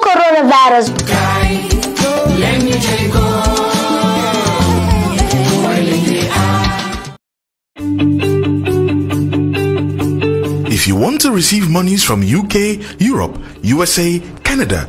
coronavirus If you want to receive monies from UK, Europe, USA, Canada,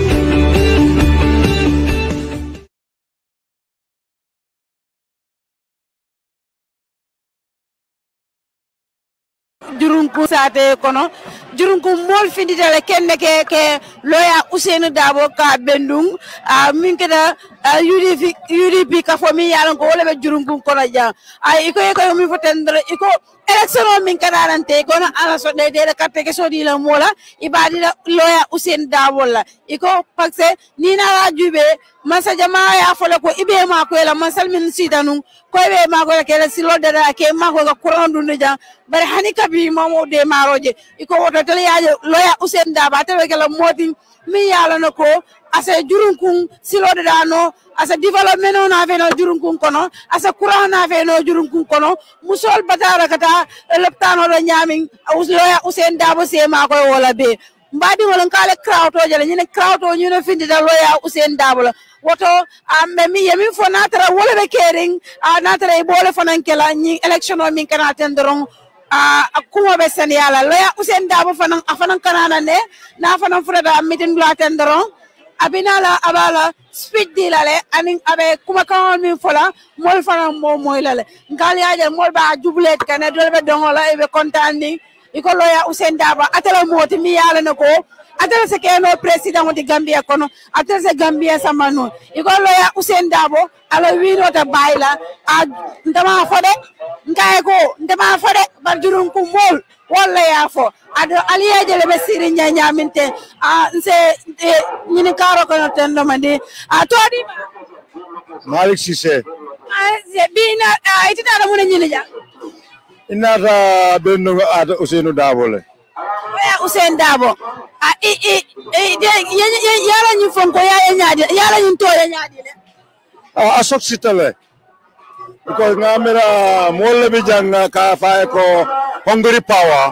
ko sate kono jurum ko mol finditale ke ke loya useinu dabo ka bendung a uh, minkeda Eh, UDP ka fo mi yalan ko wala be jurum bun kono jang ay iko iko mi fotendre iko election o min kanarante kono ala so de de carte ke so di la mola ibadi la loya Usain Dawol la iko parce ni na la jube masa jama ya fola ko ibe ma ko la masal min sidanu ko be ma ko la kele silo de da ke ma ko ga kurandu ne jang bare hani kabi mamo de maroje iko woto tele ya loya Usain Dawol ta be kala modi mi yalano ko asa jurunkun silode dano asa development no na veno jurunkun kono asa courant na no jurunkun kono musol batara kata leptano do nyaming, usloya usen dabo sema ko wala be mbadi wala kala crowd to jale nyine crowd to nyune findi da loya usen dabo woto amme mi yemi fo natara wala be kering natara e bole fanan kala nyi election o min kana tendron a kuma be sen yala loya usen dabo fanan afanan kanana ne na fanan furada mitin blaten doron abinala abala speed di lale anin abe kuma kan min fola mol fana mo moy lale ngal yaaje mol ba jublet kana dolbe dongola e be contandi iko loya Usain Daba atala moti mi yala nako atala se keno president di Gambia kono atala se Gambia samano iko loya Usain Dabo ala wino ta bayla a ndama fode ngay ko ndama fode bar jurum ko mol walla yafo ado aliyeje le ɓe siriña ñaminten a se ñini karo kono ten ɗoma ndi a toɗima malik sise bina ititaɗa mune ñini ja inata ɓennugo ata ouseinu dabole oya usen dabo a i i yalañin fonko yaya ñaadi yalañin toya ñaadi le a soksitale because ngamira mola bijanga ka fae ko hungry power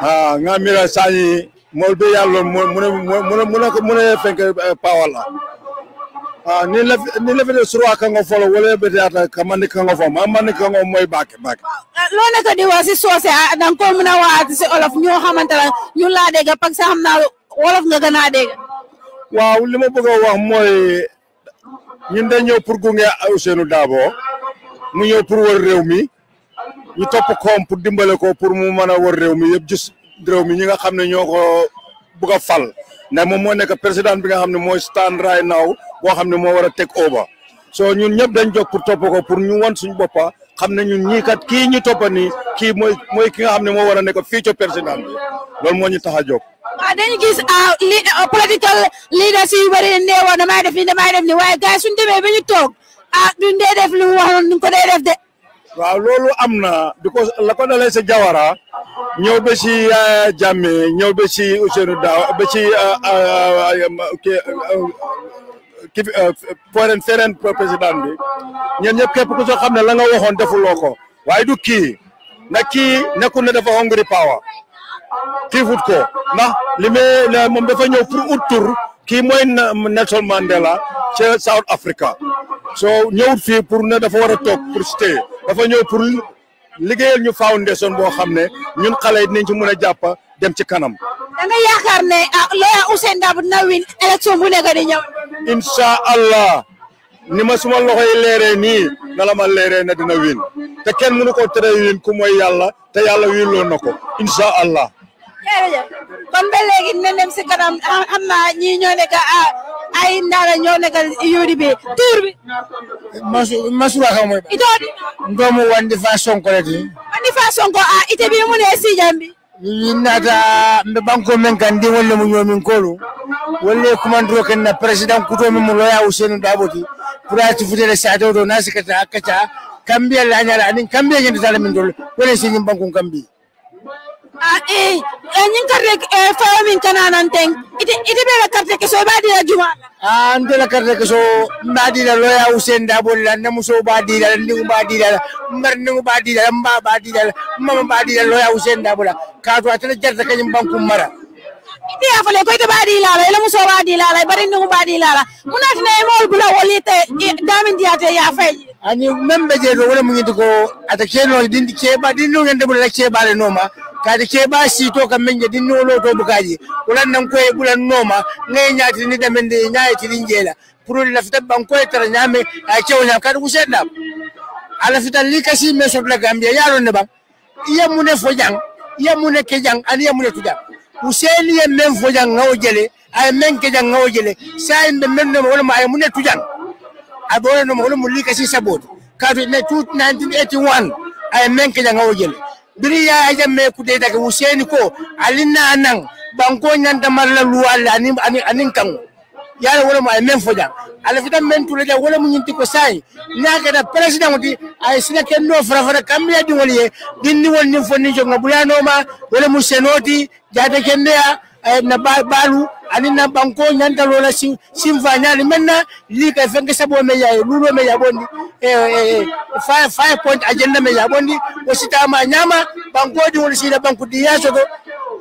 ha ngamira sani molbe yallo mune mune mune mune fenke eh, power la ha ni le ni le fele ka kan go wala be data kamani kan go fama man kan moy bak bak eh, lo ne ko di wasi sose ah, dan ko muna wa ati si olof ño xamantala ñu la dega pak sa xamna olof nga gëna dega waaw lima bëgg wax moy ñun day ñëw pour gunge Ousseynou Dabo mu ñëw pour wër réew mi ñu topp koom pour dimbale ko pour mu mën a wër réew mi yëpp gis réew mi ñi nga xam ne ñoo ko bugg a fal ndax moom moo nekk président bi nga xam ne mooy stand right now boo xam ne moo war a teg over soo ñun ñëpp dañ jóg topp ko pour ñu wan suñu boppa xam ne ñun ñii kat kii ñu toppa nii kii mooy mooy ki nga xam ne moo war a nekk fii ci président bi loolu moo ñu tax a jóg waaw ah, dañu gis ah, li ah, political leaders yu bëri neewoo damay def ni damay def ni waaye gars yi demee ba ñu toog ah duñ dee def li mu waxoon ko dee def de. waaw loolu am na because la ko dalee si Jawara ñëw ba si Jammeh ñëw ba si Ousseynou Daw ba si ki foren feren président bi ñoom ñëpp képp soo xam ne la nga defuloo ko waaye du kii na kii nekkul ne dafa hungry power xiifut ko ndax li may moom dafa ñëw pour ut tur kii mooy Nelson Mandela ca South Africa soo ñëwut fii pour ne dafa war a toog pour stay dafa ñëw pour liggéeyal ñu faw foundation boo xam ne ñun xale yi dinañ ci mën a jàpp dem ci kanam. da nga yaakaar ne ah lawyer Ousainou Darboe dina win élection bu nekk di ñëw. incha allah ni ma suma loxo yi leeree nii na la ma leeree na dina win te kenn mënu ko tere win ku mooy yàlla te yàlla winloo na ko incha allah. jërëjëf kon ba léegi dina dem si kanam xam naa ñii ñoo nekk ay ndaala ñoo nekk UDP tur bi. Masu Masura xam mooy. itoo di. Ndoomu Wandifa Sonko la di. Wandifa Sonko a ite bi mu ne si jambi. yinnata mbe banko men kan ndi wolle mo ñoomin kolu wolle kumandiro ken na président kuto min mo loya usenu daboti pour ati futere sato do nasikata akkaca kambiya lañala anin kambiya ñanditala min dol wone siñin bankon kambi ñin carte fayo min kananan ten ite ɓe la carte keso ɓa dila juma a nte la carte keso mba dila loya usen dabolla namuso ɓa dilala ndigu ɓa dilala mbar ndigu ɓa dilala mba ɓa dilala mama ɓa dilala loya usen dabola kato atene jarta kañum bankum mara ite ya fale koyte ɓa dilala ela muso ɓa dilala bari ndigu ɓa dilala munatine e mowol bula wolite damin diyate ya fayji ani membe je do wala munyi ko ata keno din ke ba din no ngende bula ke ba le noma ka de ke ba si to kam menje din no lo to bukaji wala nan ko e bula noma ngai nyati ni de mende nyai ti din jela pru la fita ban ko e tra nyame a ke wala ka du sedda ala fita li ka si me so la gambia ya ron ne ba iya munne fo jang iya munne ke jang ani iya munne tu jang useni ye men fo jang ngaw jele ay men ke jang ngaw jele sai men men wala ma ay munne tu jang a no mulu muli kasi sabot k'a ne 1981 ay men ke janga wojel biri ya aja me ku de daga Hussein ko alinna anan banko nyanda marla wala ani ani anin kan yala wala mai men foja ala fita men tule da wala mu nyinti ko sai nyaga da president di ay sina ken no fara fara kam ya di wali din ni wonni fonni jonga no ma wala mu senoti ken kende ya Eh, na balu anina banko nyanda lola sim simvanyani menna lika fenge sabo me ya lulo me ya bondi eh, eh eh five five point agenda me ya bondi osita ma nyama banko di woni sida banku diyaso go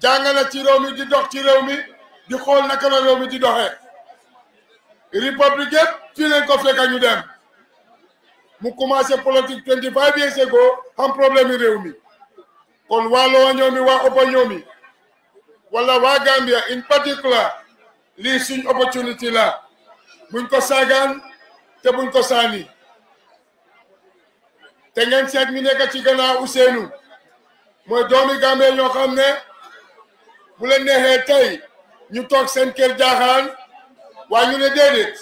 jàng na ci réew mi di dox ci réew mi di xool na la réew mi di doxee républicain fii leen ko fekk ñu dem mu commencé politique 25 years ago am problème yi réew mi kon waa Lowa ñoomi waa Opa ñoomi wala waa Gambia in particular lii suñ opportunité la buñ ko saagaan te buñ ko saani te ngeen seet mi nekk ci gannaaw Ousseynou mooy doomi Gambie ñoo xam ne bu leen neexee tey ñu toog seen kër jaaxaan waaye ñu ne déedéet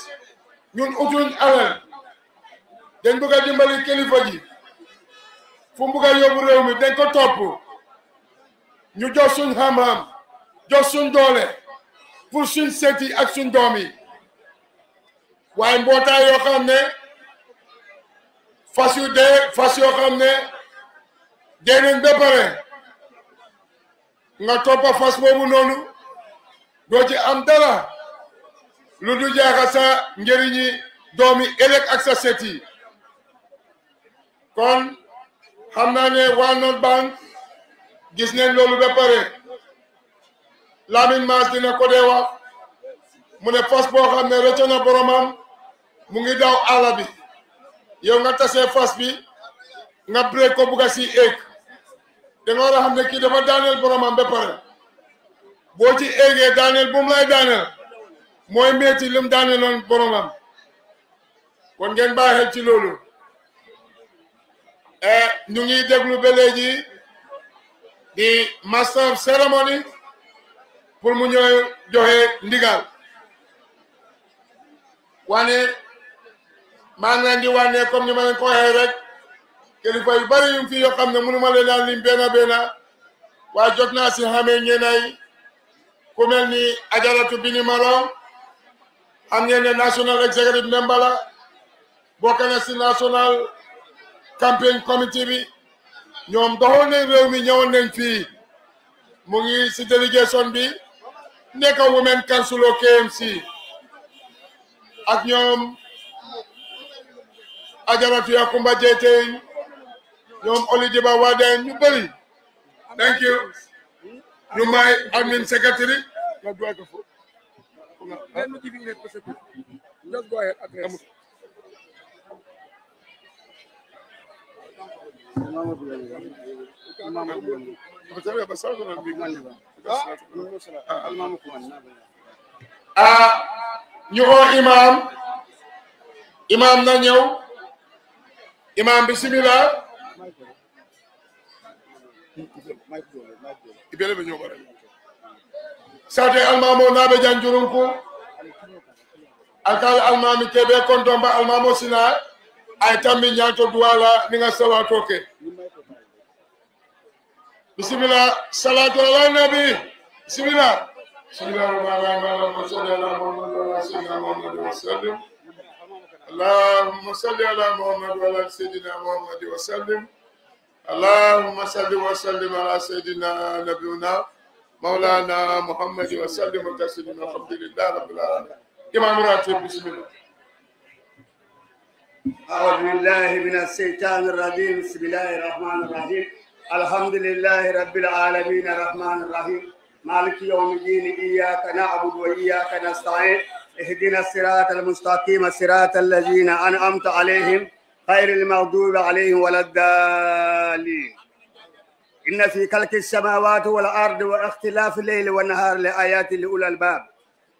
ñun utuñ alal dañ bëgg a dimbali kilifa ji yóbbu réew mi dañ ko topp ñu jox suñ xam-xam jox suñ doole pour suñ seet ak suñ doom yi waaye mbootaay yoo xam ne fas yu dee fas yoo xam ne dee nañ ba nga toppa fas boobu noonu doo ci am dara lu du jaaxa sa doomi ëllëg ak sa set kon xam naa ne waa North Bank gis neen loolu dina ko dee wax mu ne fas boo xam ne rëcc na boromam mu ngi daw àll bi yow nga tase fas bi nga break ko bugga si éeg da nga war ne kii dafa daaneel boromam ba pare boo ci eegee daaneel bu mu mooy metti lim daaneeloon boromam kon ngeen bàyyi ci loolu eh, ñu ngi déglu be léegi di master cérémonie pour mu ñëw joxe ndigal wane maa ngi di wane comme ni ma leen ko rek. kilifa bari yu fi yoo ne mënu ma leen a lim benn benn waaye jot naa si xamee ñenay ku mel ni ajaratu Bini Marong am national executive member la bokk si national campaign committee bi ñoom doxoon réew mi ñëwoon nañ fi mu ngi si délégation bi nekk women council o KMC ak ñoom ajaratu Yakumba Jeeteñ ñoom Olidiba Wadeen ñu bëri thank you ñu may admin secretary ah ñu oo imaam imaam na ñëw imaam bisimilah ibele be ñogora sate almamo naɓe jan jurun ku alkal almami keɓe kontomba almamo sina ay tammi ñanto duwala ninga sawato ke bisimila salatu ala nabi bisimila bismillah rahman rahim salli ala muhammad wa ala sayyidina muhammad wa sallim اللهم صل على محمد وعلى سيدنا محمد وسلم اللهم صل وسلم على سيدنا نبينا مولانا محمد وسلم تسليما الحمد لله رب العالمين امام راتب بسم الله أعوذ بالله من الشيطان الرجيم بسم الله الرحمن الرحيم الحمد لله رب العالمين الرحمن الرحيم مالك يوم الدين إياك نعبد وإياك نستعين اهدنا الصراط المستقيم صراط الذين أنعمت عليهم غير المغضوب عليهم ولا الدالين إن في كلك السماوات والأرض واختلاف الليل والنهار لآيات لأولي الباب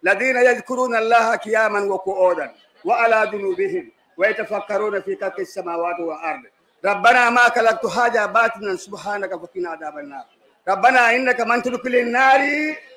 الذين يذكرون الله كياما وقعودا وعلى جنوبهم ويتفكرون في كلك السماوات والأرض ربنا ما كلكت حاجة باطنا سبحانك فقنا عذاب النار ربنا إنك من تدخل للنار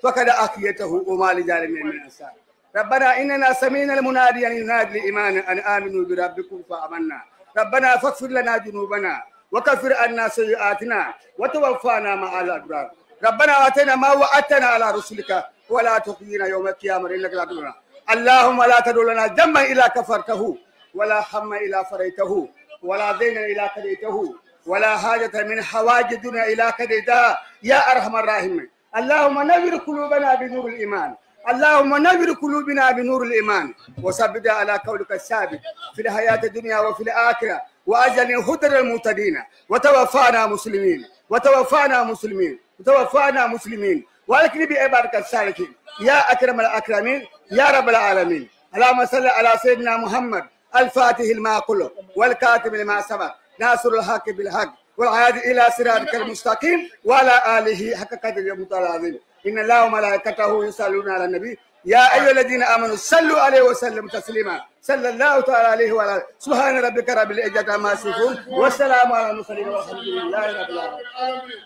فقد أخيته وما لظالمين من أنصار ربنا إننا سمينا المنادي أن ينادي الإيمان أن آمنوا بربكم فآمنا ربنا فاغفر لنا ذنوبنا وكفر عنا سيئاتنا وتوفانا مع الأبرار ربنا آتنا ما وعدتنا على رسلك ولا تخزينا يوم القيامة إنك لا تدلنا اللهم لا تدع لنا ذنبا إلا كفرته ولا هما إلا فريته ولا دينا إلا كديته ولا حاجة من حواجدنا إلا كديتها يا أرحم الراحمين اللهم نور قلوبنا بنور الإيمان اللهم نور قلوبنا بنور الايمان وثبتها على قولك الثابت في الحياه الدنيا وفي الاخره واجعلنا هدر المهتدين وتوفانا مسلمين وتوفانا مسلمين وتوفانا مسلمين ولكن بعبادك الصالحين يا اكرم الاكرمين يا رب العالمين اللهم صل على سيدنا محمد الفاتح لما قلب والكاتب لما سبق ناصر الحق بالحق والعاد الى صراطك المستقيم وعلى اله حق قدر المتعالى إن الله وملائكته يصلون على النبي يا أيها الذين آمنوا صلوا عليه وسلم تسليما صلى الله تعالى عليه وعلى سبحان ربك رب العزة عما يصفون والسلام على المرسلين والحمد لله رب العالمين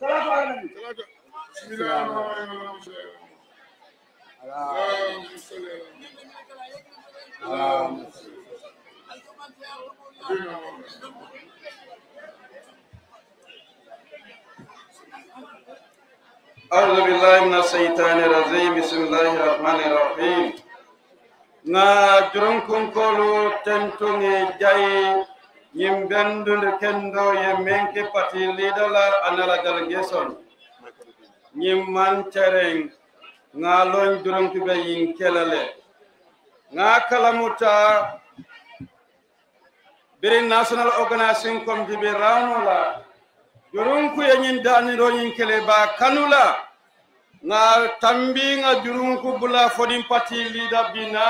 صلاة على النبي بسم الله الرحمن الرحيم اللهم صل على محمد أعوذ بالله من الشيطان الرجيم بسم الله الرحمن الرحيم na juronkum kolo tentonge jayi yim bendude kendo ye menke pati lidala analagal geson yim mantereng ngalon national organizing committee jurunku yenyin daniro yin kele ba kanula nga tambi nga jurunku bula fodin pati lida bina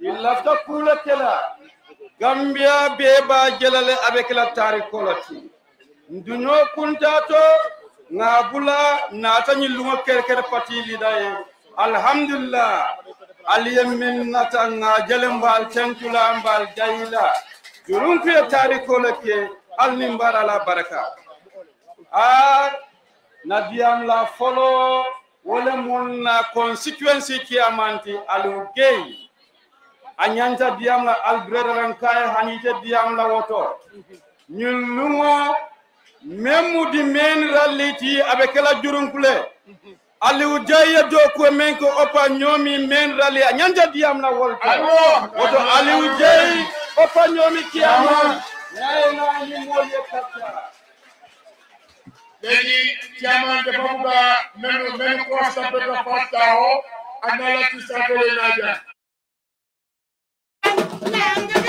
ilafta kula kela gambia be ba jelale abe kela tari kolati nduño kuntato nga bula nata nyi lungo kerker pati lida ye alhamdulillah aliyemin nata nga bal tenkula bal jayila jurunku ya tari kolati alni mbara la baraka ar na diyam la folo wole mun na constituency kiyamanti aliu gey a ñanta diyam la algradaran kaye hanite diyam la woto ñin luŋo même di men ralliti aɓe kela jurunkule aliu jeye do ko men ko oppa ñoomi men ralli a ñanta diyam la wolto woto aliu jey oppa ñoomi kiyama nayna ñimmoye karta Lenny chairman de Babuga menu menu cross up the first hour and now let's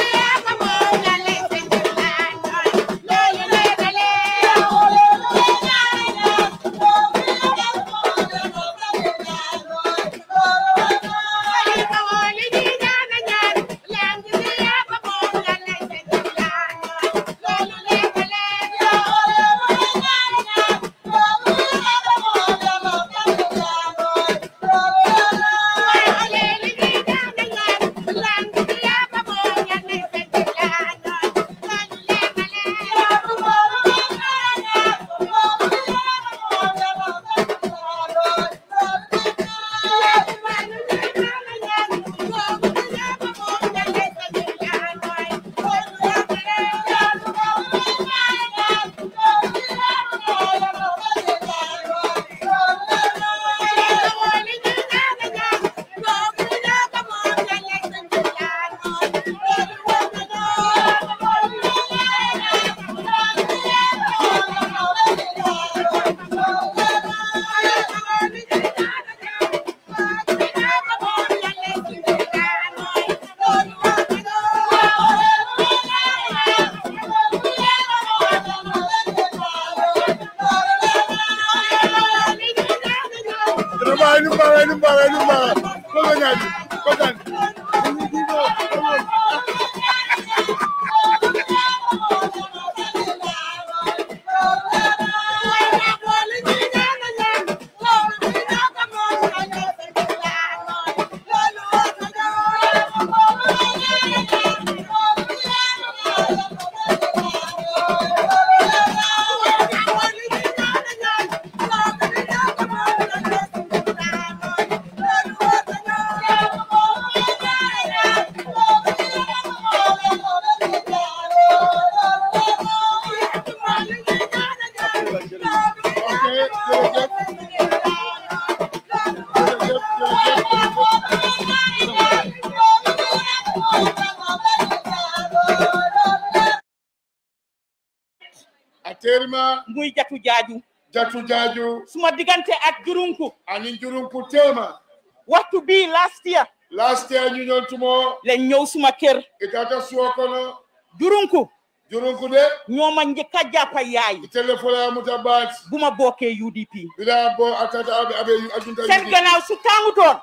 Fatou Diadio suma diggante ak Jurunku ani Jurunku Tema waxtu bii last year last year ñu ñoon tumo le ñëw suma kër itata suwo kono Jurunku Jurunku de ñooma njëkk a jàppa yaay téléphone a muta baat bu ma bokkee UDP bila bo atata abe abe ajunta seen gannaaw su tàngutoon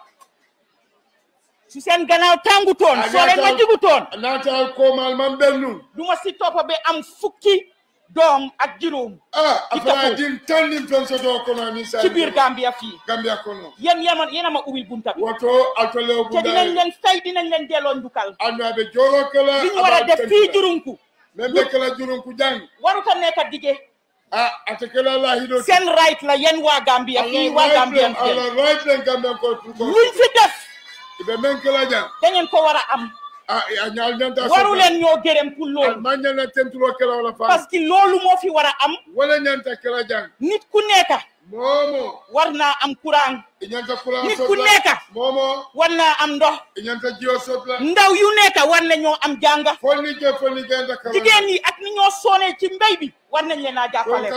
su seen gannaaw tàngutoon soo leen ma jigutoon naatal man bennu du ma si toppa be am fukki doom ak juróom. ah affaire yi tan ni sa. ci biir Gambia fii. Gambia kɔnɔ. yéen a yéen a ma ubbi bunta bi. woto atalew bunta. te dinañ leen fay dinañ leen delloo njukkal. a nɔ a bɛ jɔyɔrɔ kɛlɛ. li ñu war a def fii jurunku. même bɛ kɛlɛ jurunku jàng. waruta a dige. a tɛ right la yéen waa Gambia fii waa Gambien fii. ala right leen Gambien fi def. i bɛ mɛn kɛlɛ jàng. ko war am. Ah, waru leen ñoo gërëm pour loolu ah, parce que loolu moo fi war a am nit ku nekka moomoo war naa am courant nit ku nekka moomoo war naa am ndox ndaw yu nekka war na ñoo am jànga jigéen yi ak ni ñoo soonee ci mbéy bi war nañ leen a jàppale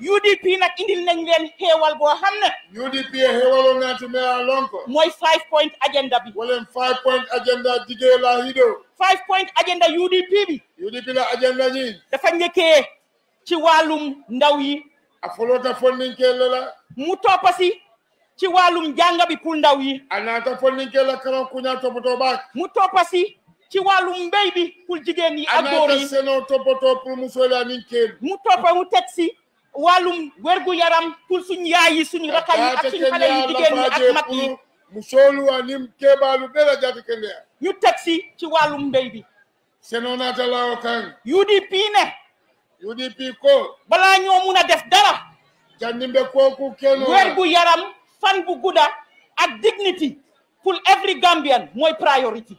UDP nag indil nañ leen xéewal boo xam ne UDP e xéewaloo naa ci meeyaa lonko mooy five point agenda bi wala five point agenda jigéen laa hido five point agenda UDP bi UDP la agenda ñi dafa njëkkee ci wàllum ndaw yi a folota fonninkee la mu toppasi ci wàllum jàng bi pour ndaw yi a naata fonninkee la karan kuñaa toppatoo baak mu topasi ci wàllum mbéy bi pour jigéen yi ak góor yi seno toppatoo pour mu sola nin keel mu toppa mu teg si wàllum wergu yaram pour suñu yaay yi suñu rakka yi ak suñu xale yi jigéen yi ak mag yi mu sooluwa nim ñu teg si ci wàllum mbéy bi seno naata laawo kan UDP ne UDP ko balaa ñoo mun a def dara jandimbe kooku kenn wergu yaram fan bu gudda ak dignity pour every Gambian mooy priority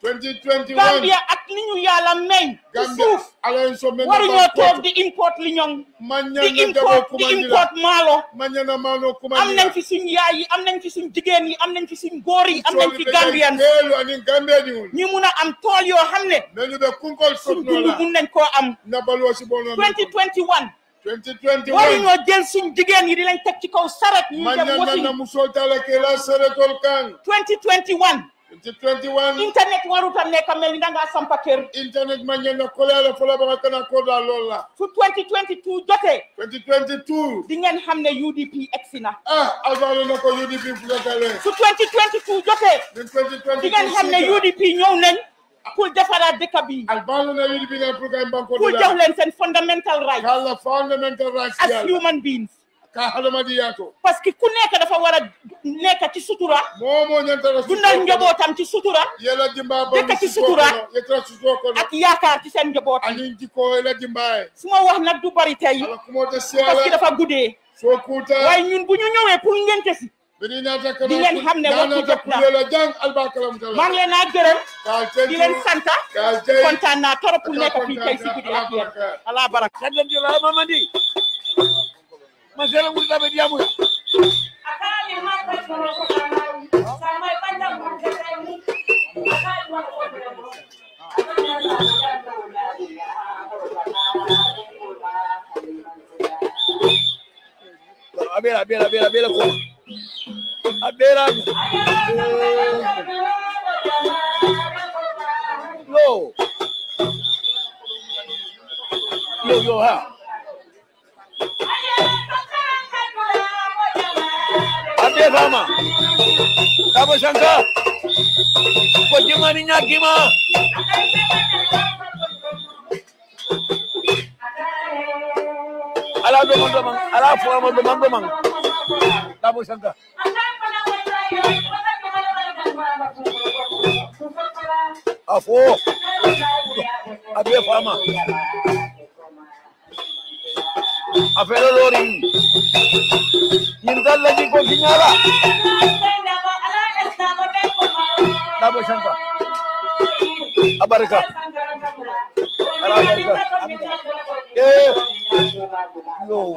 2021 Gambia ak li ñu yàlla meñ. suuf waruñoo toog di import li ñoom. di import di import maalo. am nañ fi suñ yaay yi am nañ fi suñ jigéen yi am nañ fi suñ góor yi am nañ fi Gambian. ñu mun a am tool yoo xam ne. suñ dund mun nañ koo am. 2021. 2021 waruñoo jël suñ jigéen yi di lañ teg ci kaw saret. ñu dem wasi 2021. internet waruta nekka mel ni danga sampa kër internet ma ñen koleela fola ba kana ko da lool 2022 Jote. 2022 Dingen hamne UDP egsi ah azalo na ko UDP fu gatale su 2022 jotee di ngeen xam UDP nyonen. nañ pour defaraat dëkk na UDP na pour jox leen seen fundamental rights. fundamental rights as human beings ka hadamadiyato parce que ku nekk dafa war a nekk ci sutura moo moo ñantara dundal njabootam ci sutura yela dimba ba dëkk ci sutura ak yaakaar ci seen njaboot ani jikko yela su ma wax nag du bari tey parce que dafa guddee soo kuuta waaye ñun bu ñu ñëwee pour ngente si di ngeen xam ne waxtu jot na maa ngi leen a gërëm di leen sant kontaan naa trop pour nekk fii tey si guddi ak yéen ala Masela muri tabe diamu. Akali mata koroko kanawi. Samai e pandang mangkeramu. Akali mata koroko. Akali mata koroko. Abela, abela, abela, abela ko. Abela. Yo. Yo, yo, ha. ¡Adiós, Rama. Tabo Shankar. Kojima Ninyakima. Ala la domang. Ala fuwa mo domang domang. Tabo Shankar. a fere lori yin zalla ko kin yara shanka abarka abarka yo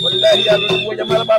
wallahi ya ba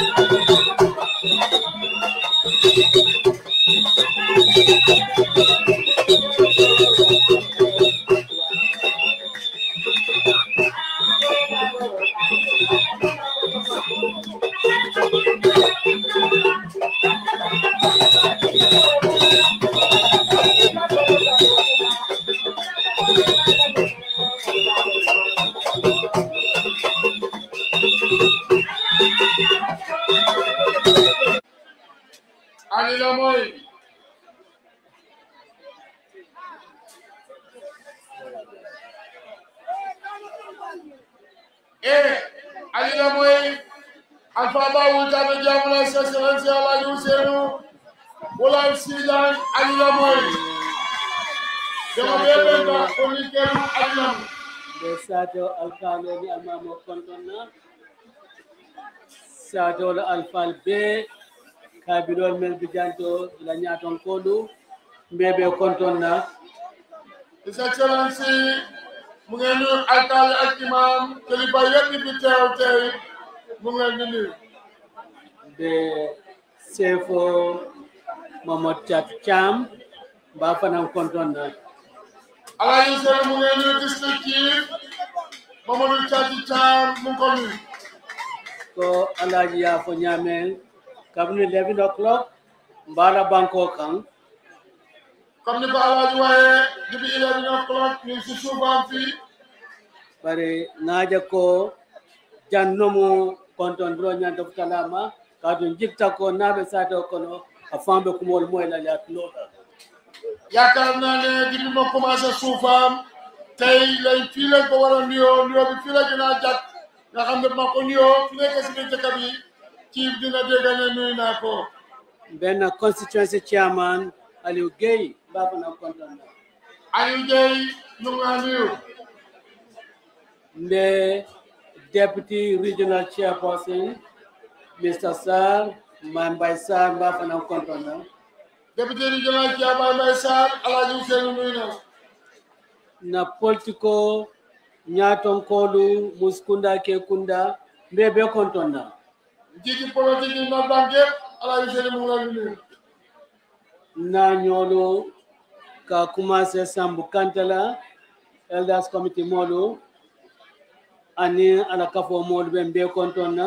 Thank you. excellence Alaaji Ousseynou Boulaye Sidiane Alila Moy demo ɓe ɓenɗa koni ken alilam nde sadio alfaloni almamo kontonna sadiol alfal be kabilol men bijanto ila ñaton koɗu mbeɓe kontonna his excellency mu ngeen nuyu alkali ak imam kilifa yëpp bi teew tey mu the CFO Mamadou Thiat Thiam mbaa fanam kontoon na Alaji Sène mu ngi nuyu district chief Mamadou Thiat Thiam mu ngi ko nuyu ko Alaji yaa fo o'clock mbaala banko kan comme ni ko Alaji waaye depuis eleven o'clock ñu si suufam bare ngaaja ko jannomo kontoon buro ñaan dof talama kaatu jikta ko naaɓe saate o kono a famɓe kumol moyla yaatunoɗa yaakaar naa ne depuis ma commencé suufaam tey lañ fii lañ ko nuyoo nuyoo bi fii la gën a xam ne ma ko nuyoo fi nekk si biir dëkk ciif dina dégg ne nuyu naa ko benn constituency chairman Aliou Gueye baax na kontaan naa Aliou Gueye ñu ngi nuyu mais deputy regional chairperson Mr. Sall Mambay Sall mbaa fana kontoon na député régional ci Mambay Sall Alhaji Ousseynou nuyu na na politiko ñaaton koolu muskunda ke kunda mbe be kontoon na jigi politique na banque Alhaji mu ngi nuyu na ñoolu ka commencé Sambu Kantala elders committee moolu ani ala kafo moolu be mbe kontoon na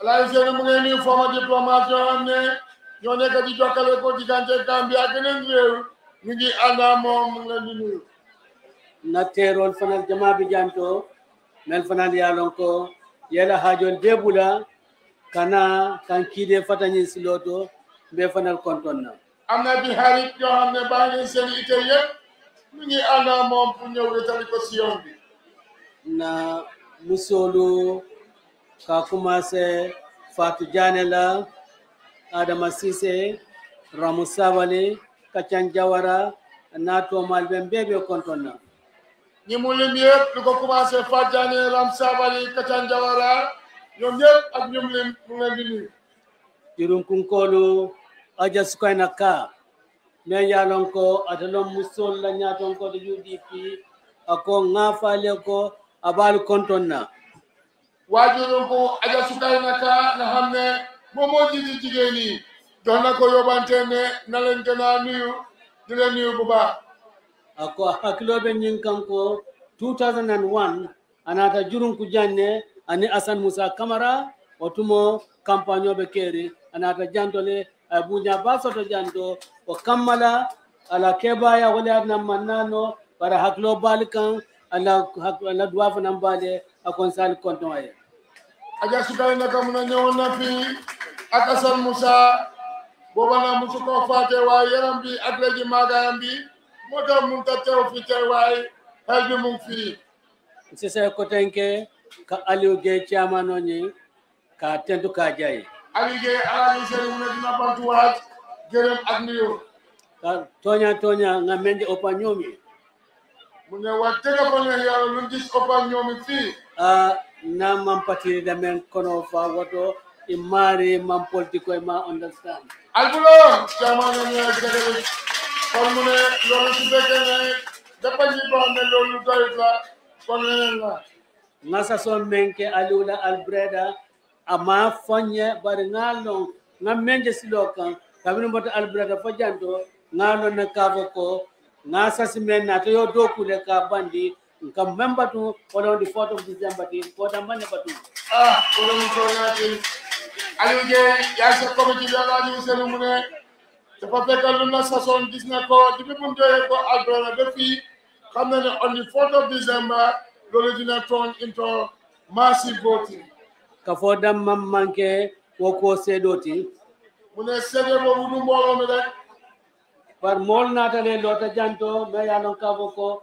Alaaji Seyni mu ngi nii forme diplomatie yoo xam ne di jokkale ko diggante Gambia ak na teerol fanal jama bi janto mel fanal yaalon ko yela haajol debula kana kan kiide fatañi siloto mbe fanal konton na am na bi xarit yoo xam ne baa ngi seen ite yëpp ñu na musoolu ka commencé Fatou Diané Adama Cissé Ramou Sabali Kacan Jawara Nato Malben bébé kontonna ñi mu lim yëpp lu ko commencé Sabali Kacan Jawara ñoom ñëpp ak ñum aja sukaina ka men yalon ko musol la ñaaton ko ako ŋaafale ko abal kontonna waajurum aja sukaynaka nga xam ne moom moo jiite jigéen ñi dox na ko yóbbante ne na leen gën a nuyu buba. Ako a bu baax ako hakkiloo ɓe ñin 2001 anata jurunku janne ani asan musa kamara o kampanyo be kere keeri anata jantole abuja ba soto janto o kammala ala keɓaya wole arnan mannano bara hakkilo baali kan ala duwa fanan baale a konsali kontoye Adja Sukay Nakamuna ñëwoon na fii ak Assane Moussa booba na musu faate waaye yaram bi ak léegi mun ta teew fi waaye xel bi mu ngi kotenke ka Aliou Gueye caamano ñi ka tentu ka jaay Aliou Gueye alaani seen mu ak nuyu tooña tooña nga mendi oppa ñoomi mu ne wa tega fa ne yàlla na mampatire men kono fa woto e mare mam politiko e ma understand albulo chairman ne executive formune lolu sibeke ne dapanji ba ne lolu doyla kono na ngasa son ke alula albreda ama fonye bari ngalo ngam menje silokan kabinu mota albreda fajanto ngalo na kavo ko ngasa simen na to yo doku le ka bandi nkamvemba tu wanaondi 4th of December ti kotambane patu ah ulo mtonati aliuje yase komiti yalani uselu mune tepapeka luna sason disna ko jibe mundoye ko aldona be fi xam na ne on the 4th of December loolu dina turn into massive voting ka fo dam mam manke woko sedoti mune sede bo wudu mbolo mi rek par mol natale lota janto me yalon kavoko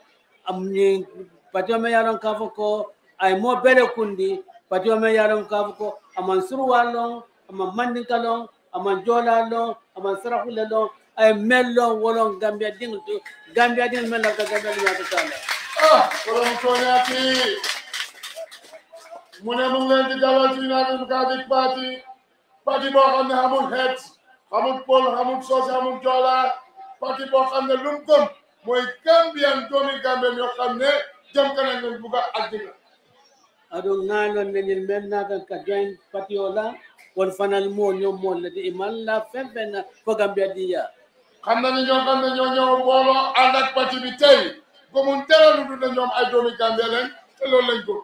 patiome yaron kafo ko ay mo bele kundi patiome yaron kafo ko aman suru walong, aman mandinka kalong, aman jola long, aman sarahule long, ay mel lon wolon gambia ding gambia ding mel lon gambia ding yato tala ah wolon tonyati mune mu ngi di dalal ci United Democratic Party pati boo xam ne amul xeet amul pël amul soose amul joola parti boo xam ne lu mooy Gambian doomi Gambian yoo xam ne jëm kanam lañ bugg a àddina aɗon ngaalon nenil memnagal ka join pati o la won fanal mo ñoom moon ladi imalla fenfen fo Gambia diya xam na ni ñoo xam ne ñoo ñëw booloo ànd ak pati bi tey gomun teralu du ne ñoom ay doomi Gambia leen te loolu lañ ko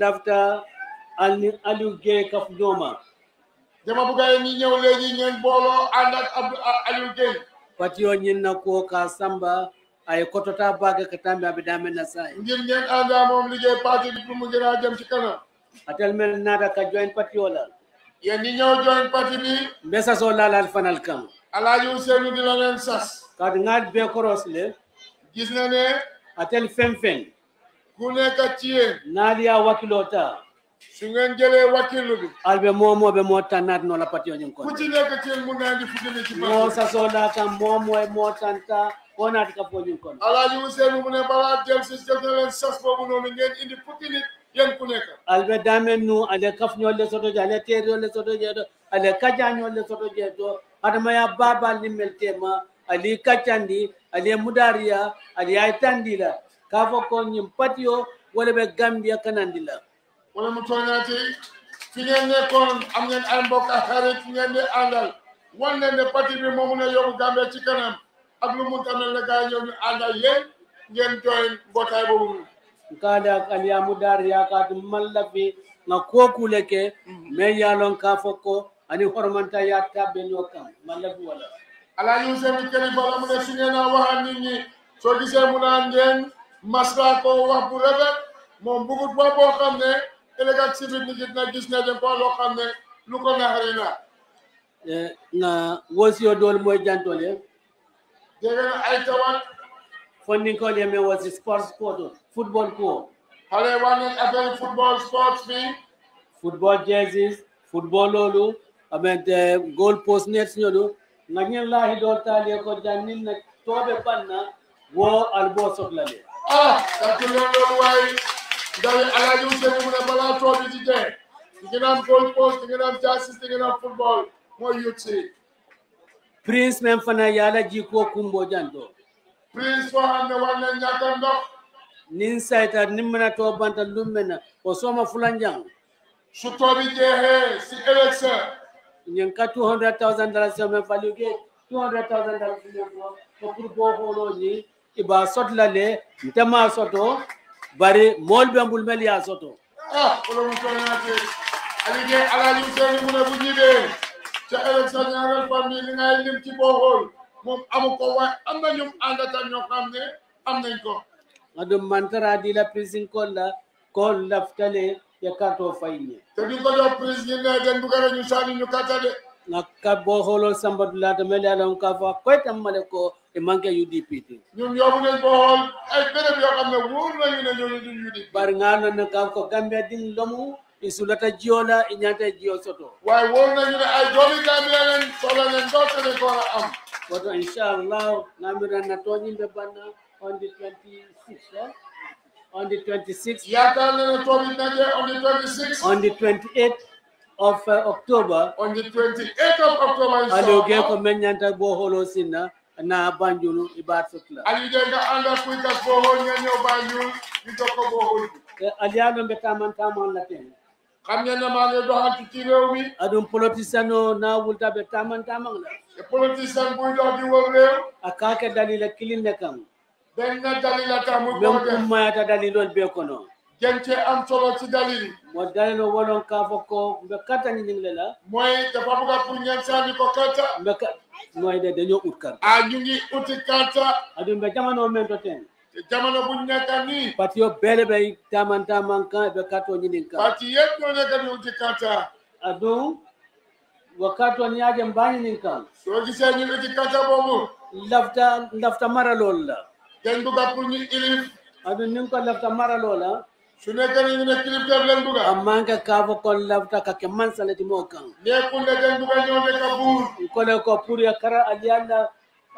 lafta alni kaf ñooma dama bugg a ñi ñëw léegi ngeen ak Aliou pati yo na ko ka samba ay kotota baga ka tambe abi dame na say ngir ngeen anda mom ligey parti di mu gën jëm ci kana atel mel da ka join pati yo ya ni ñi ñëw join parti bi mesa so la fanal yu seenu di la len sas di ngat be koros le gis na ne atel fem fem ku ka ci yéen naaliya su ngeen jëlee wakilu bi albe moo moo be moo tànnaat ko ku ci nekk ci mu naan fukki ci moo sa sonda kam moo tanta moo naati ka foo ñun kon alaaji Ousseynou mu ne balaa jël si sas boobu noonu indi fukki nit yéen ku daamen nu ale kaf ñoo soto je ale teer soto je ale kaja ñoo soto je to adamaya baabal ni mel teema ali kaccandi ali mudariya ali ay tandi la ko ñun patio wala be Gambia kanandi wala mu tooñaate yi fi ngeen nekkoon am ngeen ay mbokk ak xarit fi ngeen di àndal wan leen ne parti bi moo mun a yóbbu Gambie ci kanam ak lu mu tamel na gars yi ñëw ñu àndal yéen ngeen join mbootaay boobu kada aliyamu dar yakatu mallafi nga kokule ke me mhm. yalon ka fokko ani hormanta ya tabbe no kam mallafi wala ala yu semi kene bala mu ne sine na waxa nit ñi soo gisee mu naan ngeen masra ko bu rafet moom bugut ba boo ne What's your biir nit na gis na dem ba loo xam ne lu football ko. xale football sport football jerseys football loolu the goal post nets ñolu nga ñen laahi dool taalee ah ndaw yi alaaji Ousseynou mu ne balaa tool bi di dee di ngeen am goal post di ngeen am jaasi di ngeen am football mooy youth si prince même fana yàlla ji ko kumbo janto prince foo xam ne war na ñàkk ndox nin sayta ni mën a too banta lu mel na o sooma fulanjang su tool bi jeexee si élection ñen ka two hundred thousand dollars so men faliu ge two hundred thousand dollars ko pour boo xooloo ñi i baa sotla le ntema soto bare moolu ɓe mbulmel ya soto kolomu ah, soñate alige alali useni mune bu ñibee ca élection ñaareel fan bi li ngay lim ci booxool moom amu ko waaye am na ñum àndata ñoo xam ne am nañ ko aɗum mantara dila prisin kolla kol laftale ye karto fayne te ɗum ko ɗo prisine ɗen mbugara ñu sani ñu katta de ngakka boholo samba dulata mele alon ka fa koy tamale ko e manke UDP ti ñun yobu ngeen bohol ay bërepp yo xamne wóor na ñu ne ñoo ñu UDP bar nga non ka ko gambia din lomu isulata jiola inyata jio soto way wóor na ñu ne ay joomi gambia len solo len do te ko la am woto inshallah ngamira na to ñimbe banna on the 26th eh? on the 26th yata na to ñimbe on the 26th on the 28th of uh, October. On the 28th of October, aluge ko menyanta boholo sinna na banjulu ibat sutla. Aluge ga anda kuika bohol nyanyo banjul itoko bohol. Aliado mbetaman tamon latin. Kamya na mane dohan tikiro wi. Adum politician o na wulta betaman tamon la. The politician buido di wolre. Akake dalila kilin nakam. Benna dalila tamu ko. Mem kumma ta dalilol be kono. dencee am solo ci dalil mo dalino wonon ka fo ko kata ni ngi la moy fa buga pour sa ni ko kata ka moy de dañu ut kan a ñu ngi uti kata adu mbe jamono men to ten jamono bu ñeka ni pati yo bele bay taman taman ka be kato ni ka pati yeb do ne ni uti kata adu wakati ni yaje mbani ka so gise ñu uti kata bobu lafta lafta mara lol la den buga pour ñu ilif adu ninka lafta mara la sune amanga kavo kon lavta kake ke mansa le timo kan ne ko le ko puri akara alianda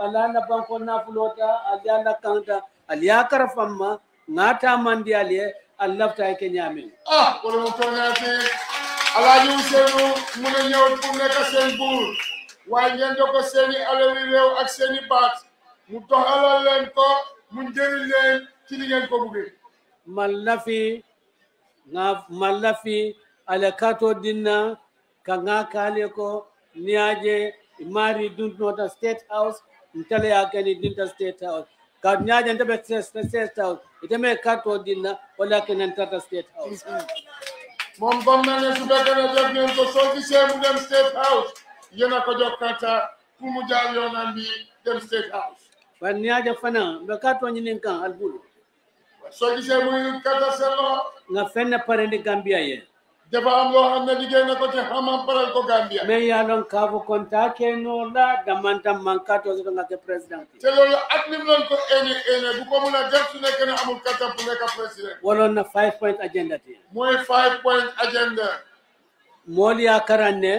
alana banko na fulota alianda kanta aliya kara famma ngata mandi ali allafta ah, ke nyamin ah ko le to ngati ala yu senu mun ñew fu nek sen bur way ngeen doko seni alawi rew ak seni bat mu doxalal len ko mu jëri len ci li ngeen ko bëggee mallafi nga mallafi ala kato dinna ka nga kale ko niaje mari duntota state house ntale yakeni dinta state house ka niaje ntabe state house iteme kato dinna wala kene ntata state house moom gomna ne su fekkee ne jot ngeen ko soo gisee mu dem state house yéen a ko jox kàtta pour mu jaar yoonam bi dem state house. waaye ni yaa fana nga kàttoo ñu ne kan albulu. soo gisee muy katase loxo nga fenn pare ni Gambia ye dafa am loo xam ne liggéey na ko ci xamam paral ko Gambia mais yaa loon kaabu kontaa ke la damanta mankato so nga ke président te loolu ak nim loon ko ene ene bu mun a def su ne amul kattan pour nekk président waloon na five point agenda ti mool yaa karan ne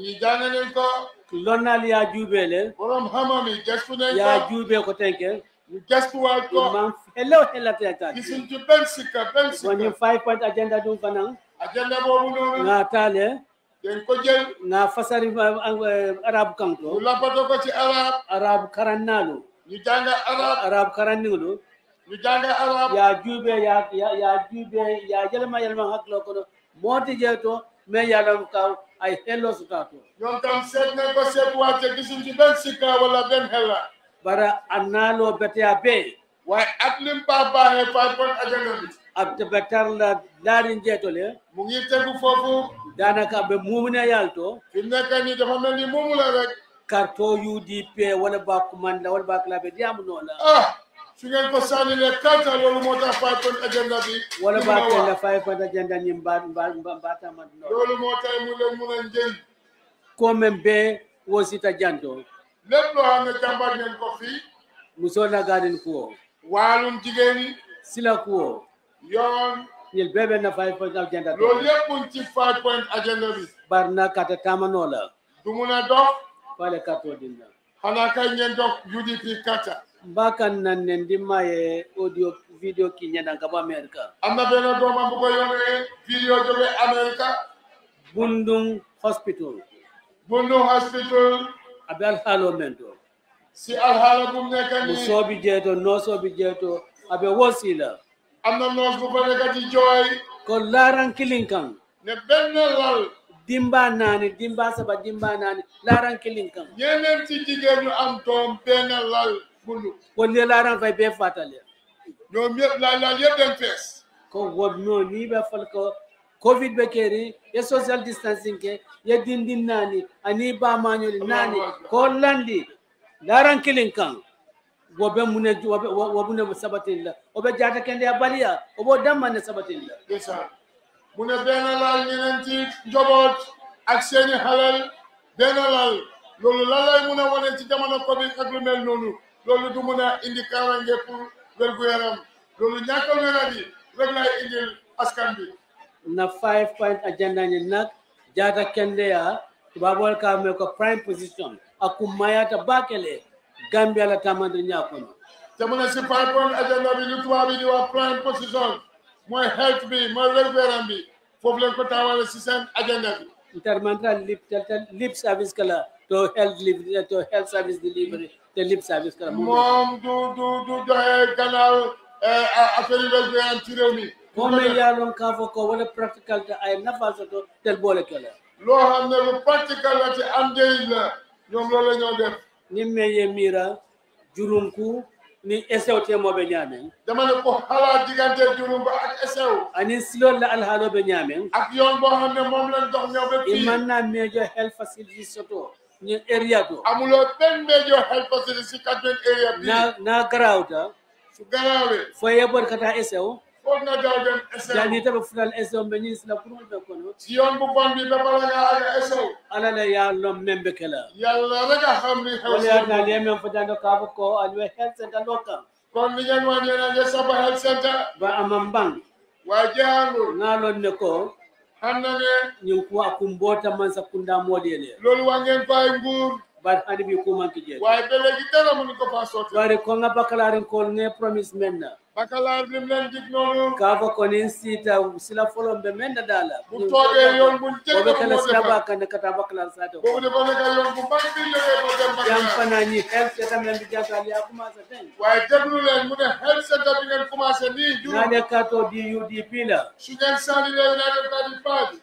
ñi jàng nañ yaa juubee le borom xamam yi gëstu yaa juubee ko tenke Guess who I got? Hello, hello, hello. Listen to Bensika, Bensika. When you five point agenda do vanang. Agenda mo mo na. Natale. Eh? Den ko jël. Na fasari eh, eh, arab kanto. Wala pato ko ci arab. Arab karanalo. Ñu janga arab. Arab karanalo. Ñu janga arab. Ya jube ya ya ya jube ya jelma jelma hak lo ko moti jeto me ya dam kaw ay hello sutato. Ñom tam set na ko set wacce gisuñ ci Bensika wala ben hela. bara annalo beteya be way atlim ba ba he fa kon agenda bi ak betar la laari njeetole mu ngi tegu foofu daanaka be mumina yalto fi nekk ni dafa mel ni mumu la rek karto UDP wala ba kumanda wala ba klabe diamu nola ah su ngeen ko sànni ne kanta loolu moo tax five point agenda bi wala ba kala five point agenda ni mba mba mba loolu moo tax mu leen mun a njëriñ ko men be wo sita lépp loo xam ne jàmbat fi ko fii muso nagarin kuwo waalum jigéen sila kuwo yoon il bebe na five point agenda loolu lépp ci five point agenda bi barna kata tamanoo la du mun a dox fale katoo dinna xanaa kay ngeen dox kata mbakan nan ne ndimma ye audio america am na benn doomam bu ko yónnee video jóge america bundung hospital bundung hospital abe alhaalo men ɗo si alhaala gum ne kadi soobi jeeto noosoobi jeeto aɓe wosiila amna noos bu bane kadi jooy ko laaran kilin kan ne benne lal dimba naani dimba saba dimba naani laaran kilin kan ñenen ci jigéenu am toom benn lal bulu ko le laaran fay bee fatale ñoom yëpp lal lal yëpp den fees ko wob noo nii ɓe fal ko covid ɓe keeri e social distancing ke yedindin nani ani bamañoli nani kollandi daran kilin kan wobe mune wobune sabatilla oɓe jata kende a baliya oɓo dammane sabatilla mune benalal ñenenti njoɓot ak seeni halal benalal loolu lan lay mun a wane ci jamono covid ak lu mel noonu loolu du mun indi kaaraange pour wér-gu-yaram loolu ñàkkal wéral yi rek lay indil askan bi na five point agenda ñi nag jata kendeya tubabol ka me ko prime position akumayata bakele gambia la tamande ñakono te mu ne si pipeon agenda bi lu tubaab yi di wax prime position mooy health bi mooy wér gu bi foofu leen ko taawale si seen agenda bi intermental lip lip service kala to health delivery to health service delivery te lip service kala moom du du du joxe gannaaw eh, affaire yi wér-gu-yaram mi wome yaalon ka fo ko wala practical te nafa soto tel boole kele loo ne lu practical la ci la ñoom loolu la ñoo def ni meye miira jurunku ni esew te moɓe ñaamen dama ne ko xalaat diggante jurum ak esew ani silol la alhaaloɓe ñaamen ak yoon boo xam ne moom lañ i man na mejo health facility soto ni area amuloo benn mejo health facility si katmen area bi na garawta su garawe fo yebon kata esew foog nga gaaw ya dem SAO jani ta fula SAO ya be ñin sila kurun be kono ci yoon bu bon bi da ya lom mem be kala yalla la nga xam ni xew health center local kon ni ngeen wan yena health center ba amam bang wa jaangu ngalon ne ko hannane ñew ko akumbota man sa kunda modele lolu wa ngeen fay nguur bari hande bi ko manki je way be bakalarin ko ne promise menna bakalaar bi sita sila folon be men dala bu toogee yoon bu sila ba kan kata bakalaar saata boobu de bone kala yoon bu mag bi jógee boo dem bakalaar jam fana ñi health center men bi jantal ya commencé health center di UDP la sànni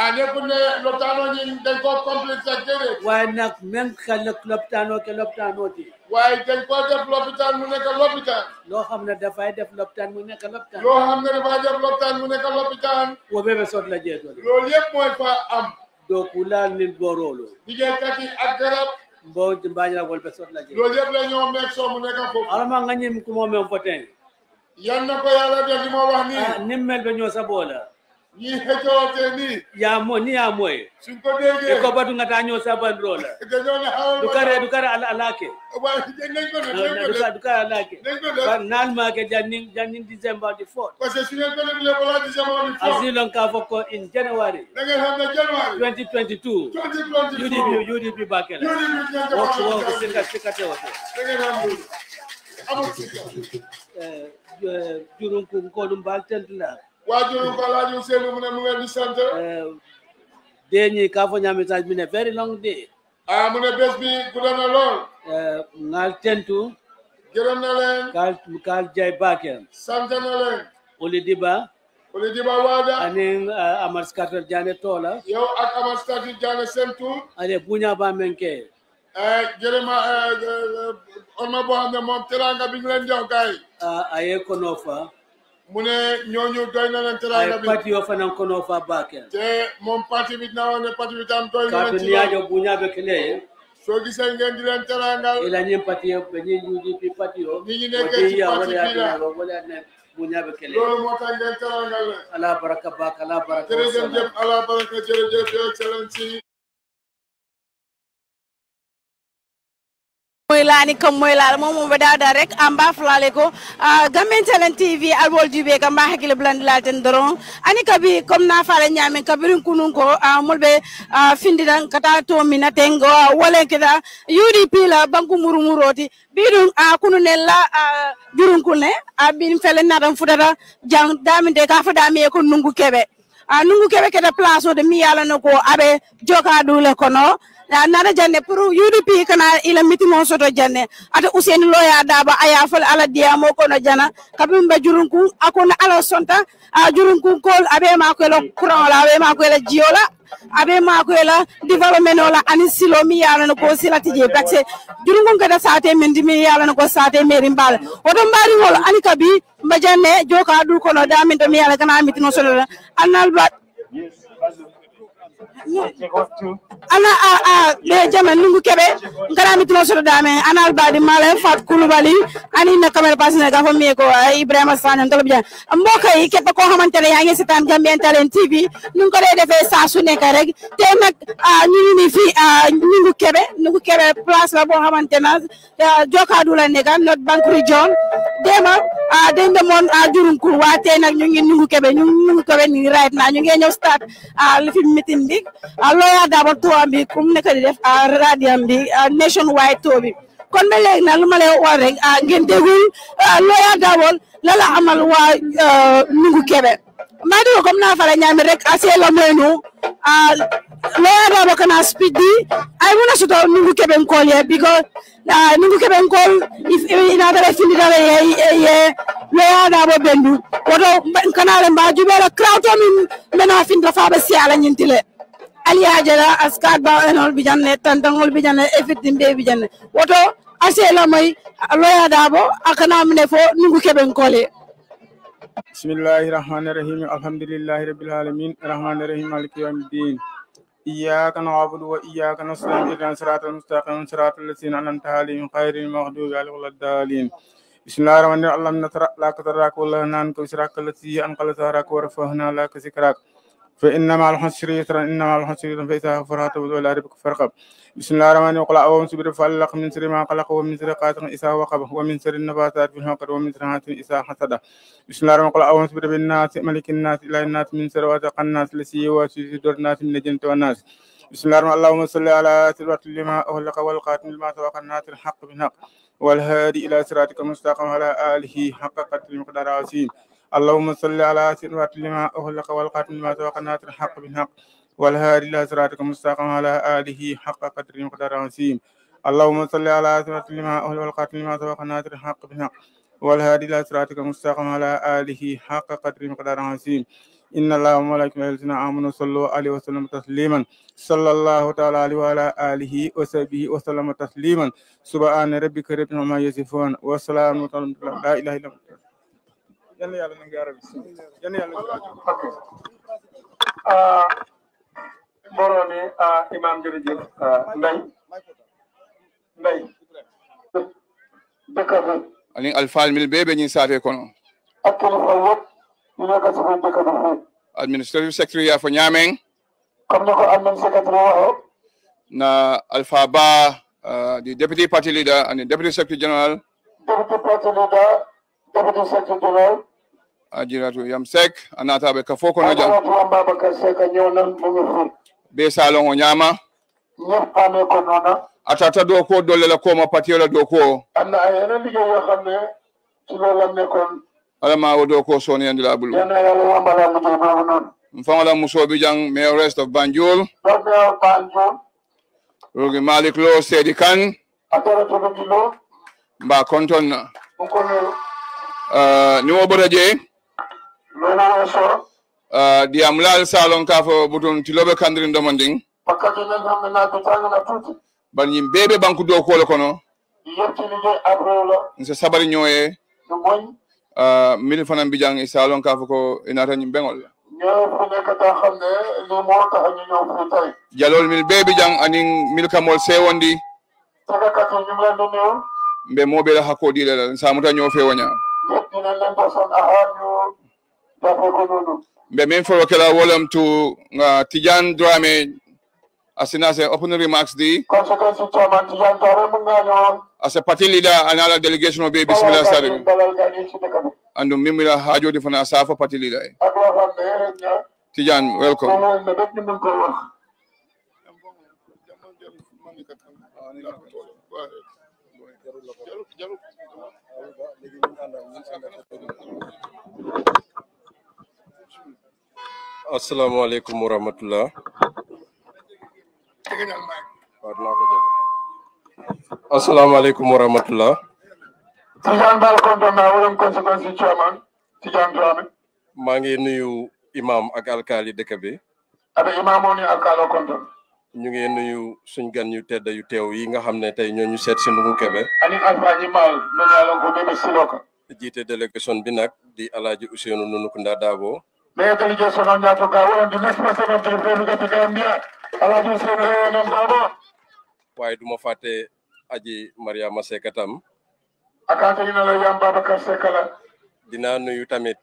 a ah, ne ko ne lopitano ñin dañ ko complété de waaye nag même que lopitano ke lopitano ti waaye dañ ko def lopitaan mu nekk lopitaan loo xam ne dafay def lopitaan mu nekk lopitaan loo xam dafay def lopitaan mu nekk lopitaan wo bébé sot la jee doon loolu yëpp mooy fa am donc ku laal nit boroolu diggante yi ak garab mbo mbañira wol be sot la jee loolu yëpp la ñoo meeg soo mu nekk foofu alama nga ñim ku moo men foten yan na ko yàlla ah, sa ni hejo teni ya mo ni ya mo e sinko dege e ko badu ngata nyo saban rola dukare dukare ala alake wa nengo nengo dukare dukare alake ba nan ma ke janning janning december the 4 ko se sinko dege le bola december di 4th ka foko in january january 2022 udp udp bakela udp wo wo sinka te amu eh, eh jurun ko ko dum baltel la waajurum ko laaj Ousseynou mu ne mu ngi di sant. Euh, day ñi kaa fo ñaami very long day. ah mu bi gudda na lool. Euh, ngal tentu. gërëm na leen. kaal kaal jay baakel. na leen. Oli Diba. Oli Diba waada. ani euh, Amar Skater Diané toola. yow ak Amar Skater Diané ale buña ba menke. E, jërëma e, e, on ma moom teraanga bi ñu leen jox gaay. ah aye mu ne ñooñu doy na leen teraanga bi ay parti yoo fana kono fa baakel te moom parti bi naa ne parti bi tam doy na leen ci yaajo bu ñaabe kele soo gisee ila ñi parti be ñi ñu ñi bi la wala ne bu ñaabe kele loolu moo tax ngeen teraangal baraka baak ala baraka baraka jërëjëf your moylani kam moylal momo ɓe dada rek en mba flale ko ah, gamben talen tv alwoljuɓe kam mba hakkille bulandilal ten doron ani kabi comme ah, ah, na fala ñamen kabirin kunun ko molɓe findiɗan kata tomina ten wolen kita udp la banku murumuroti a kununen la jurunkune bin fele natan futata jan daminte ka fadami e ko nungu keɓe nungu keɓe kete place ode mi yalano ko joka ɗule kono nana janne pour UDP kana ila miti mon soto janne ata Usain loya daba aya fal ala diamo kono jana kabum be jurunku akona ala sonta a jurunku kol abe ma ko lo kuran la abe ma ko la jiola abe ma ko la development la ani silo mi yala no ko sila tije parce jurunku kada sate min dimi yala no ko sate meri mbal oto mbari ngol ani kabi mbajanne joka du kono da min to mi yala kana mitino solo annal ba yes. Iya. ana a a be jamen nungu kebe nkana mi tulo soro dame ana badi male fat bali. ani na kamel pasine ga fo ay ibrahima sane tolo biya mboka yi kepp ko xamantene ya ngi setan gambien talen tv nun ko lay defé sa su nek rek te nak ñu ni fi nungu kebe nungu kebe place la bo xamantene ya, joka du la nega not bank region dema a den de mon a jurum kur wa té nak ñu ngi nungu kebe ñu nungu kebe ni right na ñu ngi ñew start a li fi meeting bi lawyer Dabo turam bi ku mu nekk di def radiam bi nationwide tour bi kon ba léegi nag lu rek ngeen déglu lawyer Dabo la la amal waa euh, Nungu Kebe maa dégg comme naa ñaami rek assez la moynu lawyer Dabo kana speed ay mun a soto Nungu Kebe nkool ye because Nungu Kebe nkool ina dara findi dara ye lawyer Dabo bendu woto kana le mbaa jubeela crowd to min mena findi la faa ba siyaala ñintile aliyajala askat baw enol bijanne tantangol bijanne efitim be bijanne woto asela may loya akana akanamne fo nugu keben kole بسم الله الرحمن الرحيم الحمد لله رب العالمين الرحمن الرحيم مالك يوم الدين إياك نعبد وإياك نستعين إهدنا الصراط المستقيم صراط الذين أنعمت عليهم غير المغضوب عليهم ولا الضالين بسم الله الرحمن الرحيم اللهم نترك لك تراك ولا نانك وشراك التي انقلت ظهرك ورفعنا لك ذكرك فإن مع الحسر يسرا إن مع الحسر يسرا فإذا غفرها تبدو إلى ربك فرقب بسم الله الرحمن الرحيم قل أعوذ بصبر فألق من سر ما قلق ومن سر قاتل إذا وقب ومن سر النفاثات في العقد ومن سر حاسد إذا حسد بسم الله الرحمن الرحيم قل أعوذ بصبر بالناس ملك الناس إله الناس من سر واتق الناس لسي واسي دور الناس من الجنة والناس بسم الله الرحمن الرحيم صل على سلوة لما أهلق والقاتم لما توقع الناس الحق بالحق والهادي إلى صراطك المستقيم على آله حق قتل مقدار عظيم اللهم صل على سيدنا لما أغلق والقاتل ما سبق الحق بالحق والهادي إلى صراطك المستقيم على آله حق قدر مقدار عظيم اللهم صل على سيدنا لما أغلق والقاتل ما سبق الحق بالحق والهادي إلى صراطك المستقيم على آله حق قدر مقدار عظيم إن الله وملائكته الذين آمنوا صلوا عليه وسلم تسليما صلى الله تعالى عليه وعلى آله وصحبه وسلم تسليما سبحان ربك رب العزة عما يصفون وسلام لا إله إلا الله yal na yàlla nangu yaa rabbi yal na yàlla ok boroo ne imam jërëjëf mbay ah, mbay dëkkabu anin alfaalmil bee ɓe ñin saafe kono akkene fay wop ñineka sofo fo administrative secretary fo ñaamen comme ne ko admin na alpha ba the ah, deputy party leader and the deputy general deputy party leader deputy secretary general ajiratu yam sek anata be ka foko na jam be salon o nyama nyafane ko nona atata do ko dole la ko ma patiola do ko anna ayana dige yo xamne ci lolam ne kon ala ma do ko soni andi la bulu yana yalla mu muso bi jang me rest of banjul mayor banjul rogi malik lo sedi kan atara to do mba konton na ko ni wo Mena so. Uh, eh, di amlal salon kafo butun tilobe kandrin domanding. Pakati na jamina tutanga na tuti. Banyim bebe banku do kolo kono. Yettini je abrolo. Nse sabari nyoye. Dumoy. Uh, eh, mil fana bijang isalon kafo ko inata nyim bengol. Nyoye ne kata khamne ni mota hanyi nyo futay. Jalol mil bebe jang aning mil kamol sewondi. Taka kati nyimla nyo. Mbe mobile hakodi lela. Samuta nyo fewanya. Yettini lembo san ahanyo. mbe min fo wokela wolem to uh, drame asina se opening remarks di consequence chairman tijan drame a delegation obe bismillah sarim andu mimira hajodi fana asafa party leader eh. welcome Assalamualaikum warahmatullah. Assalamualaikum warahmatullah. Mangi chairman nuyu imam ak alkali dekk bi. ada imam moo ni alkaalo konton. ñu ngi nuyu suñ gan ñu tedd yu tew yi nga xamne tay ñoo ñu set ci Ndungu Kebe. ani alfaaji mal ñu ñaaloon ko ci loka. Jité délégation bi nak di Aladji Ousseynou Nunu nda Daabo. मैं तो ये सुनाना तो गाओ और दिनेश प्रसन्न त्रिपुरा का पिकांडिया अलादु सुनो नम गाओ waaye duma fàtte aji mariama sekatam akaata ñu la yam babacar sekala dinaa nuyu tamit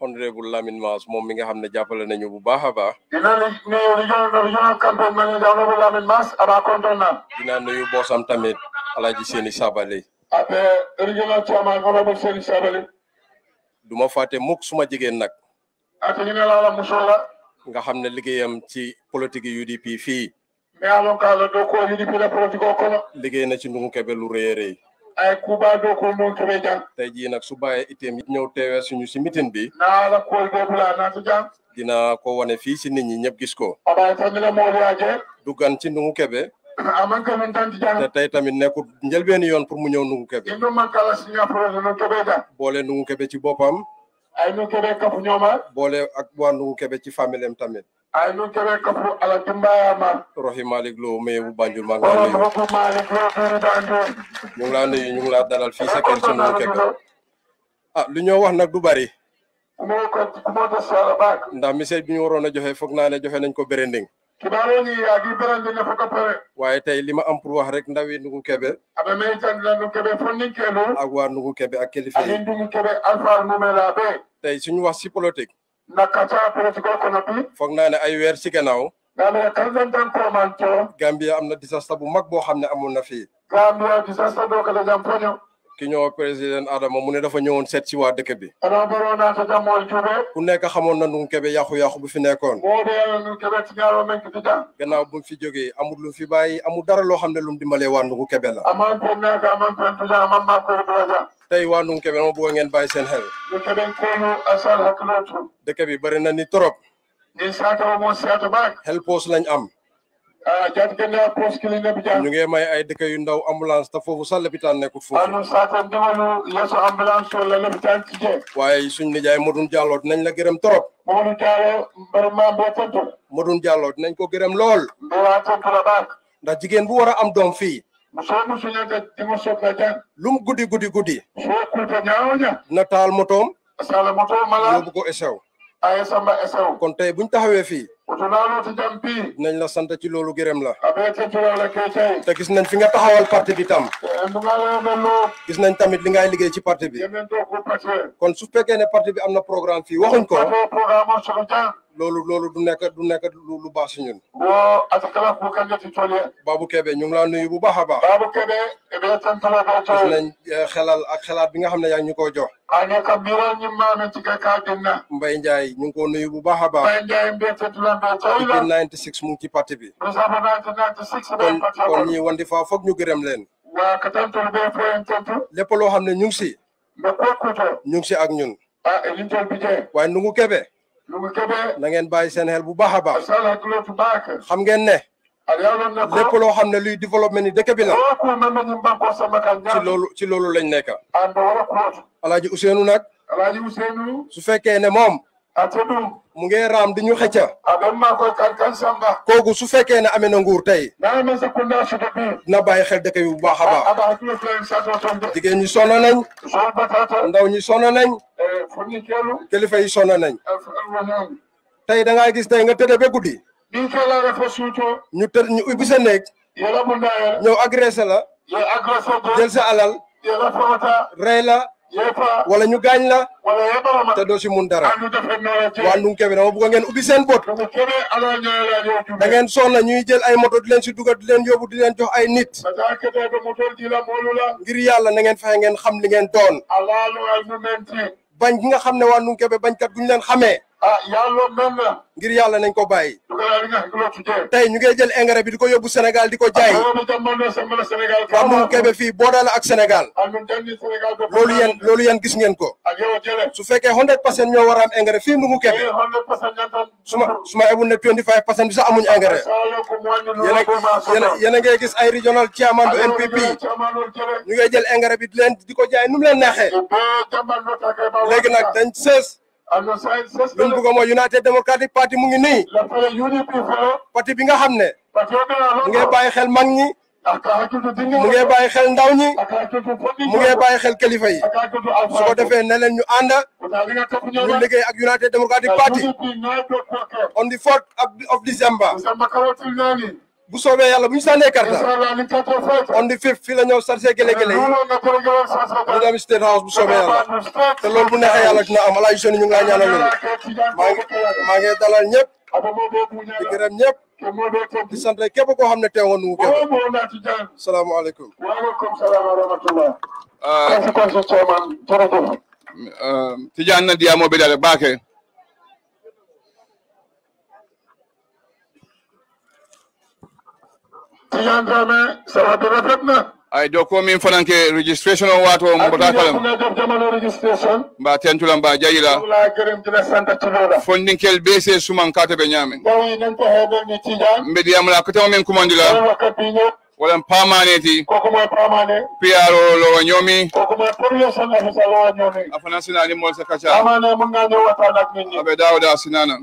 honorable lamine mas moom mi nga xam ne jàppale nañu bu baax a baax dinaa nuyu regional regional campaign manager honorable lamine mas aba kontaan dinaa nuyu boosam tamit alaji seni sabale. abe regional chairman honorable seeni sabale. duma fàtte mukk suma jigéen nag nga xam ne liggéeyam ci politique UDP fii. liggéey na ci Ndungu Kebe lu rëy a rëy. ay kuba do ko non to be jang tey jii nag su ba itam ñëw teewee suñu si mitin bi naa la kool boobu laa si jàng dina ko wane fii si nit ñi ñëpp gis ko abaay fa ñu la moo yaaje duggan ci Ndungu Kebe aman ah, ka min tanti jàng te tey tamit nekkul njëlbeeni yoon pour mu ñëw Ndungu Kebe indu man kala si nga projet non to be boole Ndungu Kebe ci boppam ay nu kebe kafu ñooma boole ak wàndu kebe ci familem tamit ay nu kebe kafu ala timbaama rohi malik lo mais bu banjul maa ngi ñu ngi laa nuyu ñu ngi laa dalal fii sa sunu kebe ah lu ñoo wax nag du bari moo ko moo tax yàlla baax ndax message bi ñu waroon a joxe foog naa ne joxe nañ ko berending kibaaroo ni yaa gi berandi foka pare waaye tey li ma am pour wax rek ndawi Ndungu Kebe aɓe mai tandila Ndungu Kebe fonnin kelu ak waa Kebe ak kilifa yi Ndungu Kebe numela be tey suñu wax si politique nakata politique kono bi foog naa ne ay weer si gannaaw Gambia kaldantan komanto am na disaster bu mag boo xam ne amoon na fii Gambia disaster doo ko dajam foño ki ñoo président Adama mu ne dafa ñëwoon seet si waa dëkk bi. ku nekk xamoon na nu kebe yàqu-yàqu bu fi nekkoon. gannaaw bu fi jógee amul lu fi bàyyi amul dara loo xam ne lu mu dimbalee waa Ndungu kebe la. tey waa Ndungu kebe ma bëgg ngeen bàyyi seen xel. dëkk bi bëri na ni trop. xel poos lañ am. jam may ay dëkk yu ndaw ambulance te foofu sax lopitaan nekkut foofu anu ambulance wala lopitaan ci jee waaye suñ nijaay Modou Diallo dinañ la gërëm torop Modou Diallo mbaru maam boo tontu Modou dinañ ko gërëm lool mbiraa tontu jigéen bu war a am doom fii soomu suñaka dima sooga jàng lum guddi guddi guddi soo kuuta ñaawo na taal motoom sala motoom mala yóbbu ko esew ay samba esew kon tey buñ taxawee fii nañ la sant ci loolu gërëm la. te gis nañ fi nga taxawal parti bi tam. gis nañ tamit li ngay liggéey ci parti bi. kon su fekkee ne parti bi am na programme fii waxuñ ko. loolu loolu du nekk du nekk lu baax si ñun. wo atakala ku kan ngati tole. Babou Kébé ñu ngi laa nuyu bu baax a baax. Babou Kébé ebe eh tantala ba to. Gis nañ eh, xelal ak xelaat bi nga xam ne yaa ñu ko jox. ane ka miral ñi maame ci ñu ngi ko nuyu bu baax a baax. Mbaye Ndiaye mbe tantala ba mu ngi ci parti bi. Président 96 kon kon ñi wandi ñu gërëm leen. lépp loo xam ne ñu ngi si. ñu ngi si ak ñun. ah ñu ngi bi waaye na ngeen bàyyi seen xel bu baax a baax xam ngeen ne lépp loo xam ne luy développement ni dëkk bi la ci loolu ci loolu lañ nekk alaaji Ousseynou nag su fekkee ne moom mu ngi raam di ñu xëcca ah, kooku su fekkee ne amee na nguur tey na bàyyi xel dëkk bi bu baax a baax ah, ah, jigéen ñi sonn nañ ndaw ñi sonn nañ eh, kilifa yi sonn nañ eh, tey da ngaa gis tey nga tëdd ba guddi ñu tëdd ñu ubbi sa néeg ñëw agressé la jël sa alal rey la wala ñu gaañ la te doo si mun dara waa nu kebe dama bugg ngeen ubbi seen bët da ngeen soxla ñuy jël ay moto di leen si dugal di leen yóbbu di leen jox ay nit ngir yàlla na ngeen fexe ngeen xam li ngeen doon bañ gi nga xam ne waa nu kebe bañkat gu ñu leen xamee Ah, yàlla mel na. ngir yàlla nañ ko bàyyi. tey ñu ngi jël engrais bi diko ko yóbbu Sénégal di ko ah, jaay. waa moom Kébé fii boodaa la ak Sénégal. Ah, loolu yéen loolu yéen gis ngeen ko. su fekkee 100% ñoo war a am engrais fii Ndungu Kébé. Eh, su Suma suma ma ebul ne 25% bi sax amuñ engrais. yéen a ngay gis ay regional chairman du NPP. ñu ngi jël engrais bi di leen di ko jaay nu mu leen neexee. Eh, léegi dañ sees. lu mu bëgg mooy United Democratic Party mu ngi nii. parti bi nga xam ne. mu ngi bàyyi xel mag ñi. mu ngi bàyyi xel ndaw ñi. mu ngi bàyyi xel kilifa yi. su ko defee ne leen ñu ànd. ñu liggéey ak United Democratic Party. on the 4 of December. bu soobee yàlla bu ñu sànnee karta on the fifth fii la ñëw sarse gele-gele state house bu soobee te loolu bu neexee yàlla dina am alaay jeune ñu ngi laa ñaanal loolu maa ngi maa ngi dalal ñëpp di gërëm ñëpp di sant képp koo xam ne teew nga nu képp salaamaaleykum waaleykum salaam wa rahmatullah euh, consequence chairman jërëjëf euh, tijaan na diyaa moo bi daale baake I do ko min for ke registration o wato mo bata kalam ba tentulam ba jayila going to bese suman kata be nyame mbedi amla ko tamen kumandila walan pamaneti piyaro lowa ñoomi a fana sinani mol sa kaca aɓe dawda sinana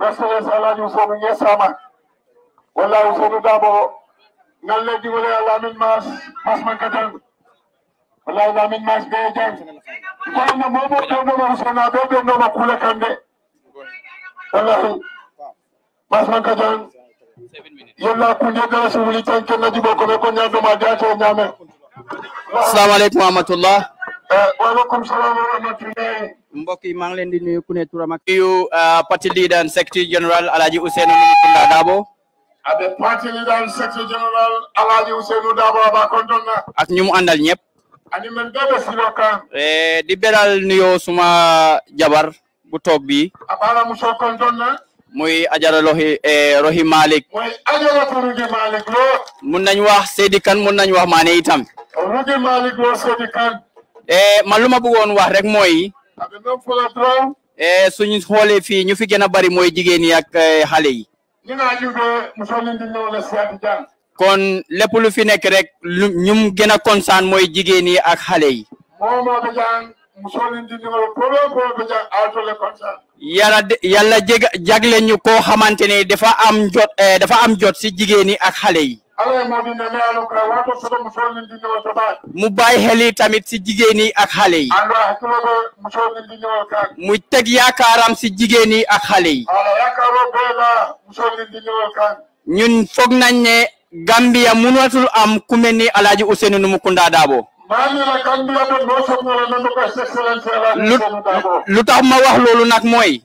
Rasulullah sallallahu alaihi wasallam ya sama wala usonu dabo ngalle di wala lamin mas mas mangkatan wala lamin mas be jang ko na momo ko no no sona do be no ma kula kande wallahi mas mangkatan yalla ku ne da su wuli tan kan di boko be ko nya do ma da to nya me assalamu alaikum rahmatullah eh, wa alaikum salam wa rahmatullah mbokk yi maa ngi di nuyu ku ne turam ak nuyu eh, parti leader and secretary general alhaji ousseynou nini kunda dabo aɓe parti leader ak ñu mu àndal ñëpp ani men ɓeɓe silo kan di beral nuyo suma jabar bu toog bi a ɓara muso kontonna muy ajara lohi rohi eh, malik muy ajara ko rugi malik lo mun nañ wax seydi kan mun wax maane itam eh, man lu ma bëggoon wax rek mooy aɓe men fula suñ xoolee fii ñu fi gën a bari mooy jigéen yi ak eh, xale yi kon lépp lu fi nekk rek lu ñum gën a consaan mooy jigéen yi ak xale yi yàlla yàlla jég koo xamante ne dafa am jot eh, dafa am jot si jigéen yi ak xale yi mu bàyyi xel yi tamit si jigéen yi ak xale yi. mu teg ak si jigéen yi ak xale yi. ñun foog nañ ne Gambia munatul am ku mel ni El Hadj Ousseynou Numukunda Darboe. lu lu tax ma wax loolu nag mooy.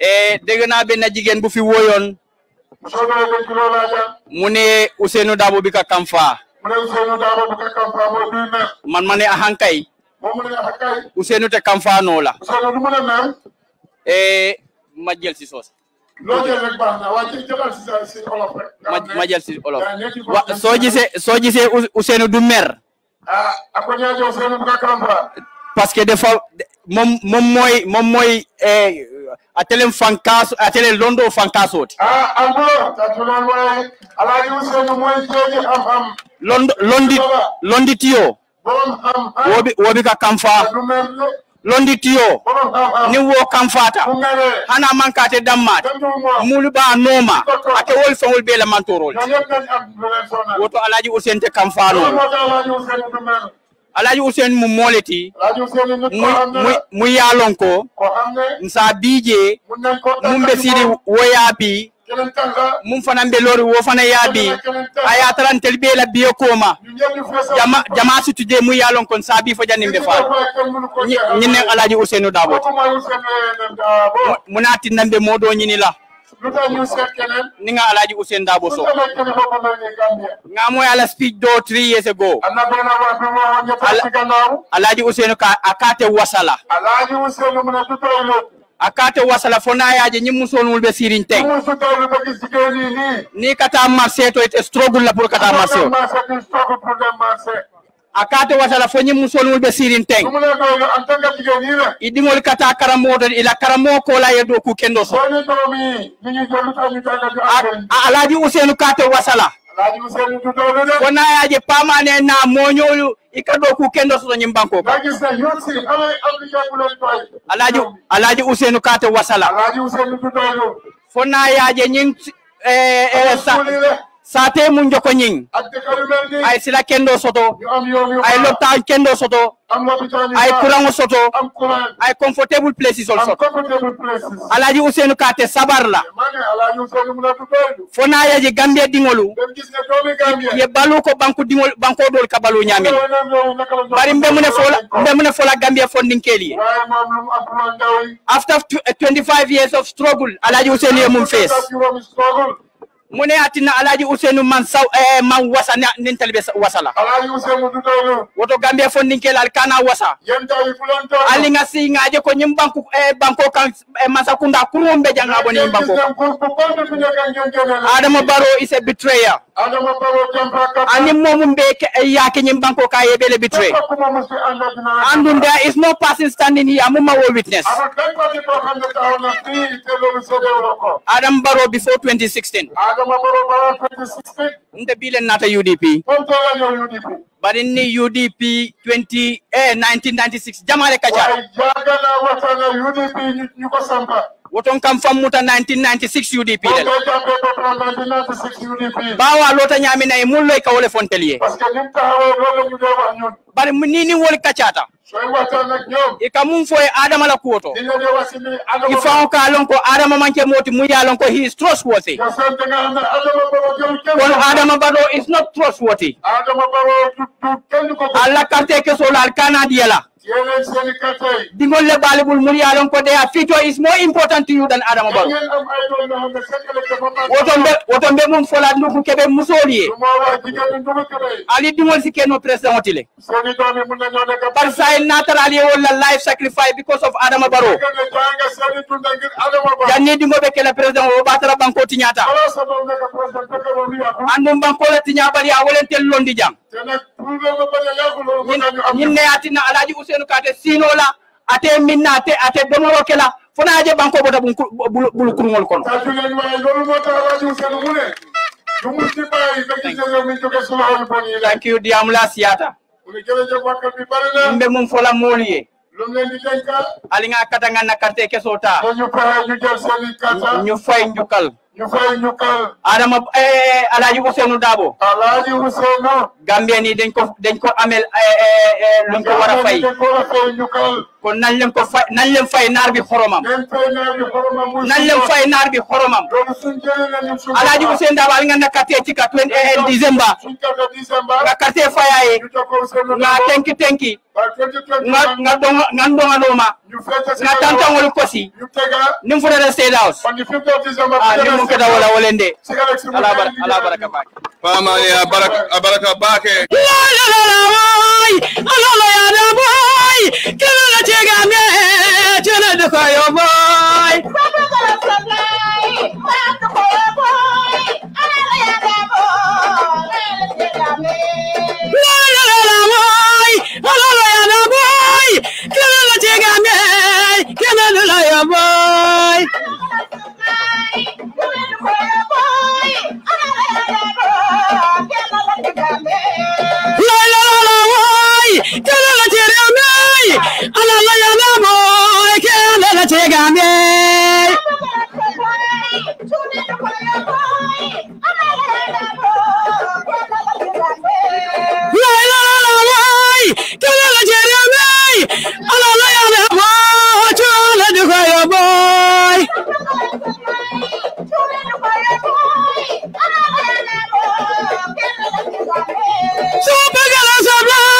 Eh, dégg naa benn jigéen bu fi wóyoon. mu ne Dabo bi ka mu ne Ousseynou Dabo man ma ne ahankay moom mu ne ahankay Ousseynou te kam faa noo la Ousseynou eh, si soos loo soo gisee soo moom moom mooy moom eh, mooy atelen fankaso atelen londo fankasooti a ah, encore tatunan waye alaaji usenu moy jooji ham ham londo londi londi tio bom ham ham wobi wobi ka kamfa londi tio ni wo kamfata hana mankate dammat mulu ba noma ate wol fa wol be la mantorol woto alaaji usente kamfano alhaji Ousseyn mu mooleti mu mu mu yaalon ko nsa biije mun be siri wo yaabi mun fana be lori wo fana yaabi a ye a tara ntelu bee la biye kooma jama jama situje mu yaalon ko nsa bii fo janin be faal ñin nen alhaji Ouseynu Daabo ti mu naa tinnan be moo doo ñini la lu a ñu seet keneen ni nga Alhaji Ousainou Darboe Sow nga mooy ala speech do a years ago Alhaji a ka akate wasala Alhaji Ousainou mu ne du tawlo akate wasala fo na yaje ñi musolul be sirin teng ni kata marché to it struggle la akate wasala fonyi musolul be sirin teng idingol kata karamo to ila karamo ko la yedo ku kendo so alaji usenu kate wasala wona yaje pamane na moñolu ikado ku kendo so nyimbanko alaji alaji usenu kate wasala fona yaje nyin eh, eh sa sate mun joko nying ay sila kendo soto ay lopta kendo soto ay kurango soto ay comfortable places also alaji usenu kate sabar la fona ya je gambia dingolu ye balu ko banko dingol banko dol ka balu nyamin bari mbe mune fola mbe mune fola gambia funding keli after 25 eh, years of struggle alaji usenu mum face mu atina alaji usenu man saw eh, man wasa nin wasala alaji usenu woto gambia fondin kelal kana wasa yenta wi ali nga si ko nyim banku eh, banko kan eh, janga boni banko baro is a betrayer adam baro jampa ka ani momum be eh, ya ke nyim banko ka betray andun there is no person standing here mumma wo witness adam baro before 2016 nte bilen nata UDP bari ni UDP 20 eh 1996 jamale kaja jagala watana UDP nyuko sampa woton kam fammuta 1996 UDP del bawa lota nyamina e mullo e kawle fontelier bari ni ni wol kacata e kamum fo e adama la kuoto i fawo ka lon ko adama manke moti mu yalon ko he is trustworthy kono adama baro is not trustworthy alla carte ke solal kanadiela Dingole balibul muryalon ko a fito is more important to you than Adama Barrow. Wotombe wotombe mum fola ndugu kebe musoli. Ali dingol sike no president otile. Par sai natural ye wala life sacrifice because of Adama Barrow. Janni dingobe kele a o batara banko tinyata. Andum banko la tinyabali a wolentel londi jang. min ne a alaji usenu kate sinola ate minna ate ate domoro kela fona aje banko bota bulu kurungol kono thank you diyamula siyata mbe mum fola moolu ye ali nga kata nga na karte kesota ñu fay njukkal ñu fay ñu kal Adama eh, eh, eh, Alaaji Ousseynou Dabo Alaaji Ousseynou Gambien yi dañ ko dañ ko amel luñ ko war a fay kon nañ leen ko fay nañ leen fay naar bi xoromam. nañ leen fay naar bi nga na quartier ci ka nga quartier fayaye nga tenki tenki nga nga donga nga nga tantangol kosi nim futata state house a nim mun keta wola wolende ala baraka bake pamani a baraka bake lalala way alala boy kene la ci Gambia cene de ko yo boy Tell her to tell me. alala yala boy kelele tegame lay la la boy kelele tegame alala yala boy chole dukoyo boy Super Gala Sabla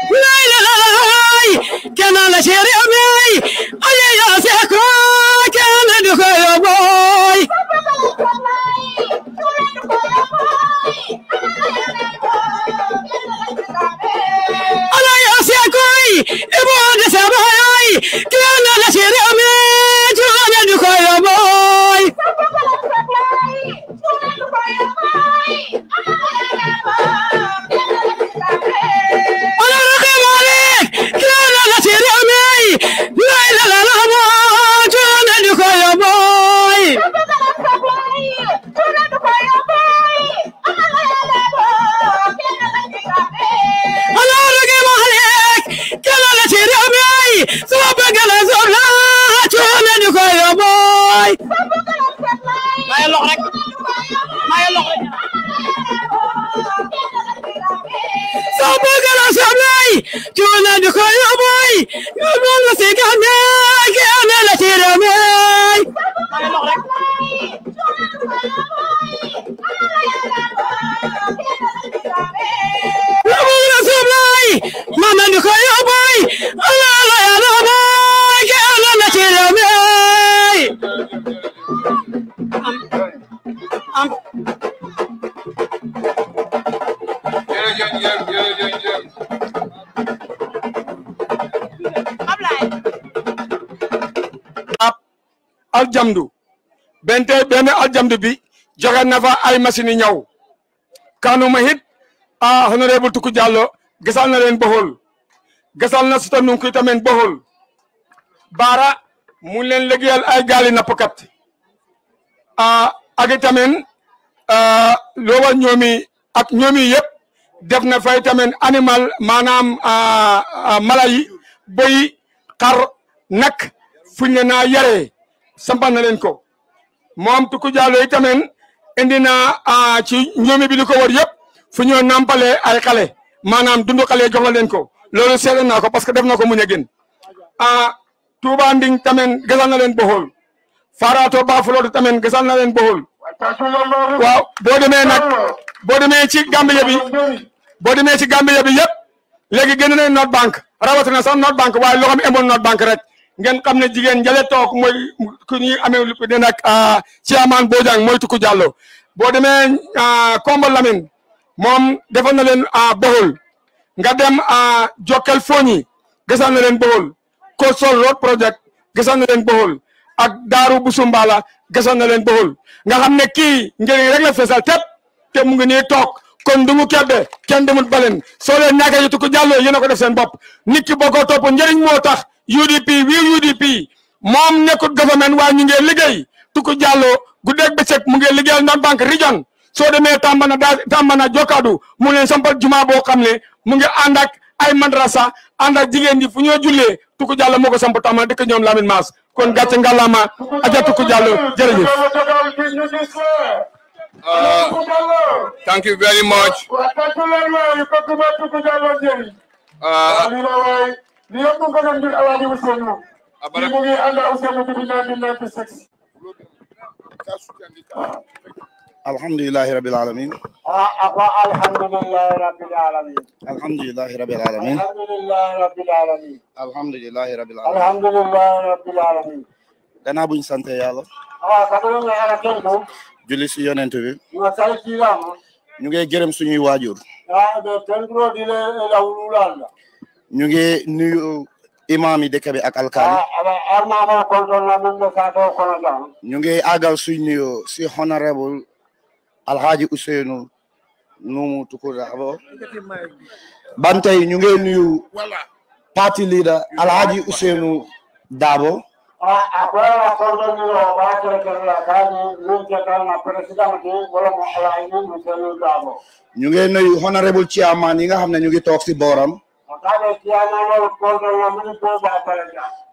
kenn la chéri amey aye yaa seko kenn du ko yóbbooy ala yaa sekoy ibo de sabayoy kenn la chéri amey aljamdu benn tey benn aljamdu bi joxe na fa ay machine ñaw kanuma hit ah honorable Tuku Jallo gisal leen boxol gisal na suta nungi koy tamit boxol mu leen liggéeyal ay gaali nappkat ah ak tamit looba ñoomi ak ñoomi yëpp def fay tamit animal maanaam mala yi bëy xar nak fuñ le naa sampal na leen ko moom Tuku Diallo itamit indi naa ci ñoom bi li ko wër yëpp fu ñoo nampalee ay xale maanaam dundu xale jox na leen ko loolu seetlu naa ko parce que def na ko mu ne gën ah Touba Nding tamit gasal na leen boxol baa Bafulooto tamit gasal na leen boxol waaw boo demee nag boo demee ci Gambia bi boo demee ci Gambia bi yëpp léegi génn nañ North Bank rawatina sax North Bank waaye loo xam ne amoon North Bank rek. ngeen xam ne jigéen njale toog mooy ku ñuy amee lu ne nag Thiamane ah, Bojang mooy Tuku Diallo boo demee ah, Komba Lamine moom defal na leen ah, Bohol nga dem Jokal Foñi gisal na leen Bohol Coastal Road Project gisal na leen Bohol ak Daaru Busumbala gisal na leen Bohol nga xam ne kii njëriñ rek la feesal tëpp te mu ngi nii toog kon du mu kedde kenn demul baleen soo leen ñàkkee yi Tuku Diallo yéen a ko def seen bopp nit ki boo ko njëriñ moo tax UDP wiir UDP mom nekkul government wa ñu ngi liggey Tuku jalo. guddeeg besek mu ngi liggéeyal North Bank Region so demee Tambana Tambana jokadu mu len leen sampal juma bo xam mu ngi andak ay madrasa andak jigen fu ñoo Tuku jallo moko ko samp Tambana dik ñom Lamine Maas kon gàcce ngalama aja Tuku jalo. jërëjëf. Uh, thank you very much. Uh, ni yombu ngono ndin awadi usenu ni mu ngi ànd usenu bi dina dina ci sex alhamdulillah rabbil alamin ah, ah, ah, alhamdulillah rabbil alamin alhamdulillah rabbil alamin alhamdulillah rabbil alamin alhamdulillah rabbil alamin alhamdulillah rabbil alamin gannaaw buñ sante yàlla waaw kadalo nga yàlla kendu julli si yonent bi wa sal kiram ñu ngi gërëm suñuy waajur waaw de tendro di le la wulula ñu ngi nuyu imam yi ak alkaali ñu ngi àggal si honorable alhaaji Ousseynou Noumou Tukur Dabo bantay ñu ngi nuyu parti leader alhaaji Ousseynou Dabo ñu ngi nuyu honorable chairman yi nga xam ne ñu ngi toog si booram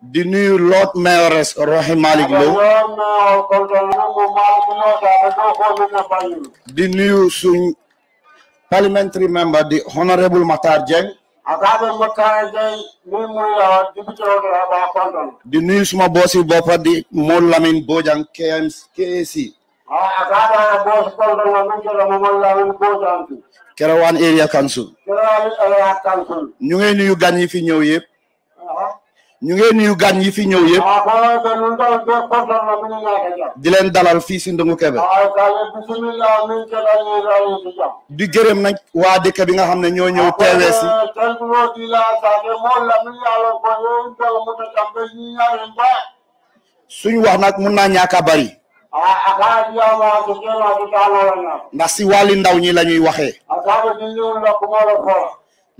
di nuyu lot Mayores Rohim Malick Lo di nuyu suñ parliamentary member di honorable Matar Jeng. di nuyu suma bossi bopa di Mol lamine Bojang KMC kc Kerawan Area Council. Kerawan Area Council. ñu ngi nuyu gan yi fi ñëw yëpp. ñu ngi nuyu gan yi fi ñëw yëpp. di leen dalal fii si Ndungu Kebe. di gërëm nag waa dëkk bi nga xam ne ñoo suñ wax bari. ndax si wàlli ndaw ñi la ñuy waxee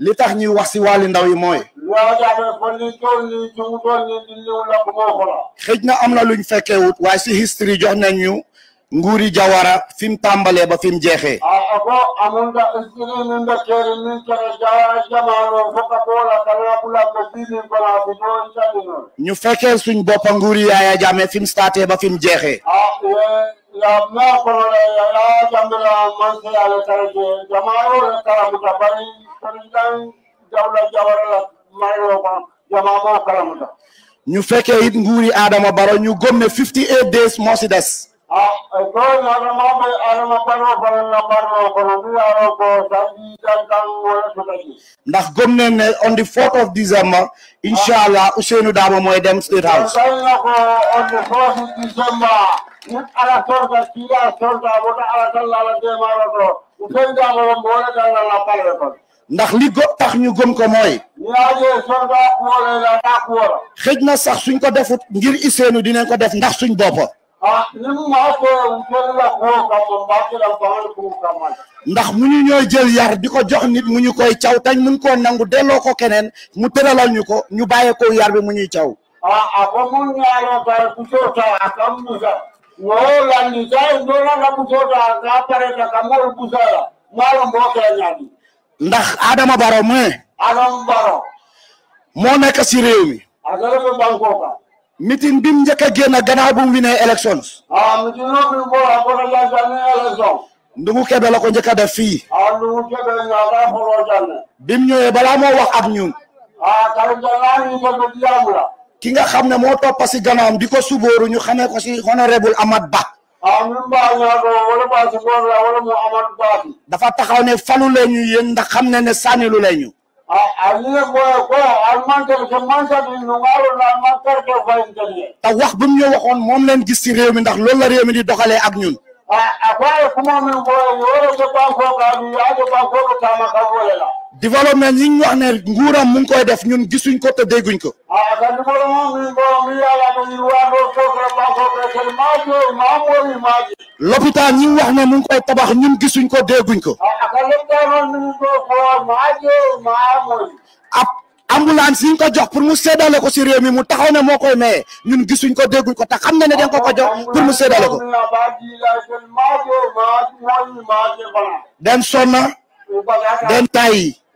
li tax ñuy wax si wàlli ndaw yi mooy xëj na am na luñ fekkewut waaye si history jox na ñu nguuri Jawara fi mu tàmbalee ba fi mu jeexee. fekkee suñ boppa nguuri Yaaya Jammeh fi mu ba fi mu jeexee. fekkee it nguuri Adama Barrow ñu gëm ne 58 days moo des ndax gom nen ne on the fourth of december inchallah ousseynou dama mooy dem state house ndax li go tax ñu gëm ko mooy. xëj na sax suñ ko defut ngir Ousseynou dinañ ko def ndax suñ boppa Ah, nim ndax mu ñu ñooy jël yar di ko jox nit mu ñu koy caw tañ mun koo nangu delloo ko keneen mu tëralal ñu ko ñu bàyyee ko yar bi mu ñuy caw. ah ah ko mu ñaaree ah, ba ku soota a ah, kam musa ñoo la ni jaay ndoo la la soota a ka pare ndax Adama Barrow mu Adama Barrow. moo nekk si réew mi. a gërëm ba meeting bi mu njëkk a génn gannaaw bu mu elections. ah meeting la ko njëkk a def fii. ah Ndungu Kebe nga moo wax ak ñun. Ah, ki nga xam ne moo toppa si gannaawam di ko subóoru ñu xamee ko si honorable Ba. ah ñun dafa taxaw ne falu leen ñu yéen ndax xam ne ne sànnilu leen ñu. te wax bu mu ñu waxoon moom leen gis ci réew mi ndax loolu la réew mi di doxalee ak ñun. Ah, ah, a kuma min ko yoro to banko ga mi ya to banko to tama ka wala développement yi ñu wax ne mu ngi koy def ñun gisuñ ko te dégguñ ko. l'hôpital ñi wax ne mu tabax ñun gisuñ ko dégguñ ko. ab ambulance yi ñu ko pour mu séddale ko si réew mi mu taxaw ne moo koy maye ñun gisuñ ko dégguñ ko te xam na ne dañ ko ko mu séddale ko. den sonn. den tay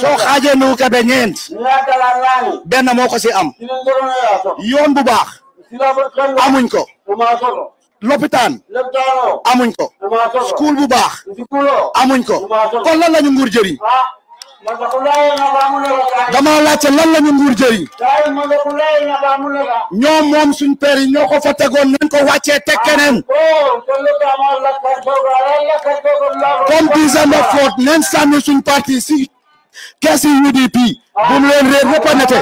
soo xaajee nuuka be ñeent benn moo am yoon bu baax amuñ ko lopitaan amuñ ko school bu baax amuñ ko kon lan lañu dama laajte lan la ñu nguur jëriñ ñoom moom suñ père yi ñoo ko fa tegoon ko wàccee teg keneen comme December fourth nañ sànni suñ parti si kees UDP bu mu leen réer bu ko nete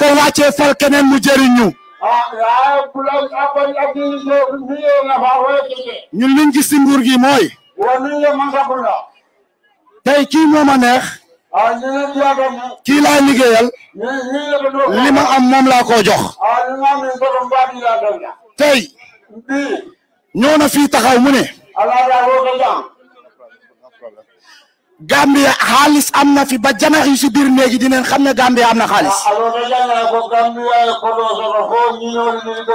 ko wàccee fal keneen mu ñun liñ gis ci nguur gi mooy. tey ki moo ma neex. kii laa liggéeyal. li am moom laa ko jox. tey. ñoo na taxaw mu Gambia khalis amna fi ba janax yu ci bir neegi di neen xamne Gambia amna khalis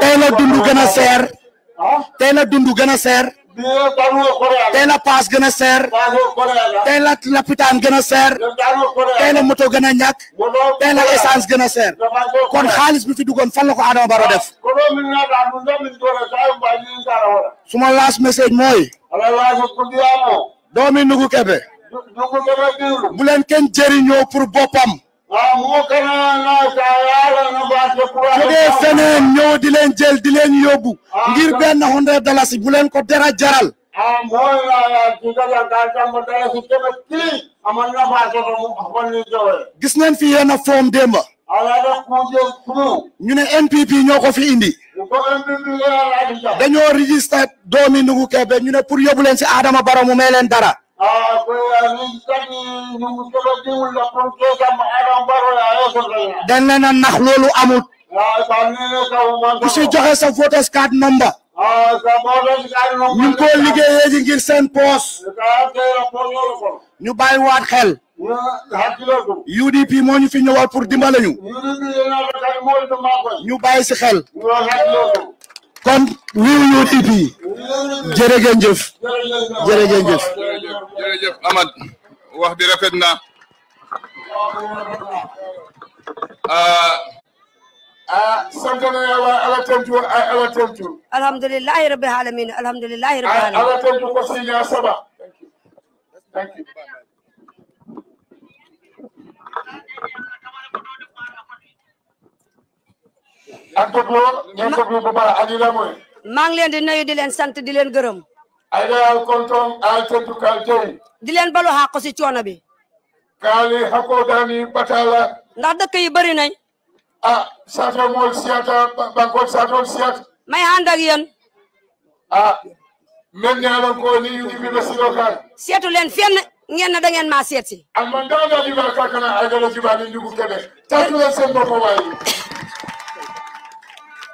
tay la dundu gëna ser tay la dundu gëna ser, tay la pass gëna ser tay la gëna ser tay la moto gëna ñak tay la essence gëna ser kon khalis bi fi duggoon fan la ko Adama baro def. suma last message moy. doomi Nugu Kebe. bu leen kenn jëriñoo pour boppam. jógee feneen ñëw di leen jël di leen yóbbu. Ah, ngir benn hundred dalasi bu leen ko dara jaral. Ah, gis nañ fi yenn foom démba. ñu ne NPP ñoo ko fi indi. dañoo registré doomi Nugu Kebe ñu ne pour yóbbu si Adama Barrow mu may leen dara. Ah, pues a mí nax lolu amul. Ah, ne ko man. Ku ci joxe sa photos card number. Ñu ko liggéeyee ji ngir seen poos. Ñu bàyyi waat xel. UDP moo ñu fi ñëwal pour dimbale ñu. ñu bàyyi si xel. kon wiiw tv TP jërëngeen jëf jërëngeen jëf jërëjëf Amad wax bi rafet na sant naa waa ala tontu ay ala tontu alhamdulillahi rabbil alamin ak déglu leen di nuyu di leen sant di leen gërëm. ay al konton al teddugal jëy. di leen balu xàq si bi. ndax dëkk yi nañ. ah saata mool siyaata bankool saatool siyaat. may ànd ak ah mel ni ko ni yu bi ba siro leen fenn ngeen na da ngeen maa seet si. man daal di ndugu kebe. leen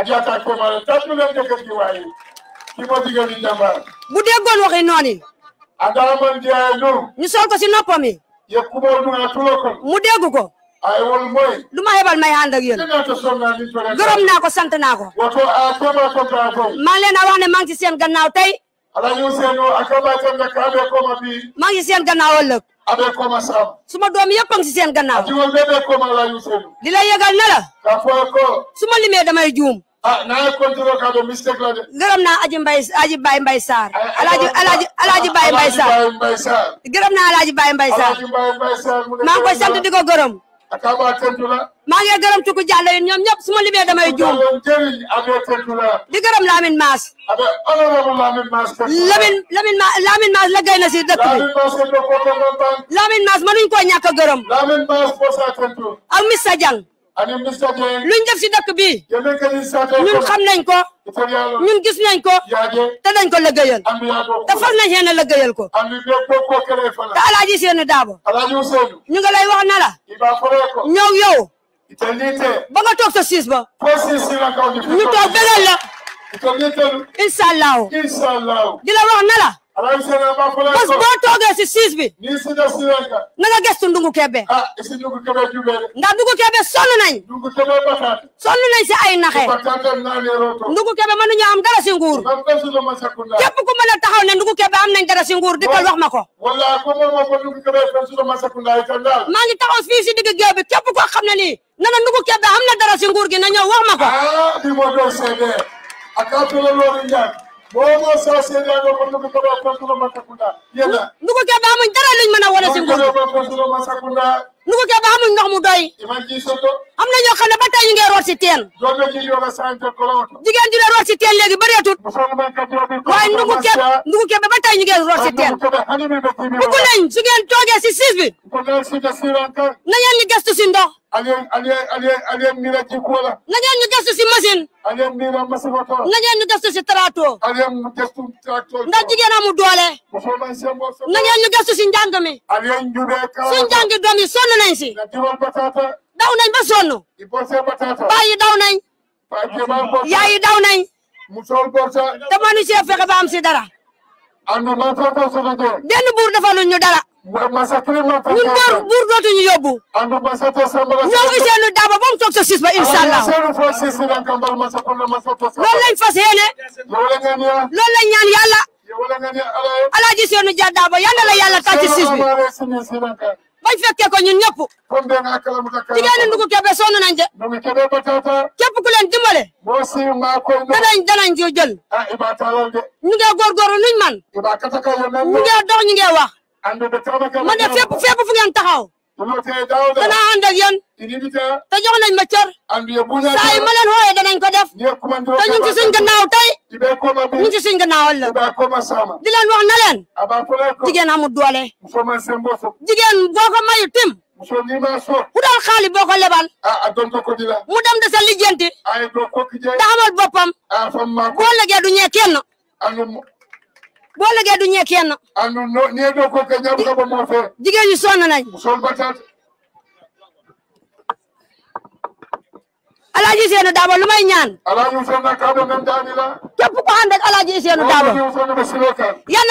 Adiata Komara tàccu leen jëkkër gi waaye a ma digal di jàmbaar. bu déggoon waxi noonu. Adama Ndiaye Ndour. ñu sol ko si noppam yi. yekkubo duna tulo kon. mu dégg ko. ay wol mooy. lu ma yebal may ànd ak yéen. gërëm naa ko sant naa ko. wato a koma kontra ko. maa ngi leen a wax ne maa ngi ci seen gannaaw tey. ala ñu seenu a koma kontra ko abe koma bi. maa ngi ci seen gannaaw ëllëg. abe koma sam. suma doom yëpp a ngi ci seen gannaaw. a jiwon bebe koma ala ñu di la yëgal ne la. ka foo su ma limee ah na continuer kaa doon mistake la de. gërëm naa Aji Mbaye Aji Baye Mbaye Sarr. Eh, eh, eh, Alaaji Alaaji Alaaji Baye Mbaye Sarr. gërëm naa Alaaji Baye Mbaye Sarr. Alaaji Baye sant di gërëm. akaba tentu la. maa ngi gërëm tukku jàllo yi ñoom ñëpp su damay juum. la. di gërëm Lamine Maas. Lamine la na si dëkk bi. Lamine Maas mënuñ koo ñàkk gërëm. Lamine Maas Missa luñ def si dëkk bi ñun xam nañ ko ñun gis nañ ko te dañ ko lëggéeyal te fas nañ yéene lëggéeyal ko te alaaji seeni daabo ñu ngi lay wax na la ñow yow ba nga toog sa siis ba ñu toog bégal la incha allahu la wax na bés boo toogee si siis bi. na nga gëstu Ndungu Kebe. nga Ndungu Kebe sonn nañ. sonn nañ si ay naxe. Ndungu Kebe mënuñu am dara si nguur. képp ku mën a taxaw ne Ndungu Kebe am nañ dara si nguur dikkal wax ma ko. maa taxaw fii si digg géew bi képp xam ne nii. nana Ndungu Kebe am na dara si nguur gi na ñëw wax ma ko. Ah, boobu soo seetlu ak ko dugg ko ba Kontoro Masakunda. yéen a. dugg amuñ dara luñ mën a wane si nguur. Kontoro Masakunda. nu ko kee ba xamuñ ndox mu doy am na ñoo xam ne ba si teen jigéen gestu si ndox aliyem aliyem mu doole. na ngeen si njàng su njàng doom yi nañ si. daw nañ ba sonn. baay yi daw nañ. yaay yi daw nañ. te dara. benn buur defaluñ ñu dara. ñun door buur dootuñu yóbbu. mu toog sa siis ba incha allah. loolu lañ fas yéene. loolu alaaji Ousseynou Dia Daba yal na la yàlla tàcc bañ fekkee ko ñun ñëpp jigéenu ndugu kebe nañ de képp ku leen dimbale danañ danañ ci nuñ man ah, ñu ngi dox wax man de fépp fépp taxaw danaa ànd ak yéen te jox nañ ma cër saa yi ma leen wooyee danañ ko def te ñu ngi ci suñ gannaaw tey ñu ngi ci suñ gannaawal la di leen wax na leen jigéen amul doole jigéen tim ku daal xaalis lebal ah, ah, mu dem de sa lijjanti da xamal boppam ah, du ñee kenn boo lëgee du ñee kenn anu ah, no ñee do ko ka ñam ka moo fee jigéen ñi sonn nañ sonn ba taat Alaaji Seenu Daabo lu may ñaan Alaaji Seenu Daabo ngam daani la képp ko ànd ak Alaaji Seenu Daabo yal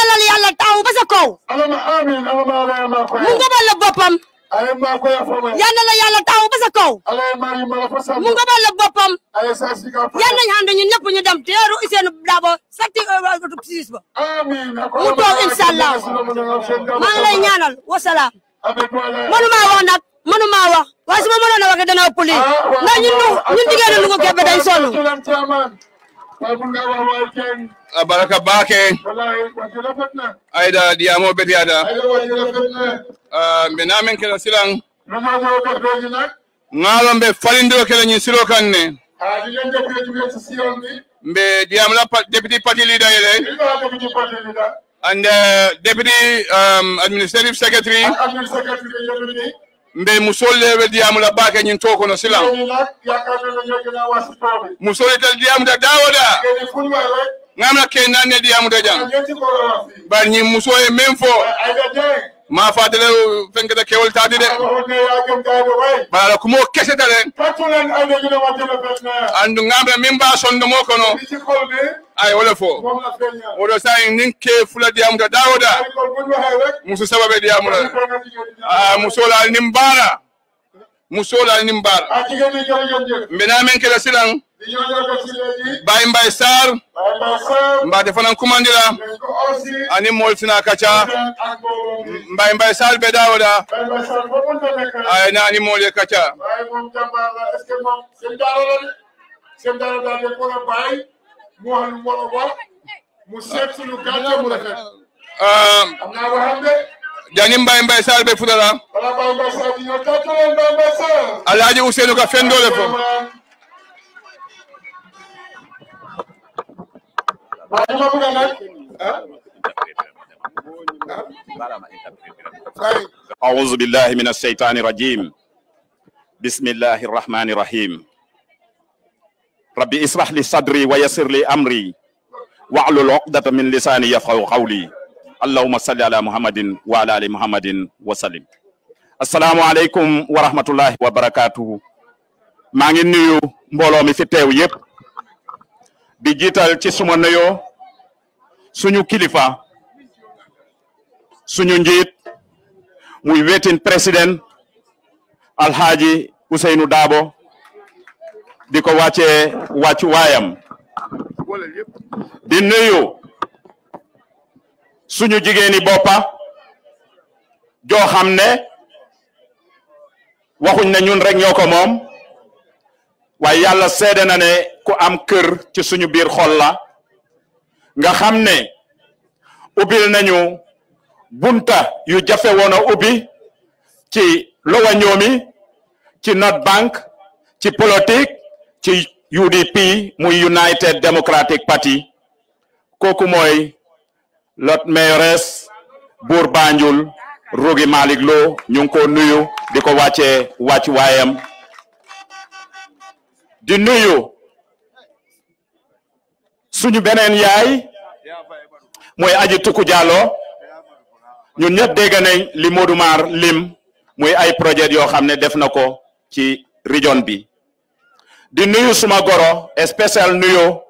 aye maa koy afama yal na la yàlla taw ba sa kaw alay mari mala fa sa mu ngabal la boppam aye sa si ka fa yal nañ ànd ñun ñëpp ñu sakti sis ba amiin mu toog inshallah maa ngi lay ñaanal wasalaam mënumaa wax nag mënumaa wax waaye su ma mënoon a waxee danaa poli ndax ñun ñun jigéen ñi Louga Kébé dañ sonn baraka baake aida diyamo betiyada ah, mbe namen kela silan ŋaalon be falindiro kela ñin silo ne ah, mbe diyam la deputy party leader yele and uh, deputy um, administrative secretary ah, mbe musol le be la baake ñin to kono silan musol itel diyamu ta dawoda ŋamla kena ne diyamuta jang bari ni muso e men fo ma fatale fenketa kewol taadi de bara ala kumo keseta de andu ŋamla min ba mo kono ay wala fo wodo sayi nin ke fula diyamuta dawoda muso sababe ah muso la nin baara musola ni mbar mbena men kela silan bay mbay sar mbade fanan kumandira ani moltina kaca mbay mbay sar be dawoda ay nani mole kaca mu seet أعوذ بالله من الشيطان الرجيم بسم الله الرحمن الرحيم ربي اشرح لي صدري ويسر لي أمري وعلو عقدة من لساني يفقهوا قولي allahuma salli ala muhammadin wa ala ali muhammadin wa sallim asalaamualeykum wa rahmatullahi wa barakaatuhu maa ngi nuyu mbooloo mi fi teew yëpp di jiital ci suma nuyoo suñu kilifa suñu njiit muy wetin président alhaaji Ousainou daabo di ko wàccee wàccu waayam di nuyu suñu jigéeni boppa joo xam ne waxuñ ne ñun rek ñoo ko moom waaye yàlla seede na ne ku am kër ci suñu biir xol la nga xam ne ubbil nañu bunta yu jafe woon a ubbi ci lowa ñoomi ci North Bank ci politique ci UDP muy United Democratic Party kooku mooy lot mayoress buur Banjul Rogi Malick Lo ñu ngi ko nuyu di ko wàccee wàccu di nuyu suñu beneen yaay mooy aji tukku Diallo ñun ñëpp dégg nañ li lim muy ay projet yoo xam ne def na ko ci région bi di nuyu suma goro spécial nuyu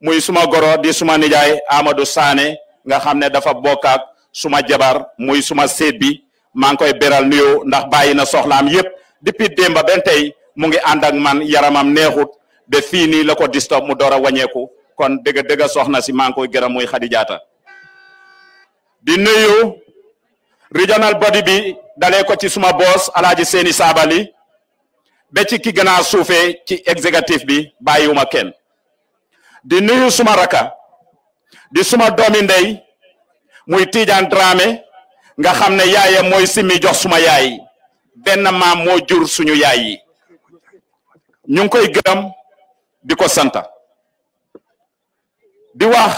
muy suma goro di suma nijaay Amadou Sané nga xam ne dafa bokk suma jabar muy suma seet bi maa ngi koy beral nuyoo ndax bàyyi na soxlaam yépp depuis demba benn tey mu ngi ànd ak man yaramam neexut ba fii nii la ko disturb mu door a wàññeeku kon dëgg dëgg soxna si maa ngi koy gërëm muy Xadijaata di nuyu regional body bi dalee ko ci suma boss alaaji seeni saabali ba ci ki gën suufee ci exécutif bi bàyyiwuma kenn di nuyu suma raka di suma doomi ndey muy Tidiane Dramé nga xam ne yaayam mooy simmi jox suma yaay benn maam moo jur suñu yaay yi ñu ngi koy gërëm di ko santa di wax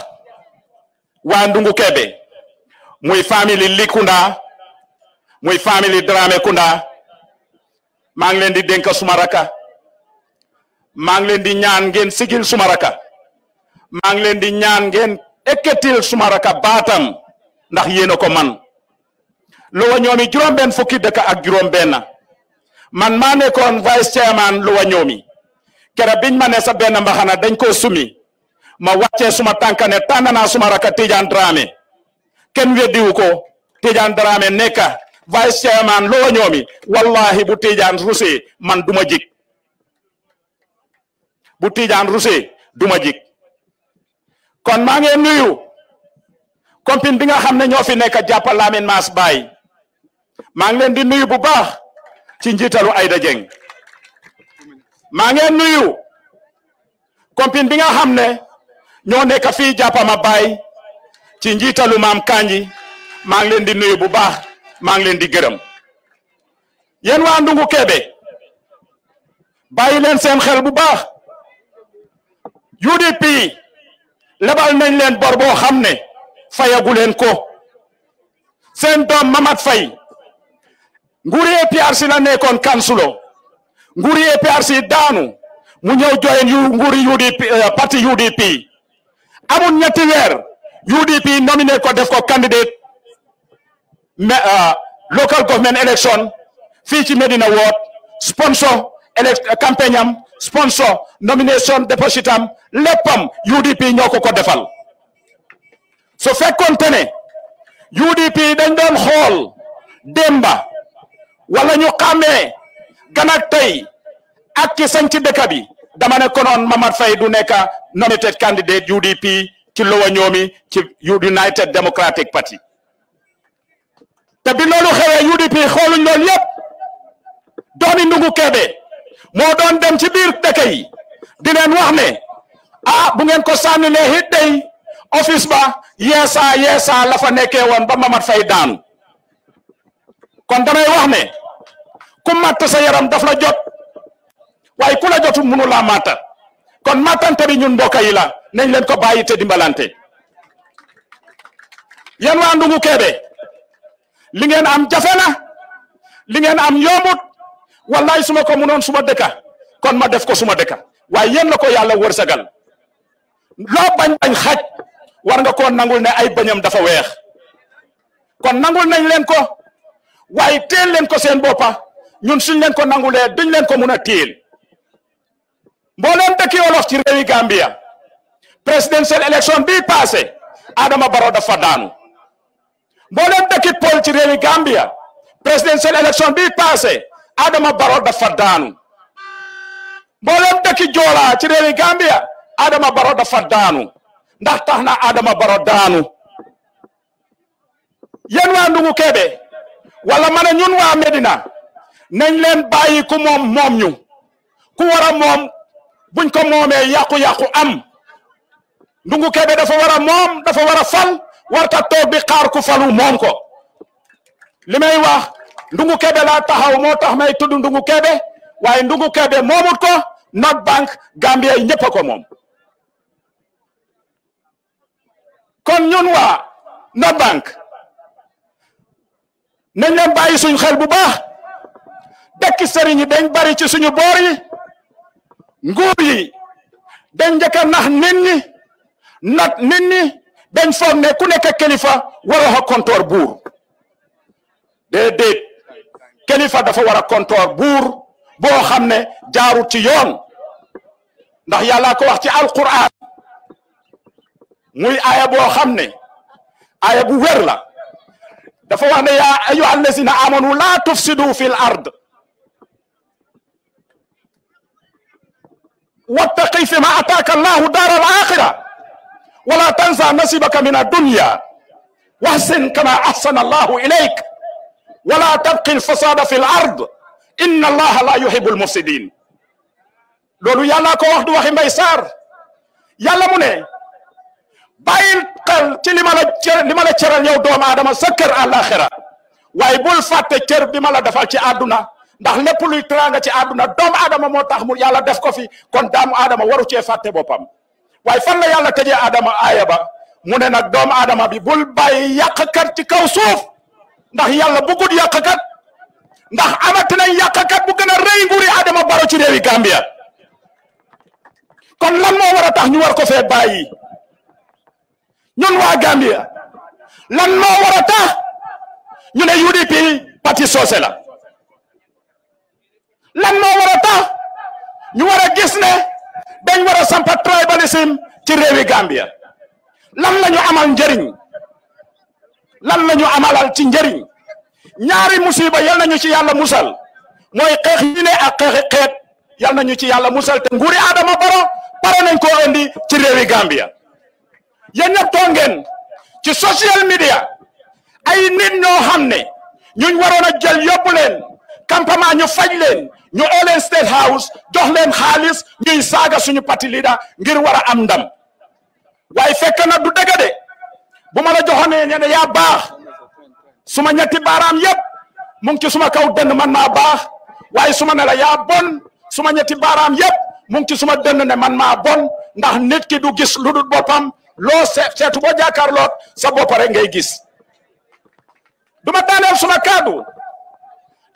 waa Ndungu Kebe muy famille li Kunda muy famille Dramé Kunda maa ngi leen di dénk suma raka maa ngi leen di ñaan ngeen sigil suma raka maa leen di ñaan ngeen Eketil suma raka batam ndax yéen ko man wa ñomi juroom ben fukki dëkk ak juroom ben man maa kon vice chairman wa ñomi kera biñ ma ne sa ben mbaxana dañ ko sumi ma wacce suma tankane tanana tànn naa suma raka Tijaan drame kenn vice chairman wa ñomi wallahi bu tidian rusee man duma jik bu tidian duma jik kon ma ngeen nuyu compine bi nga xamne ñoo fi nekk jappal Lamin Mass bay, ma ngi leen di nuyu bu baax ci njitalu Aida jeng. ma ngeen nuyu compine bi nga xamne ne ñoo nekk fii jàppama ci njitalu mam Kanji ma ngi leen di nuyu bu baax ma ngi leen di gërëm yeen wa Ndungu Kebe bayi leen seen xel bu baax UDP lebal nañ leen bor xam ne fayagu leen ko seen doom Mamat Faye nguuri APRC la nekkoon kansulo nguuri APRC daanu mu ñëw join yu nguuri UDP euh, parti UDP amul ñetti weer UDP nominé def ko candidate euh, local government election fii ci Medina Ward sponsor elec campagne am sponsor nomination deposit léppam UDP ñoo ko ko defal su fekkonte ne UDP dañ doon xool démba wala ñu xàmmee gan ak tey ak ki sañ ci dëkk bi dama ne konoon Mamad Faye du nekk nominated candidate UDP ci lowa ñoomi ci United Democratic Party te bi loolu xewee UDP xooluñ loolu yépp doomi ndungu Kébé moo doon dem ci biir dëkk yi di leen wax ne ah bu ngeen ko sànni ne office ba yesa ah, yesa ah, la fa nekkee won ba mamad Faye daan kon damay wax ne ku mat sa yaram daf la jot way ku la jotu munu la mata kon matante bi ñun mbokay la nañ leen ko bayyi te dimbalante yan Ndungu Kebe li ngeen am jafena, li ngeen am yomut wallahi suma ko sumadeka, suma deka kon ma def ko suma deka waye la ko loo bañ bañ xaj war nga ko nangul ne ay bañam dafa weex kon nangul nañ leen ko waaye teel leen ko seen boppa ñun suñ leen ko nangulee duñ leen ko mun a mboo leen dëkki wolof ci réewi Gambia présidentielle élection bii passé Adama Barrow dafa daanu mboo leen dëkki pol ci réewi Gambia présidentielle élection bii passé Adama Barrow dafa daanu mboo leen dëkki Joola ci réewi Gambia Adama Baro dafa daanu ndax tax na Adama Baro daanu yéen waa Ndungu Kebe wala ma ne ñun waa Medina nañ leen bàyyi ku moom moom ñu ku war moom buñ ko moomee yàqu-yàqu am Ndungu Kebe dafa war a moom dafa war a fal warta toog di xaar ku falu moom ko li may wax Ndungu Kebe laa taxaw moo tax may tudd Ndungu Kebe waaye Ndungu Kebe moomut ko North Bank Gambia yi ñëpp ko moom. kon ñun wa na bank nañ leen bàyyi suñ xel bu baax dëkk sëriñ yi dañ bari ci suñu boor yi nguur yi dañ njëkk a nax nit ñi nat nit ñi dañ foog ku nekk kilifa waroo a kontoor buur déedéet kalifa dafa war a kontoor buur boo xam ne jaarut ci yoon ndax yàlla ko wax ci alquran muy aaya boo xam ne aaya bu wér la dafa wax ne yaa ayyuha allazina amanu laa tufsidu fil ard wattaqi fi ma ataaka allahu daar al axira wala tansa nasibaka min addunya واحسن كما احسن الله اليك ولا تبقي الفساد في الارض ان الله لا يحب المفسدين لولو يالا كو واخدو واخي مباي سار يالا مو bàyyil xel ci li ma la cër li ma la cëral yow doomu aadama sa kër àllaaxira waaye bul fàtte cër bi ma la defal ci àdduna ndax lépp luy teraanga ci àdduna doomu aadama moo tax mu yàlla def ko fi kon daamu aadama waru cee fàtte boppam waaye fan la yàlla tëjee aadama aaya ba mu ne nag doom aadama bi bul bàyyi yàqkat ci kaw suuf ndax yàlla bëggut yàqkat ndax amati nañ yàqkat bu gën a rëy nguuri aadama baro ci réewi Gambia kon lan moo war a tax ñu war ko fee bàyyi ñun wa Gambia lan mo wara tax ñu ne UDP parti soose la lan mo wara a tax ñu wara gis né dañ wara tribalism ci réewi Gambia lan lañu amal njëriñ lan lañu amalal ci njëriñ ñaari musiba yal nañu ci yalla musal moy xex yi né ak xex xet yalla nañu ci yalla musal té nguri Adama boro pare nañ ko indi ci réewi Gambia yenna tongen ci social media ay nit no xamne ne warona jël yóbbu leen campement ñu faj leen ñu olen state house jox leen xaliss ñuy saga suñu parti leader ngir wara am ndam way fekk na du dega de bu ma la joxone ne ne baax suma ñetti baram yeb mu ngi ci suma kaw den man ma baax waaye suma ne la ya bon suma ñetti baram yeb mu ngi ci suma den ne man ma bon ndax nit ki du gis lu bopam loo seetu boo jàkkaarloog sa bopp rek ngay gis du ma suma kaddu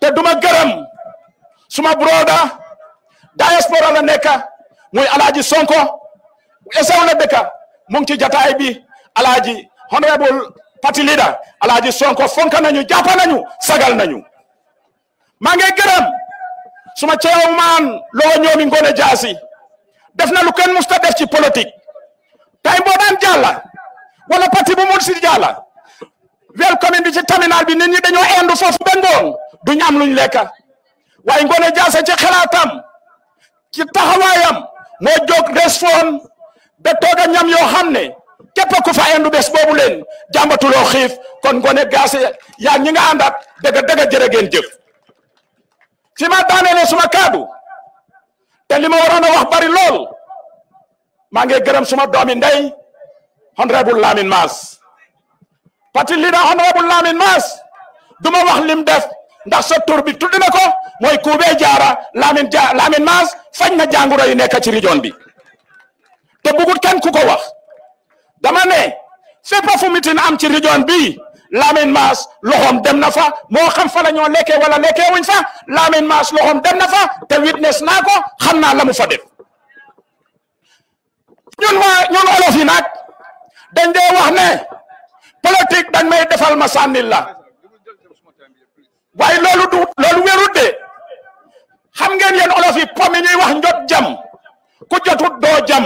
te duma ma gërëm suma broda diaspora la nekk muy alaaji Sonko esaw la dëkk mu ngi ci jataay bi alaaji honorable party alaaji Sonko fonka nañu jàppa nañu sagal nañu maa ngi gërëm suma ceew maan loo ñoomi ngoone jaasi def na lu kenn musta def ci politique tey boo daan jàlla wala parti bu mursid jalla di wel commune bi ci terminal bi nit ñi dañoo endu fofu ben ngoon duñ am luñu lekka waaye ngone jassa ci xalaatam ci taxawayam mo jog des fon ba toga ñam yo xamne ne ku fa endu bobu len jambatu lo xif kon ngone Diatta ya ñi nga andat dëgg dëgg jërë ngeen jëf fi ma daaneele suma kaddu te li ma warana wax bari maa ngi gërëm suma doomi ndey honorable Lamine Mass parti leader honorable Lamine Mass du ma wax lim def ndax sa tur bi tudd na ko mooy kuubee jaara Lamine ja Lamine Mass fañ na jàngoro yi nekk ci région bi te bugut kenn ku wax dama ne fépp fu am ci région bi Lamine Mass loxoom dem na fa moo xam fa la ñoo lekkee wala lekkee wuñ fa Lamine Mass loxoom dem na fa te witness naa ko xam naa la mu fa def ñun waa ñun olof nag dañ dee wax ne politique dañ may defal ma sànnil la loolu du de xam ngeen yéen olof yi wax njot jam ku jotut doo jam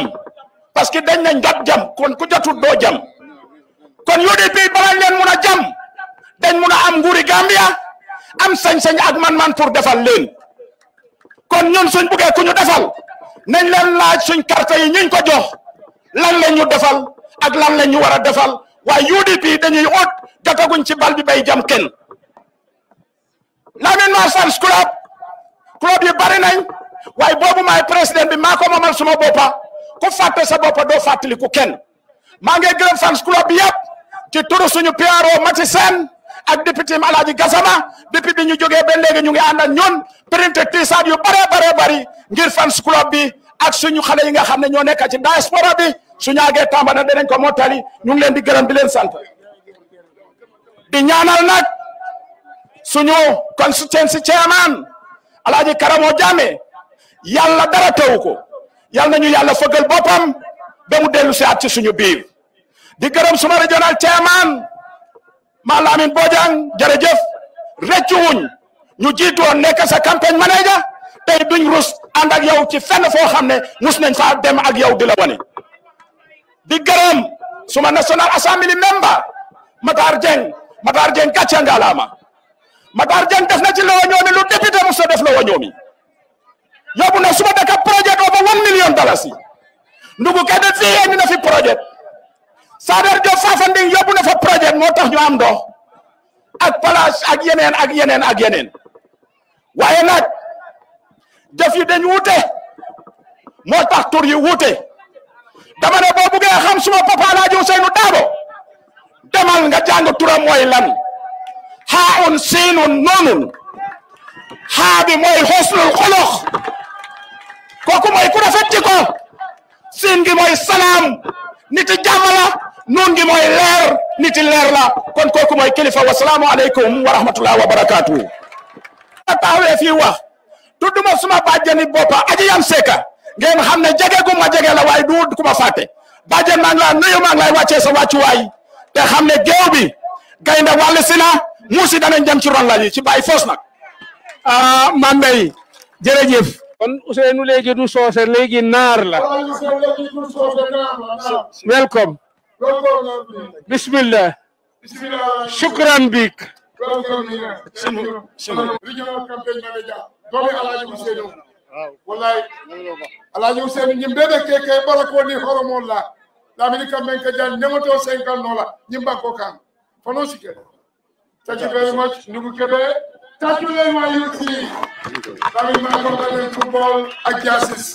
parce que dañ ne njot jam kon ku jotut doo jam kon UDP balaa ngeen mun a jam dañ mun am nguuri Gambia am sañ-sañ ak man-man pour defal leen kon ñun suñ buggee ku defal. nañ leen laaj suñ carte yi ñiñ ko jox lan la ñu defal ak lan la ñu war a defal waaye UDP dañuy ut gataguñ ci bal bi bay jam kenn Lamine Mar Sars club club yi bari nañ waaye boobu maay président bi maa ko moomal suma boppa ku fàtte sa boppa doo fàttaliku kenn maa ngi gërëm fans club bi yëpp turu suñu PRO Maty Sène ak député maladi Gassama depuis biñu joggé ben légui ñu ngi and ak ñun printé yu bare bare bari ngir fans club bi ak suñu xalé yi nga xamné ño nekk ci diaspora bi suñu agé Tamba danañ ko motali ñu ngi leen di gërëm di leen sant di ñaanal nak suñu constituency chairman aladi Karamo jame yalla dara tawuko yalla nañu fëggal bopam ba mu dellu at ci suñu biir di gërëm suma regional chairman ma Lamine Bodiang jërëjëf rëccu wuñ ñu jiitu woon nekk sa campagne manager tey duñ rus ànd ak yow ci fenn foo xam ne mus nañ faa dem ak yow di la wane di gërëm suma national assembly member Matar Dieng Matar Dieng gàcce ngalaama def na ci lowa ñoomi lu député mu def lowa ñoomi yóbbu na suma dëkk projet over one million dollars ndugu kede fii yee na fi projet Faidherbe Diop Fafanding yóbbu na fa projet moo tax ñu am ndox ak place ak yeneen ak yeneen ak yeneen waaye nag jëf yi dañ wuute moo tax tur yi wuute dama ne boo buggee xam suma papa Alaaji Ousseynou Daabo demal nga jàng turam mooy lan xaa un siinun noonun xaa bi mooy xosnul xolox kooku mooy ku rafet ci siin gi mooy salaam nit jàmm nuun gi mooy leer niti leer la kon kooku mooy kilifa wasalaamu aleykum wa rahmatullah wa barakaatu a taxawee fii wax tudduma suma bàjjani boppa aji yam seeka ngeen xam ne jege gu ma jege la waaye du ku ma fàtte bàjjen maa ngi laa nuyu maa ngi lay wàccee sa te xam ne géew bi gaynde wàll si na muusi danañ ci ron la yi ci bàyyi foos nag a ah, man day jërëjëf kon Ousseynou léegi du soose léegi naar la welcome bismillah shukran bik wallahi alaaji Ousseynou ñimɓe ɓe keke ɓara ko ni la laamini campaign ka jan nemoto cinquante nola ñimɓa ko kan fono sike thank you very much nugu keɓe tatulen wa ak jasis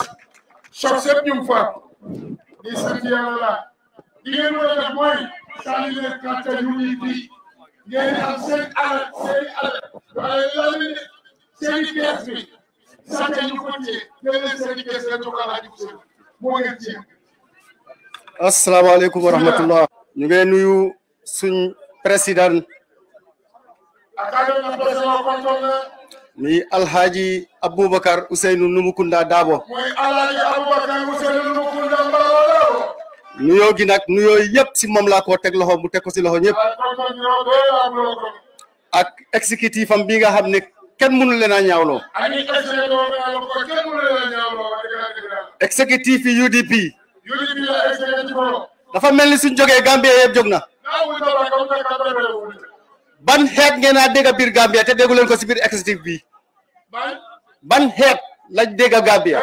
choc sep fa ni santi yalla li ngeen war a def mooy sànni leen carte yu muy fii ngeen am seen alal seen alal waaye loolu ne seen i pièces bi sànni ñu ko téye ngeen leen seen i pièces suñ président. akademi président kontoon na. muy alhaji Aboubacar Ousseynou Numukunda Dabo. muy alhaji Aboubacar Ousseynou Numukunda Dabo. nuyo gi nak nuyo yep ci mom la ko tek loxo mu tek ko si loxo ak executive am bi nga xamne ne kenn mënu leena UDP dafa melni suñu joge Gambia yëpp ban xeet ngeena dega bir Gambia te degu len ko si bir executive. bi ban xeet lañ dega Gambia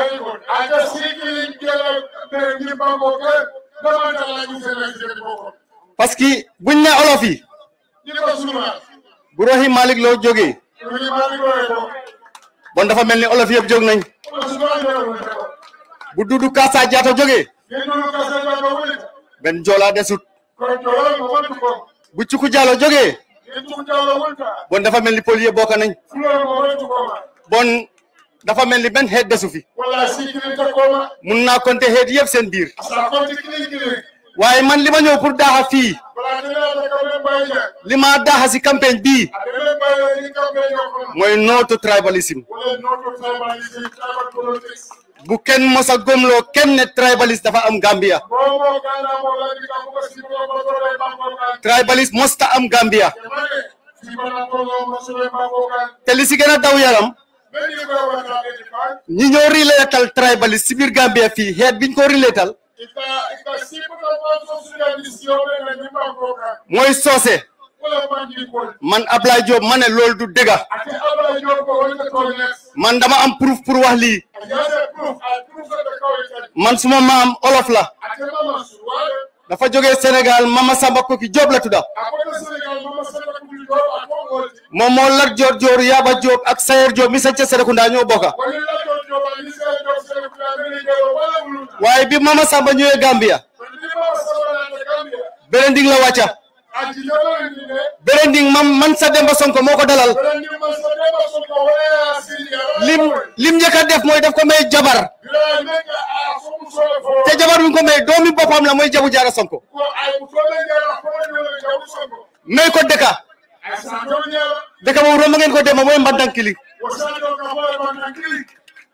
parce que buñ ne olof yi bu bon dafa mel ni olof yëpp jóg nañ bu dudu Kasa Diatta jógee desut bu cuku Diallo bon dafa mel ni pël yëpp dafa melni ben benn xeet fi. wala si kilin te kooma. mun naa compter xeet yëpp seen biir. asa compter kilin kilin. waaye man lima ñëw pour daha fi lima daha si campagne bii. Ah, mooy nootu tribalism bu kenn mos a gomloo kenn ne tribalist dafa am Gambia. Tribalist mosta am Gambia. te li si gën daw yaram. ñi ñoo rileetal tribalist si biir Gambia fii xeet biñ ko rileetal mooy soose man Ablaye Diop ma ne loolu du dëgg man dama am proof pour wax lii man suma maam olof la dafa jógee Sénégal Mama Samba Koki Diop la tudda moom moo Lat Joor Joor Yaaba Diop ak Sayer Diop mi sanca Serekunda ñoo bokka waaye bi Mama Samba ñëwee Gambia Belending la wàcca branding mam man sa Demba Sonko moo ko dalal lim lim njëkk a def mooy def ko may jabar te jabar mi ko may doomi boppam la mooy jabu jaara Sonko may ko dëkka dëkka boobu romb ngeen ko dem mooy mbantankili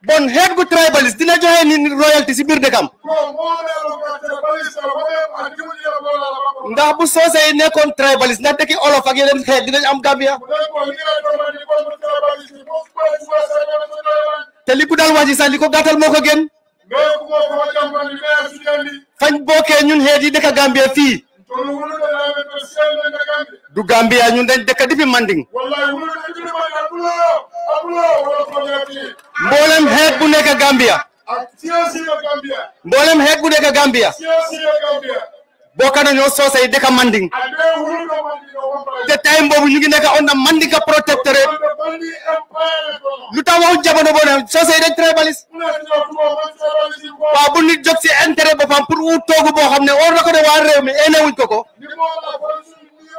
bon head gu tribalist dina joxe ni royalty bir de kam ndax bu sosé yi nekkoon tribalist na dëkki olof ak yeneen xéet dinañ am gambia té li guddal wax ji sax li ko gàttal gën fañ boké ñun xéet yi gambia fi du gambia ñun dañ dëkka difi manding mboolem xeet bu nekk Gambia. mboolem xeet bu nekk Gambia. bokk nañoo soose yi dëkk Manding. te time boobu ñu ngi nekk on a Mandinka protectorate. lu tax waxu jamono boo ne soose yi dañ tribaliste. waaw bu nit jóg si intérêt boppam pour wut toogu boo xam ne war na ko ne waa réew mi eenewuñ ko ko.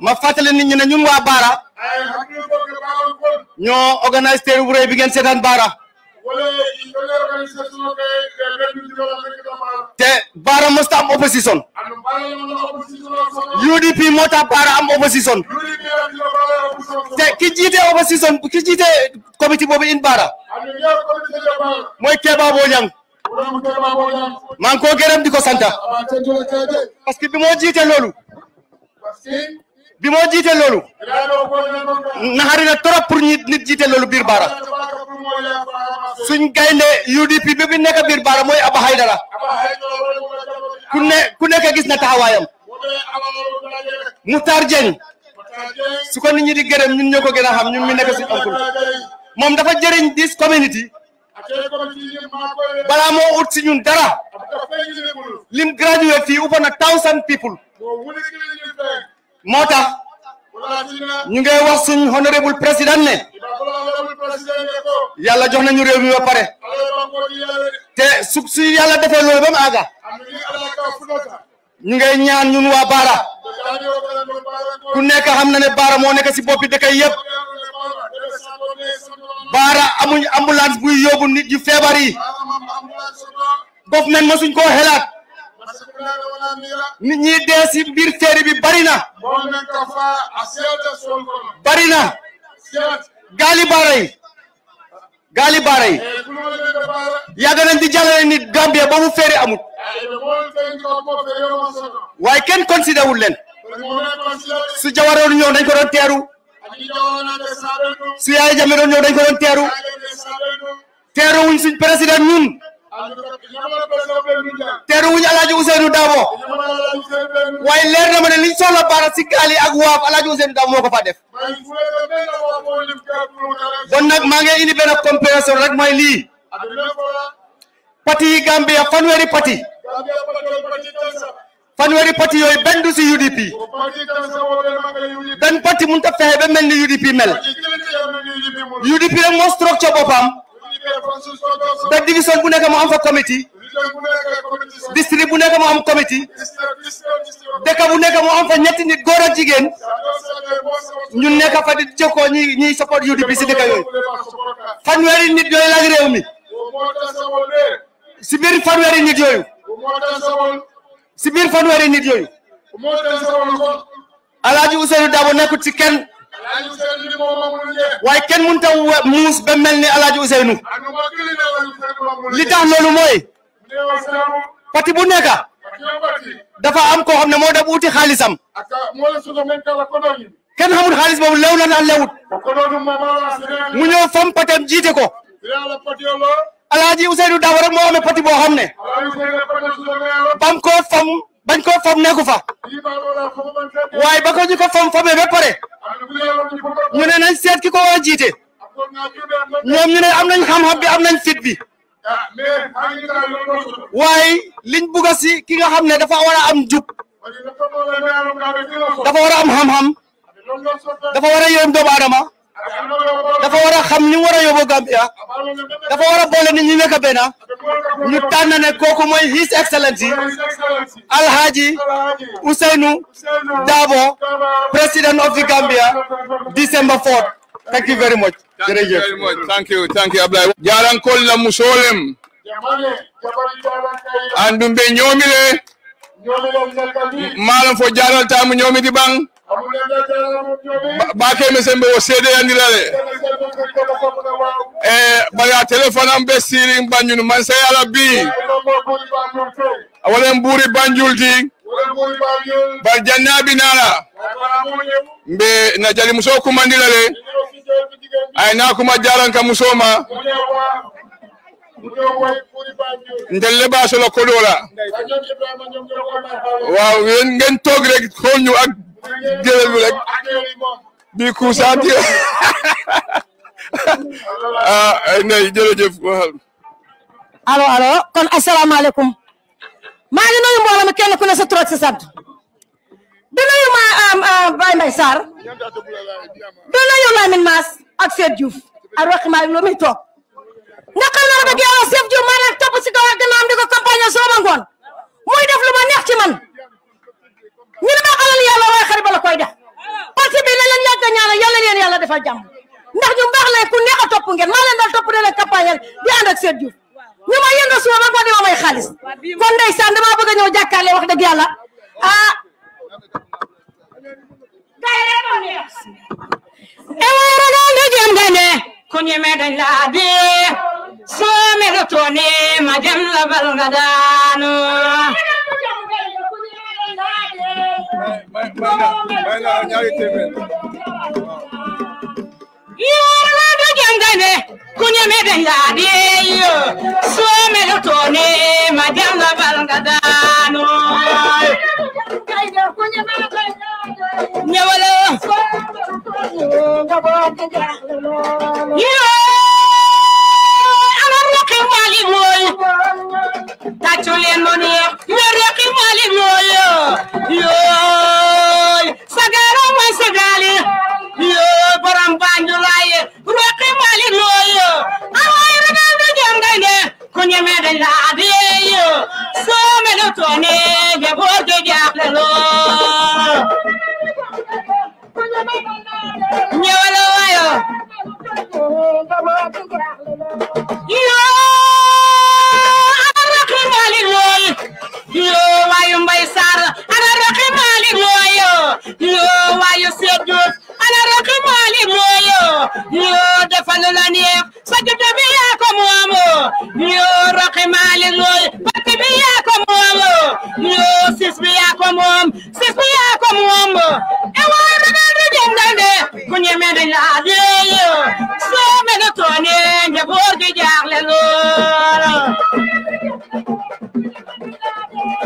ma fàttali ni ñi ne ñun waa Baara ñoo organise teeru bu rëy bi ngeen seetaan Baara te Baara mosta am opposition UDP moo tax Baara am opposition te ki jiite opposition ki jiite comité boobu in Baara mooy Kéba Bojang maa ngi ko gërëm di ko parce que bi moo jiite loolu bi moo jiite loolu naxari na trop pour nit nit loolu biir baara suñ gaynde UDP bi bi nekk biir baara mooy Aba Haydara ku ne ku nekk gis na taxawaayam Moutar Dieng su ko nit ñi di gërëm ñun ñoo gën a xam ñun mi nekk si oncle moom dafa jëriñ dis community balaa moo ut si ñun dara lim graduate fii upon a thousand people moo tax ñu ngay wax suñ honorable président ne yàlla jox nañu réew mi ba pare te su su yàlla defee loolu ba mu ñu ngay ñaan ñun waa Baara ku nekk xam na ne Baara moo nekk si boppi dëkk yëpp. Bara amuñ ambulance buy yóbbu nit yu febar yi government masuñ ko helat. nit ñi dee ci bir feeri bi bari na bari na gali baara yi gaali baara yi nañ di nit Gambia ba mu feeri amut waaye kenn ulen? len su jawaroon ñoo dañ ko doon su yaay jame doon ñëw dañ ko doon teeru teeru wuñ suñ président ñun teeru wuñ alaaji Ousseynou Dabo waaye leer na ma ne liñ soxla baara si gaal yi waaf alaaji Ousseynou Dabo moo ko fa def bon nag maa ngi indi benn comparaison rek mooy lii pati yi Gambia fanweeri pati fanweeri parti yoy ben du si UDP Dan parti mënut a fexe ba mel UDP mel UDP rek moo structure bopam da division bu nek mo am fa committee district bu nek mo am committee deka bu nek mo am fa ñetti nit goor ak jigen ñun nek fa di ñi ñi support UDP si dëkk yooyu fanweeri nit yoy la rew mi si biir fanweeri nit yoy si biir fanweeri nit yooyu. moo dem sama kon. Alaaji Ousseynou Dabo nekkut ci kenn. Alaaji Ousseynou li kenn mënut taw muus ba mel ni Alaaji Ousseynou. li tax loolu mooy. parti bu nekk. dafa am koo xam ne moo dem uti xaalisam. kenn xamul xaalis boobu lew na naan lewut. mu ñëw fam patam jiite ko. alaaji Ousseynou Dabo rek moo amee pati boo xam ne bam ko fam bañ ko fam nekku fa waaye ba ko ñu ko fam famee ba pare ñu ne nañ seet ki ko war a jiite ñoom ñu ne am nañ xam-xam bi am nañ fit bi ah, waaye liñ bugg a si ki nga xam ne dafa war a am jub dafa war a am xam-xam dafa war a doomu aadama dafa wara a xam ñu wara a Gambia dafa wara bolé boole nit ñi nekk bena ñu tànn ne kooku his excellence al Alhaji Ousainou dabo president of the Gambia December 4 thank you very much thank you thank you jaran jarankol la musolem le be ñoomile malam fo jaral tam ñomi di bang bakeme sembe wo sede le eh, bari a téléphone am be sirin banjul man say bi awale mburi banjul ti bari nala mbe na jali muso kumandira le ay na kuma jaranka musoma ndelle baasolo koɗola waaw ngeen toog rek xool ñu ak jëlel bi rek bi kuusaati ah nay jërëjëf waxal alo alo kon asalaamaaleykum maa ngi nuyu mbooloo mi kenn sa tur sa sant di nuyu ma Baye Mbaye Sarr di nuyu Lamine ak Seydou Diouf ak Roqi loo muy toog naka nar ba jeewa chef ju ma rek topp si kaw ak gannaaw di ko campagne sooba ngoon muy def lu ma neex ci man ñu ne ma alal yàlla waaye xarit ba la koy def parti bi la leen yàgg a ñaanal leen yàlla defal jàmm ndax ñu baax la ku neex a ngeen maa leen dal topp da leen campagne di ànd ak Seydou Diouf ñu ma yëngal suba ba may kon bëgg wax ah gars rek neex ewa ragal na jëm nga kun yeme dañ la di so me do to ne ma dem la bal ga daanu yar la do gen dañ ne kun yeme dañ la di so me do to ne ma dem la bal ga daanu kay da kun yeme dañ la ñëwale yoo alam raqi mali mooy tàccu leen ma neex ñoo raqi mali mooy yooy sagara mooy sagali yoo borom banjulaay raqi mali mooy awaay ragal da jangay ne ku ñeme dañ laa dee yoo soo melotoonee jaboor ge jaaxle loo ñëwal wayo ana raqi malik woy yoo wayu mbay sar ana raqi malik woy yoo wayu seet juuf ana raqi malik woy yoo dafa nu la neex sa jota bi yaa ko moomu yoo raqi malik woy parti bi yaa ko moomu yoo sis bi yaa ko moom sis bi yaa ko moomu e waay ndane ku ñeme dañ la adeyo soo mene toone njaboot gi jaaxle lool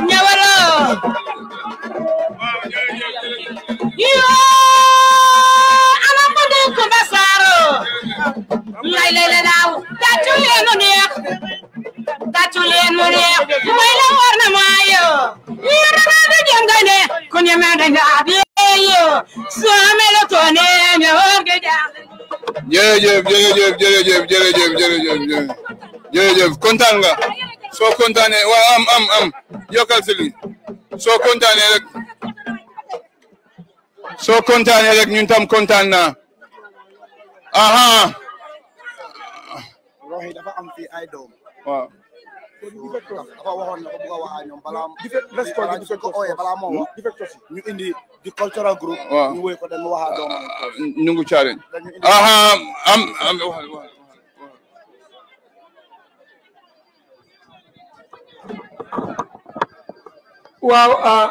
ñawalo yoo lay lay la daaw tàccu leen mu neex tàccu leen mu neex may la war na maa yoo yéen a naan di jëm ngay ne ku ñu mel ne daa bee yoo soo amee la too nee ñu war nga jaaxle. jërëjëf jërëjëf jërëjëf jërëjëf jërëjëf jërëjëf kontaan nga soo kontaanee waaw am am am yokkal si lii soo kontaanee rek soo kontaanee rek ñun tam kontaan naa. aha roxi dafa am fi ay doom waaw dafa waxoon ne ko bëgg a wax ñoom balaa balaa moo wax ñu indi di cultural group waaw ñu wéy ko dañu wax doom ñu ngi challenge aha am am waaw ah.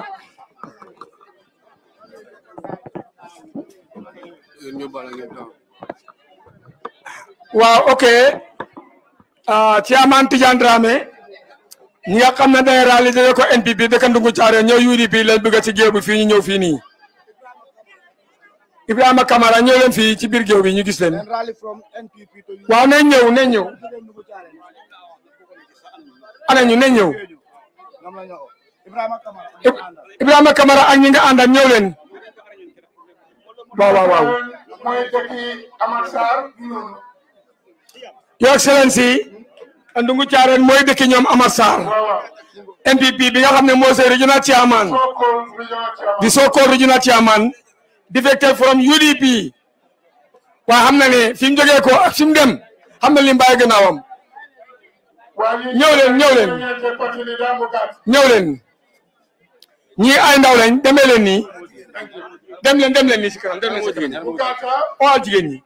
ñu bala ngeen taw Wow, ok ah, Chairman Tidiane Dramé ñi nga xam ne dañuy réaliser ko NPP dëkk Ndungu Thiaré ñëw UDP lañ bëgg ci géew bi fii ñu ñëw fii nii Ibrahima Kamara ñëw leen fii ci biir géew bi ñu gis leen waaw nañ ñëw nañ ñëw ana ñu nañ ñëw Ibrahima Kamara ak ñi nga àndal ñëw leen waaw waaw waaw Your Excellency Ndungu Caareen mooy dëkki ñoom Amar Sarr MPP bi nga xam ne moo say regional chairman di soo called regional chairman defected from UDP waaye xam na ne fi mu jógee ak fi mu dem xam na li mu bàyyi gannaawam ñëw leen ñëw leen ñëw leen ñii ay ndaw demee leen nii dem leen dem leen nii si kanam dem leen si kanam jigéen ñi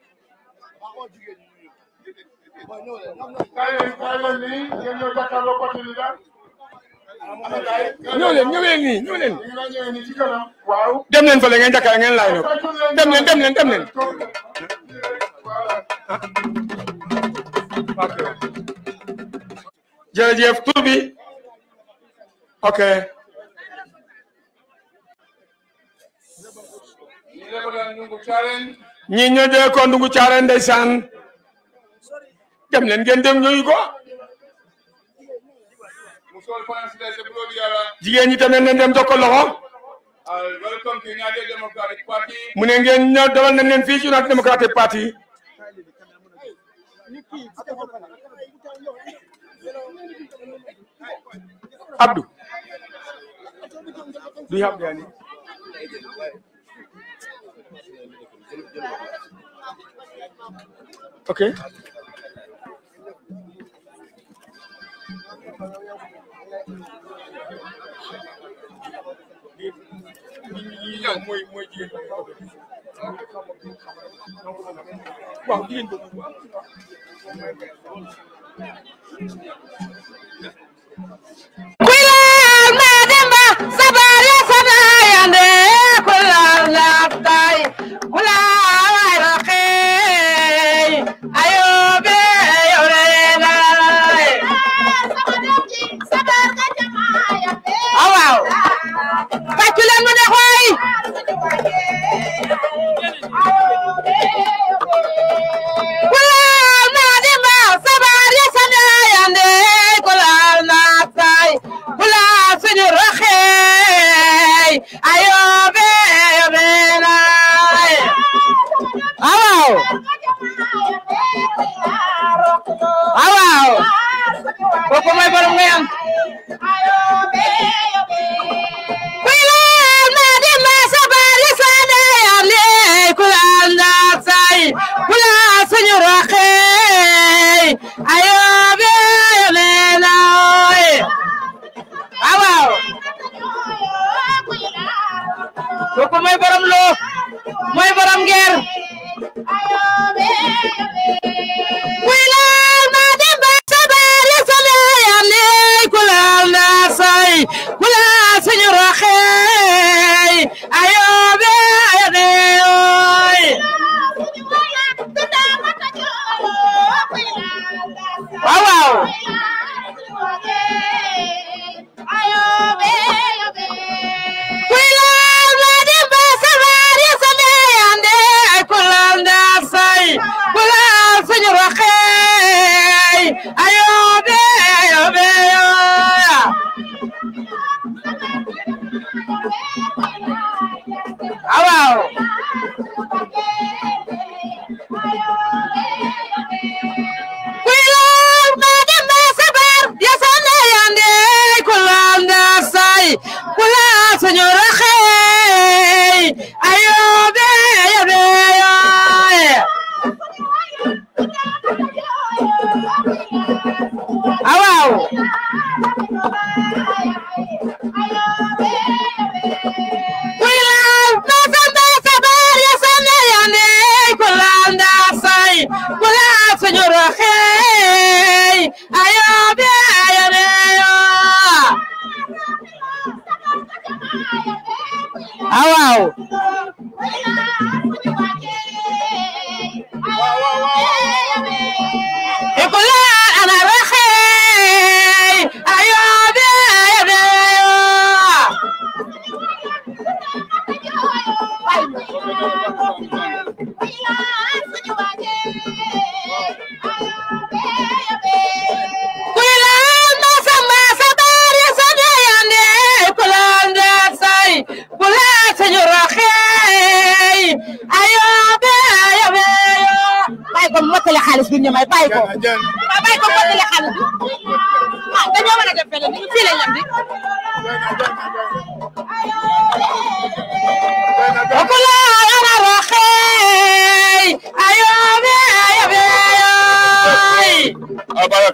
ñëw leen ñëw leen nii ñëw leen. dem leen fële ngeen jàkkaarloo ngeen laaj dem leen dem leen dem leen. jërëjëf tur bi ok. ñi ñoo jógee ko Ndungu Caareen ndeysaan dem len ngeen dem ñuy ko jigéen ñi tamen nañ dem jokko loxo mu ne ngeen ñëw dawal nañ leen fii ci United Democratic Party Abdou do you have ni name okay waaw mooy mooy jigéen waaw jigéen boobu kulal ma demba sabar ya sanayande kulal la tay kulal ay raxey ayo Koko may barong ngayon. Ayo, be, be.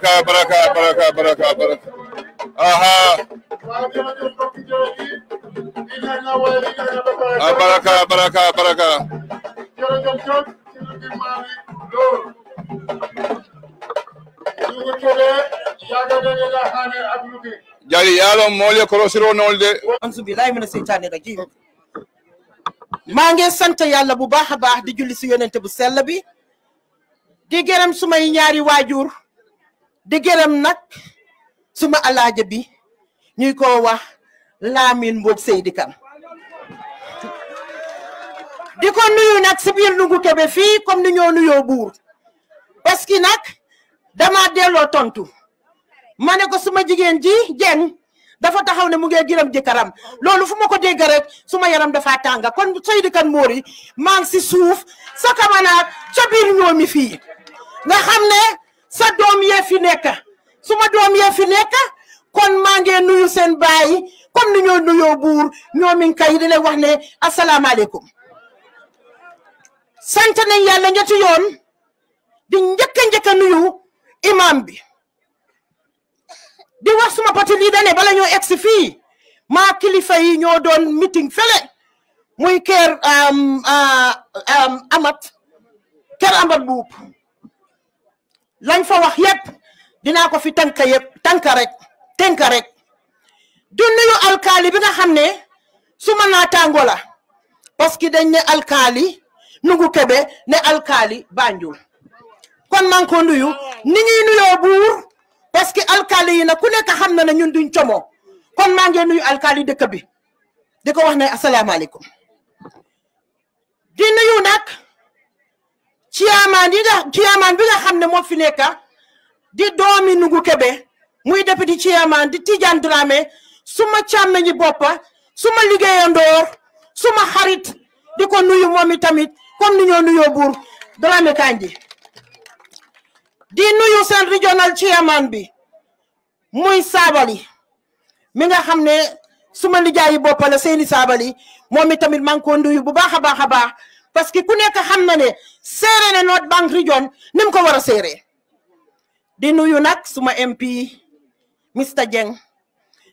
baraka baraka baraka baraka baraka aha ah, baraka baraka baraka jari yalon mole korosiro nolde anzu billahi min seytani rajim maa ngi sant yàlla bu baax a baax di julli si yonente bu sell bi di gërëm sumay ñaari waajur di gërëm nag suma alaaja bi ñuy ko wax Lamine Mbodj di ko nuyu nag si biir Ndungu Kebe fii comme ni ñoo nuyoo buur parce nag dama delloo tontu ma ne ko suma jigéen ji jeng dafa taxaw ne mu ngi gërëm jëkkëram loolu fu ma ko dégg rek suma yaram dafa tànga kon Seydi Kane Mori maa si suuf sa kamanaat ca biir ñoomi fii nga xam ne sa doom yee fi nekk su ma doom yee fi nekk kon maa nuyu seen baay comme ni ñoo nuyoo buur ñoo mi ngi kay di leen wax ne asalaamaaleykum sant nañ yàlla ñetti yoon di njëkk a nuyu imam bi di wax suma ma lii dane bala ñoo egsi fii maa kilifa yi ñoo doon meeting fële muy kër amat kër amat buub lañ fa wax yépp dinaa ko fi tànka yépp tànka rek tànka rek du nuyu alkaali bi nga xam ne su ma parce que dañ ne alkaali Nugu Kebe ne alkaali Banjul kon maa ngi ko nuyu ni ñuy nuyoo parce que alkaali yi nag ku nekk xam na ne ñun duñ como kon maa ngi nuyu alkaali dëkk bi di ko wax ne asalaamaaleykum di nuyu nag. ciyaamaan yi nga ciyaamaan bi xam ne moo fi nekk di doomi Nugu Kebe muy député ciyaamaan di Tidiane Dramé suma càmmeñi boppa suma liggéeyandoor suma xarit di ko nuyu moom tamit comme ni ñoo nuyoo buur Dramé Kandji di nuyu seen régional ciyaamaan bi muy Sabali mi nga xam ne suma lijaayi boppa la seeni Sabali moom tamit maa ngi ko nuyu bu baax a baax a baax parce que ku nekk xam na ne séeree ne North Bank Region ni ko war a séeree di nuyu nag suma MP Mr Jeng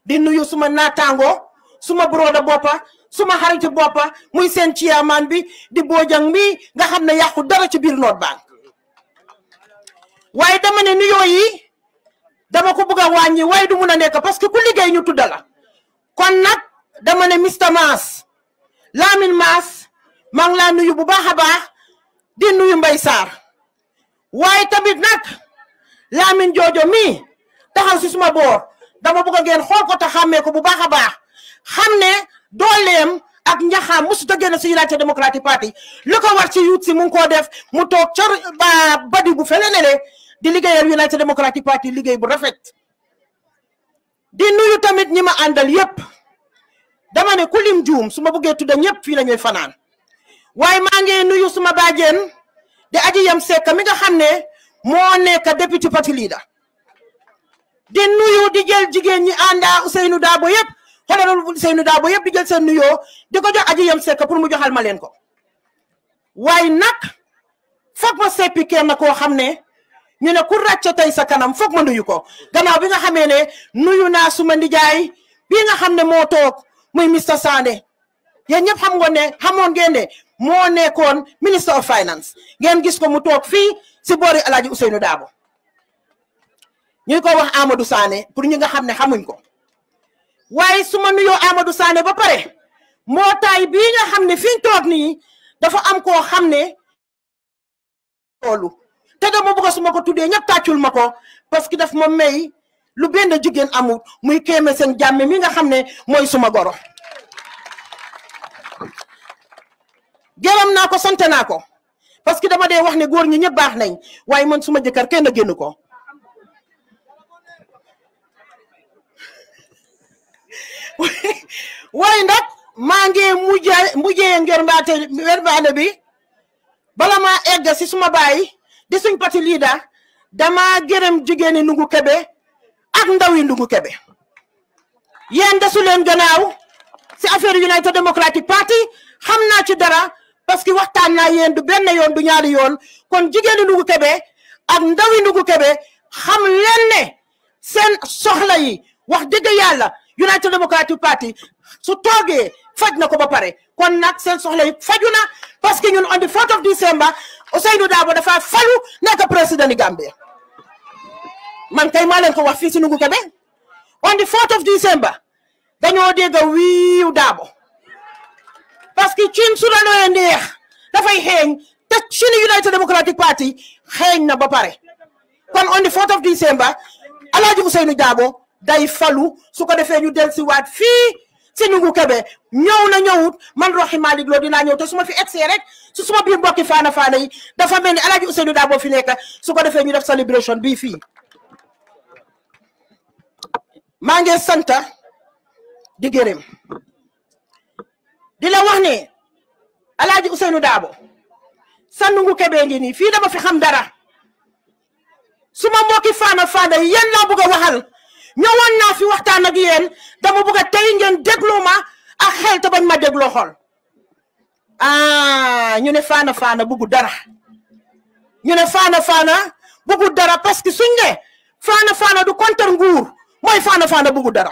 di nuyu suma naataango suma broda boppa suma xaritu boppa muy seen chairman bi di Bojang mi nga xam ne yàqu dara ci biir North Bank waaye dama ne nuyoo dama ko bëgg a wàññi waaye du mun a nekk parce que ku liggéey ñu tudda la kon nag dama ne Mr Maas Lamine Maas maa laa nuyu bu baax a baax. di nuyu Mbaye Sarr waaye tamit nag Lamine Jojo mii taxaw si suma boor dama bëgg ngeen xool ko te xàmmee ko bu baax a baax xam ne dooleem ak njaxaam mosut a génn si United Democratic Party lu ko war ci yuut si mu ngi koo def mu toog cor ba badi bu fele nele di liggéeyal United Democratic Party liggéey bu rafet di nuyu tamit ñi ma àndal yépp dama ne ku lim juum su ma bëggee tudda ñëpp fii la ñuy fanaan waaye maa ngi nuyu suma bàjjen di aji yam sekk mi nga xam ne moo nekk député parti leader di nuyu di jël jigéen ñi ànda Ousseynou Dabo yëpp xoolal Ousseynou Dabo yëpp di jël seen nuyoo di ko jox aji yam sekk pour mu joxal ma leen ko waaye nag foog ma seppi kenn koo xam ne ñu ne ku ràcc tey sa kanam foog ma nuyu ko gannaaw bi nga xamee ne nuyu naa suma ndijaay bii nga xam ne moo toog muy Mr Sandeh yéen ñëpp xam nga ne xamoon ngeen ne moo nekkoon minister of finance ngeen gis ko mu toog fii si boori El Hadj Ousseynou Daabo ñu ko wax Amadou saane pour ñu nga xam ne xamuñ ko waaye suma ma nuyoo Amadou ba pare mbootaay bii nga xam ne fi ñu toog nii dafa am koo xam ne loolu te dama bëgg su ma ko tuddee ñëpp tàccul ma ko parce que daf ma may lu benn jigéen amu muy kéeme seen jàmme mi nga xam ne mooy suma goro. Gelam nako ko nako, naa ko parce que dama dee wax ne góor ñi ñepp bax nañ man suma jëkkër kenn génn ko waaye nag ma ngi mujjé mujjé ngir mbaté bi bala ma egg ci suma baay di suñ parti leader dama gërëm jigéne nugu Kebe ak ndawi nugu Kebe yéen desu leen gënaaw si affaire United Democratic Party xamna ci dara parce que waxtaan naa yéen du benn yoon du ñaari yoon kon jigéenu Nugu Kebe ak ndawi Nugu Kebe xam leen seen soxla yi wax dëgg yàlla United Democratic Party su toogee faj na ko ba pare kon nag seen soxla yi faju na parce que ñun on the 4 of December Ousainu Darboe dafa falu nekk président du Gambie man kay maa leen ko parce que cin su la nooyee neex dafay xeeñ te suñu United Democratic Party xeeñ na ba pare kon on the 4th of December Alaaji Ousainou Darboe day falu su ko defee ñu del si waat fii si Nungu Kebe ñëw na ñëwut man i Malick Lowe dinaa ñëw te su ma fi egsee rek su suma biir mbokki faana faana yi dafa mel ni Alaaji Ousainou Darboe fi nekk su ko defee ñu def celebration bii fii maa ngi sant di gërëm di la wax ne alaaji Ousseynou Daabo sandungu kebee ngi nii fii dama fi xam dara su ma mbokki faana faana yéen laa bëgg a waxal ñëwoon naa fi waxtaan ak yéen dama bëgg a tey ngeen déglu ma ak xel te bañ ma dégloo xol ah ñu ne faana faana bëggu dara ñu ne faana faana bëggu dara parce que suñ ne faana faana du contre nguur mooy faana faana bëggu dara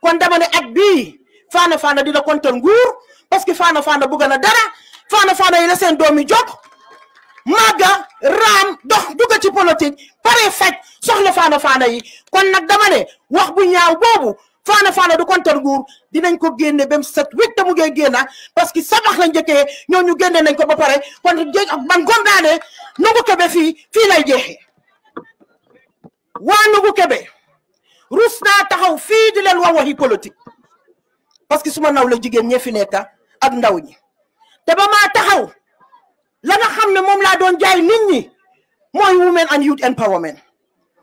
kon dama ne at bii faana faana dina kontaan nguur parce que faana faana bëgg na dara faana faana yi la seen doom yi jóg màgga raam dox dugg ci politique pare faj soxla faana faana yi kon nag dama ne wax bu ñaaw boobu faana faana du kontaan nguur dinañ ko génne ba set wecc te génna parce que sabax na njëkkee ñoo ñu génne nañ ko ba pare kon man gondaane Nugu Kebe fii fii lay jeexee waa Nugu Kebe rus naa taxaw fii di leen wax waxi politique. parce que su ma naw la jigéen ñee fi nekk ak ndaw ñi te ba maa taxaw la xam ne moom laa doon jaay nit mooy women and youth empowerment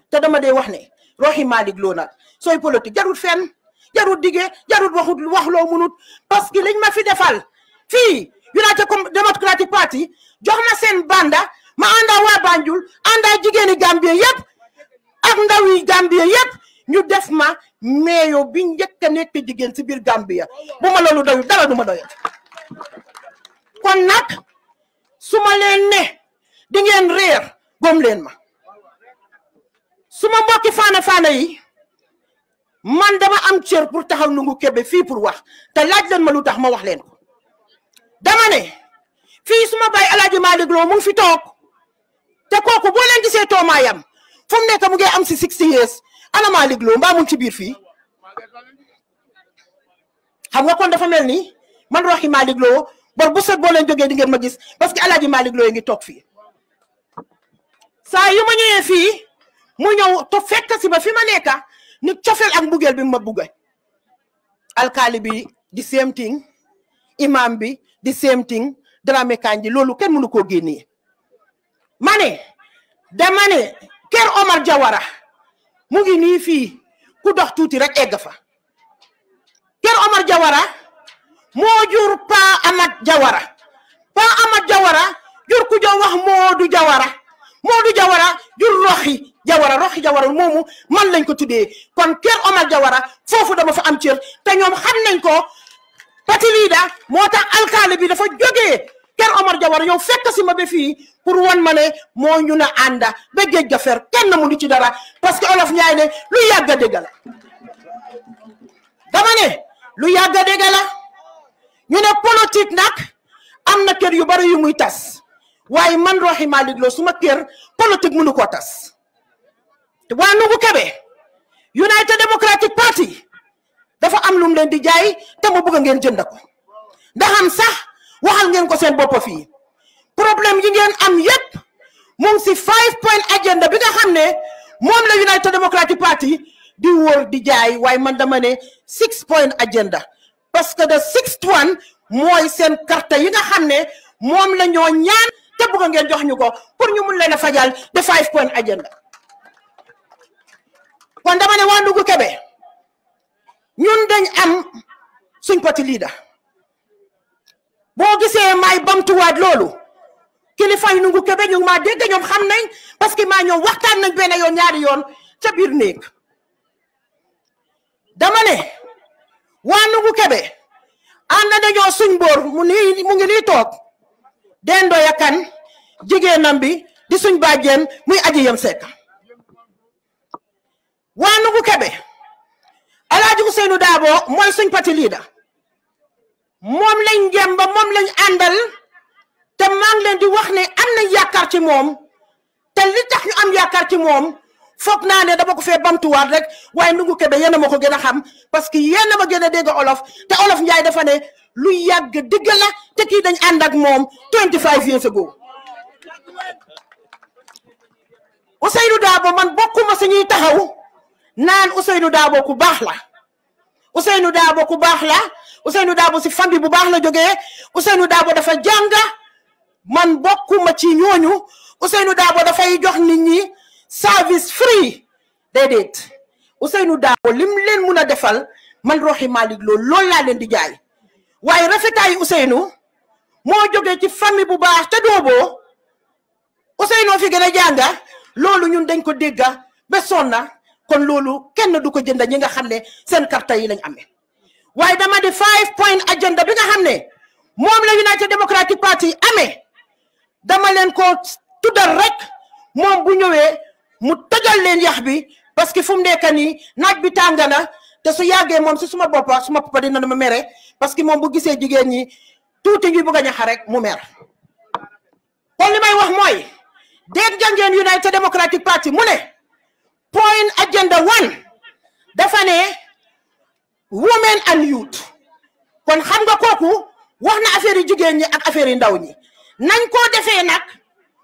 te dama de wax ne roxi Malick loo sooy politique jarut fenn jarut diggee jarut waxut wax loo parce que liñ ma fi defal fii United Democratic Party jox ma seen banda ma ànda waa Banjul ànda jigéeni Gambie yëpp ak ndaw Gambie yëpp ñu def ma mais yow bi njëkk a nekk jigéen si biir Gambia bu ma loolu doyul dara du ma doyati kon nag su ma leen ne di ngeen réer gom leen ma suma ma mbokki faana faana yi man dama am cër pour taxaw nungu kebe fii pour wax te laaj leen ma lu tax ma wax leen ko dama ne fii su ma bàyyi alaaji Malick Lo mu fi toog te kooku boo leen gisee toomaayam fu mu nekk mu ngi am si 60 years ana Malick mbaa mu ngi ci biir fii xam nga kon dafa mel ni man waxi Malick Lo bu set boo leen jógee di ngeen ma gis parce que alaaji Malick Lo ngi toog fii saa yu ma ñëwee fii mu ñëw to fekk si ba fi ma nekka ni cofeel ak mbugeel bi ma bugga alkaali bi di same thing bi di same thing Dramé Kandji loolu kenn mënu koo génnee ma ne dama ne Omar Jawara mu ngi nii fii ku dox tuuti rek egg fa Kër Omar Jawara moo jur Pa Amat Jawara Pa Amat Jawara jur ku jox wax Moodu Jawara Moodu Jawara jur Roxi Jawara Roxi Jawara moomu man lañ ko tuddee kon Kër Omar Jawara foofu dama fa am cër te ñoom xam nañ ko Patiliida moo tax alkaali bi dafa jógee. Ker Omar Jawara yow fekk si ma fi pour won mané mo ñu na anda be geej ga fer kenn mu ci dara parce que olof ñay ne lu yagga degal dama ne lu yagga degal nak, ñu ne politique nak am ker yu bari yu muy tass waye man rohi malik lo suma ker politique mënu koo tas waa Kebe United Democratic Party dafa am lu mu len di jaay te mo bëgg ngeen jëndako sax. waxal ngeen ko seen bopp fii problème yi ngeen am yépp mu si five point agenda bi nga xam ne moom la United Democratic Party di wóor di jaay waaye man dama ne six point agenda parce que the sixth one mooy seen carte yi nga xam ne moom la ñoo ñaan te bëgg ngeen jox ñu ko pour ñu mun leen a fajal the five point agenda kon dama ne waa Ndugu Kebe ñun dañ am suñ leader boo gisee may bamtuwaat loolu kilifa yi nungu kebe ñu maa dégg ñoom xam nañ parce que ñoom waxtaan nañ benn yoon ñaari yoon ca biir néeg dama ne waa nungu kebe ànd nañoo suñ boor mu nii mu ngi nii toog dendo yakan jigéenam bi di suñ bàjjeen muy aji yam sekk waa nungu kebe alaaji Ousseynou Daabo mooy suñ parti leader mom lañ ngem ba moom lañ andal te ma ngi len di wax ne am na yakar ci mom te li tax ñu am yakar ci mom foog na ne dama ko bamtu bamtuwaat rek waye nungu Kebe yena mako gëna xam parce que yena ma dégg olof te olof ñay dafa ne lu yagg dëgg la te ki dañ and ak mom 25 years ago Ousseynou Dabo man bokuma si taxaw nan Ousseynou Dabo ku bax la Ousseynou Dabo ku bax la. Ousseynou Dabo si famille bu baax la jóge Ousseynou Dabo dafa jàng man bokkuma ci ñooñu Ousseynou Dabo dafay jox nit ñi service free déedéet Ousseynou Dabo lim leen mun a defal man Roxi Malick loolu lool laa leen di jaay waaye rafetaayu Ousseynou moo jóge ci famille bu baax te dooboo Ousseynou fi gën a jànga loolu ñun dañ ko dégga ba na kon loolu kenn du ko jënd ñi nga xam ne seen karta yi lañ amee. waaye dama di five point agenda bi nga xam ne moom la United Democratic Party amee dama leen ko tuddal rek moom bu ñëwee mu tojal leen yax bi parce que fu mu nekk nii naaj bi tàng na te su yàggee moom si suma boppa suma papa dina ma mere parce que moom bu gisee jigéen ñi tuuti ñuy bëgg a ñaxa rek mu mer kon li may wax mooy dégg jàngeen United Democratic Party mu ne point agenda one dafa women and youth kon xam nga kooku wax na affaire yu jigéen ñi ak affaire yu ndaw ñi nañ ko defee nag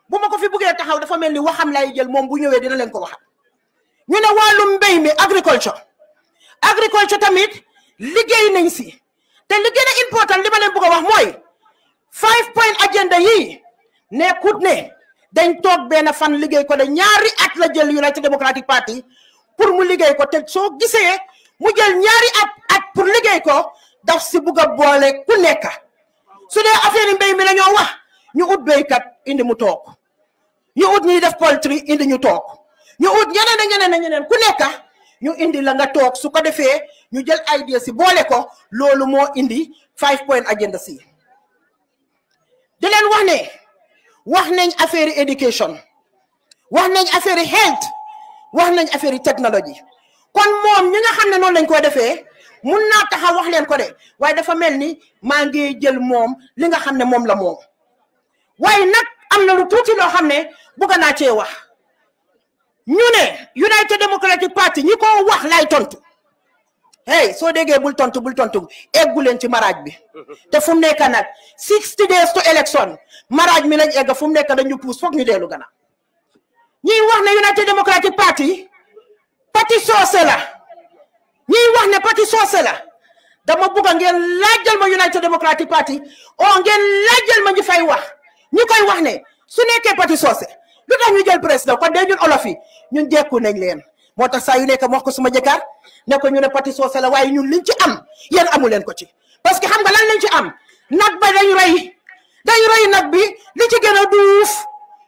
bu ma ko fi buggee taxaw dafa mel ni waxam lay jël moom bu ñëwee dina leen ko waxal ñu ne wàllum mbéy mi agriculture agriculture tamit liggéey nañ si te li gën a important li ma leen a wax mooy five point agenda yii nekkut ne dañ toog benn fan liggéey ko de ñaari at la jël United Democratic Party pour mu liggéey ko te soo gisee mu jël ñaari at at pour liggéey ko daf si bugg a boole ku nekk su dee affaire yi mi la ñoo wax ñu ut béykat indi mu toog ñu ut ñuy def poultry indi ñu toog ñu ut ñeneen a ñeneen ñeneen ku nekk ñu indi la nga toog su ko defee ñu jël idée si boole ko loolu moo indi five point agenda si di leen wax ne wax nañ affaire éducation wax nañ affaire health wax nañ affaire technologie kon moom ñi nga xam ne noonu lañ koy defee mun naa taxaw wax leen ko de waaye dafa mel ni maa ngi jël moom li nga xam ne moom la moom waaye nag am na lu tuuti loo xam ne bëgg naa cee wax ñu ne United Democratic Party ñi ko wax lay tontu hey soo déggee bul tontu bul tontu eggu leen ci maraaj bi te fu mu nekk nag sixty days to election maraaj mi lañ egg fu mu nekk dañu puus foog ñu dellu gannaaw ñuy wax ne United Democratic Party Patty Socé la ñuy wax ne Patty Socé la dama bugg a ngeen laajal ma United Democratic Party oo ngeen laajal ma ñu fay wax ñu koy wax ne su nekkee Patty Socé lu tax ñu jël président kon day ñun olof yi ñun jekku nañ leen moo tax saa yu nekk wax ko suma jëkkër ne ko ñu ne Patty Socé la waaye ñun liñ ci am yéen amu leen ko ci parce que xam nga lan lañ ci am nag ba dañ rey dañ rey nag bi li ci gën a duuf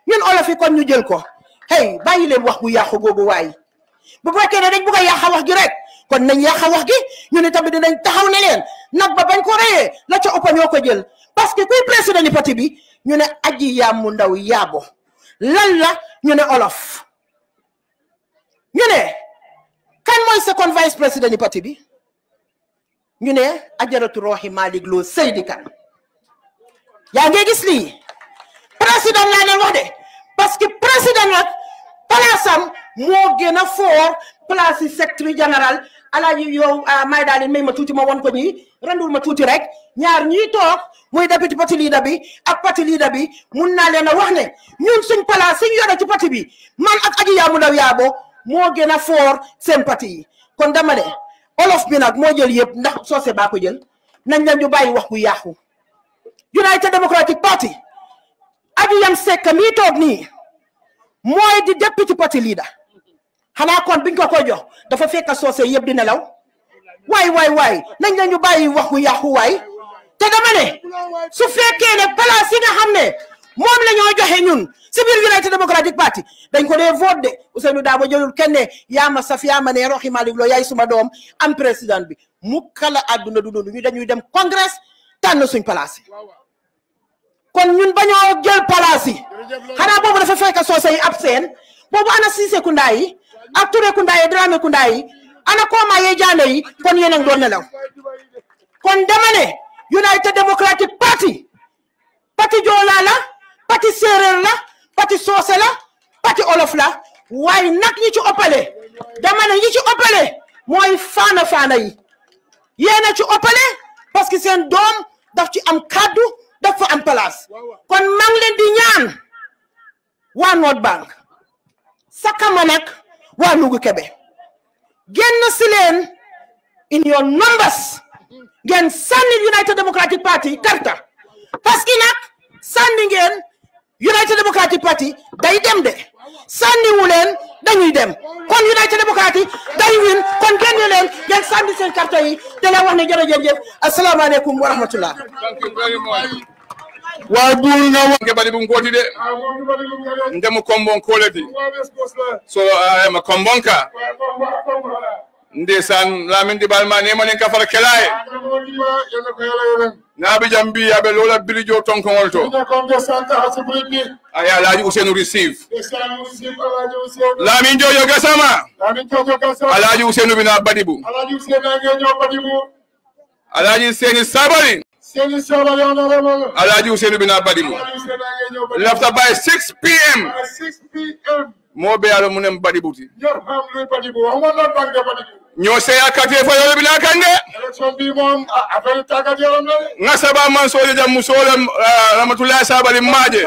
ñun olofi kon ñu jël ko hey bàyyi leen wax bu yàqu googu waay bu fekkee ne dañ bëgg a yàq wax gi rek kon nañ yàq wax gi ñu ne tamit dinañ taxaw ne leen nag ba bañ ko reyee la ca ëpp ñoo ko jël parce que kuy président ni parti bi ñu ne aji yaa mu ndaw yaabo lan la ñu ne olof ñu ne kan mooy second ne ajaratu rooxi Malick Lo Seydi Kan yaa ngi gis lii président laa leen wax de parce que président nag palaasam moo gën a foor place yi secteur général alaaji yow ah, may daal di may ma tuuti ma won ko nii rendul ma tuuti rek ñaar ñuy toog muy député parti liida bi ak parti liida bi mun naa leen a wax ne ñun suñ place suñ ci parti bi man ak aji yaamu ndaw yaabo moo gën a foor seen parti yi kon dama ne olof bi nag moo jël yëpp ndax soose baa ko jël nañ leen ñu bàyyi wax bu yàqu United Democratic Party aji yam sekk mii toog nii mooy di député parti liida xanaa kon bi ko koy jox dafa fekk soose yëpp di nelaw waay waay waay nañ la ñu waxu yàqu waay te dama ne su fekkee ne place yi xam ne moom la joxe ñun si biir United Party dañ ko dee vote de Ousseynou Dabo jëlul kenn ne yaa a saf yaa ma ne roxi Malick yaay suma doom am président bi mu kala àdduna du dund ñu dañuy dem congrès tànn suñ place yi kon ñun bañoo jël place yi xanaa boobu dafa fekk soose yi ab boobu ana si secondaire ak Touré Kounda yi Dramé Kounda ana Koma yee kon yéen a ngi doon kon dama ne United Democratic Party parti Joola la parti soose la parti olof la waaye nag ñi ci ëppale dama ne ñi ci ëppale mooy faana faana yi ci ëppale parce que seen doom daf ci am kàddu daf fa am place kon maa leen di ñaan waa North Bank sakama nag. waa Nugu Kebe génn si leen in your numbers ngeen sànni United Democratic Party karta parce nag sànni ngeen United Democratic Party day dem de sànniwu leen dañuy dem kon United Democratic day win kon génn leen ngeen sànni seen karta yi te wax ne jërëjëf jëf asalaamaaleykum wa wa duulunga wonke ɓaɗi ɗum gooti de ah, ndemo kombon koleti so ah, ma kombonka ndesan lamin ɗiɓal ma nemanen kafara kela e naaɓe jam mbi yaɓe lola birijo to aya alaji ouseinu receive lamin jojo gasama alaji ouseinu bina baɗi bu alaji sabari Alhaji Ousseynou Bina Badilou left by 6 p.m. moo be ala mu ne Badibou ti ñoo seya kate fa yole bina kange saba man jam musolem ah, rahmatullahi sabali maaje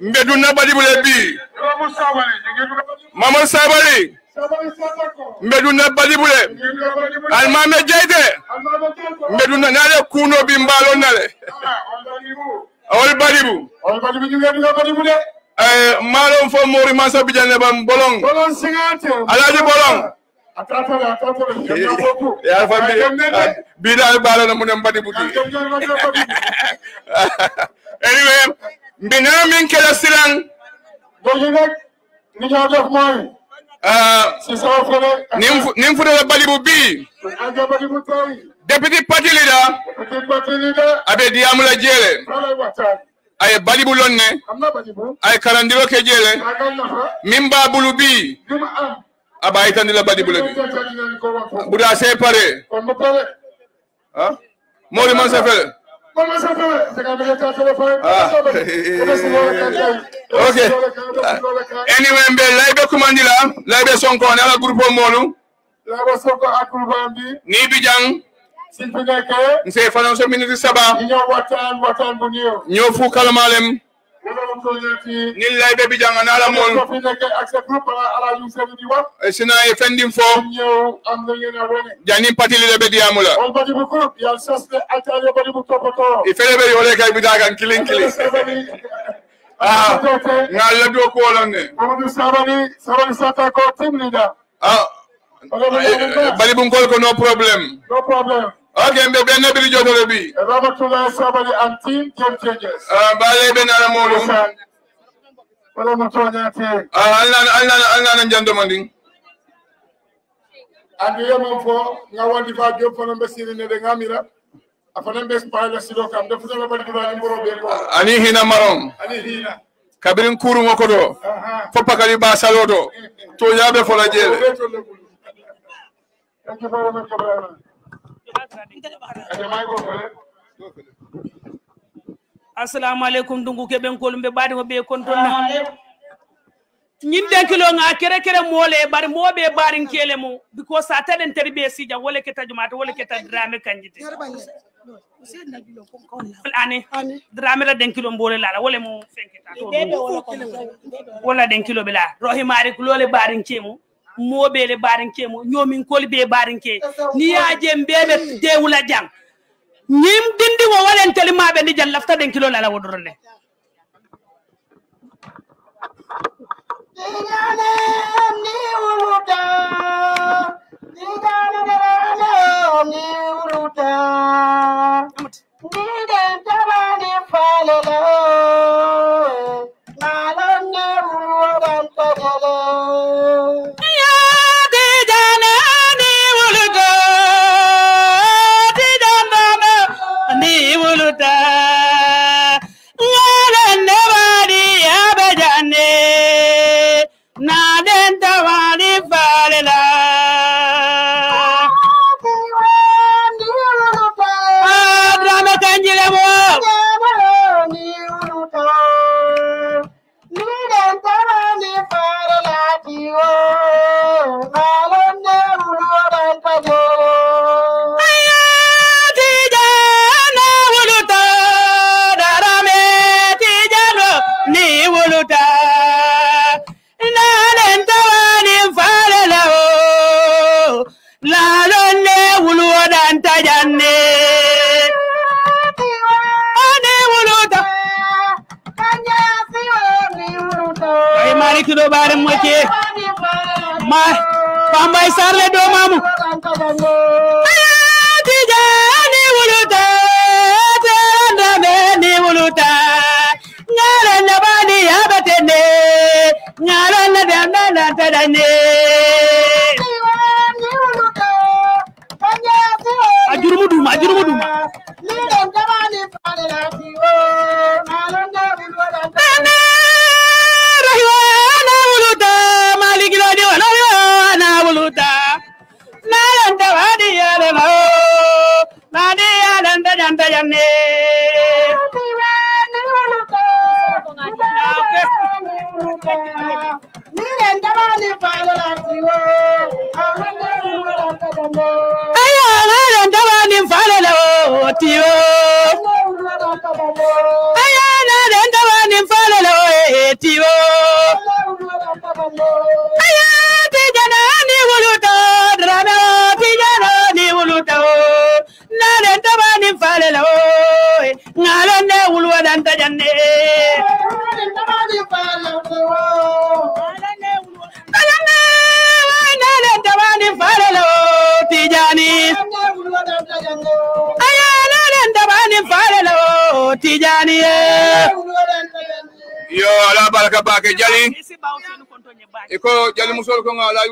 mbe dunna Badibou le bi Mamadou mbeduna badibule almame jeyde mbeduna nale kuno bi mbalo nale awol badibu eh, malon fo mori mansa bijane bam bolong alaji bolong ya fa eh, bi bi dal balo na munem badibu di anyway mbina min kala silang dojinak ni jaw def moy Euh, nimfuɗoto balibu bi député parti leader aɓe diyamula jeele aye balibu lonne aye karandiro ke jeele min babulu bi aɓa yitandila balibule bi ɓuura sépare mori ah? man sefele ok anyway mbe layɓe kumandila layɓe sonko ne ala groupe o a ni bijan sinpineke nse fanan so miniti fu kalamalem nin layɓe ɓe janganala mol e sina e fenndin fo janin patiliɗe ɓe diyamula i e fele ɓe yole kay bita kan kilin kilin ah, nga laddo kuwolon ne ah, eh, balibunkol ko no probléme Okay, mbe bende bi. Rama tula changes. mo Wala nga wandi fa de ngamira. Afana mbe spala silo kam do futa ni Ani hina marom. Ani hina. Kabirin kuru do. Fo pakali ba salodo. Eh, eh. To yabe fo la Thank you very much, Brother. assalamu aleykum dungu keɓenkol ɓe ɓaade ko ɓe kontonna ñindenkilo nga kere kere mole e ɓari mooɓe e ɓaarinkele mo biko sa taɗen tari ɓe sija wole keta jumata wole keta drame kanjiti ane drame ta denkilo mbole lala wole mo fenketa to wala denkilo ɓe laa rohimaari lole ɓaarinke mo moɓele barinke mo ñomin kolbe barinke ni yaje mbeɓe dewula jang ñim dindi wo walen telimaɓe ndi jan lafta ɗen kilol ala woɗorne Didn't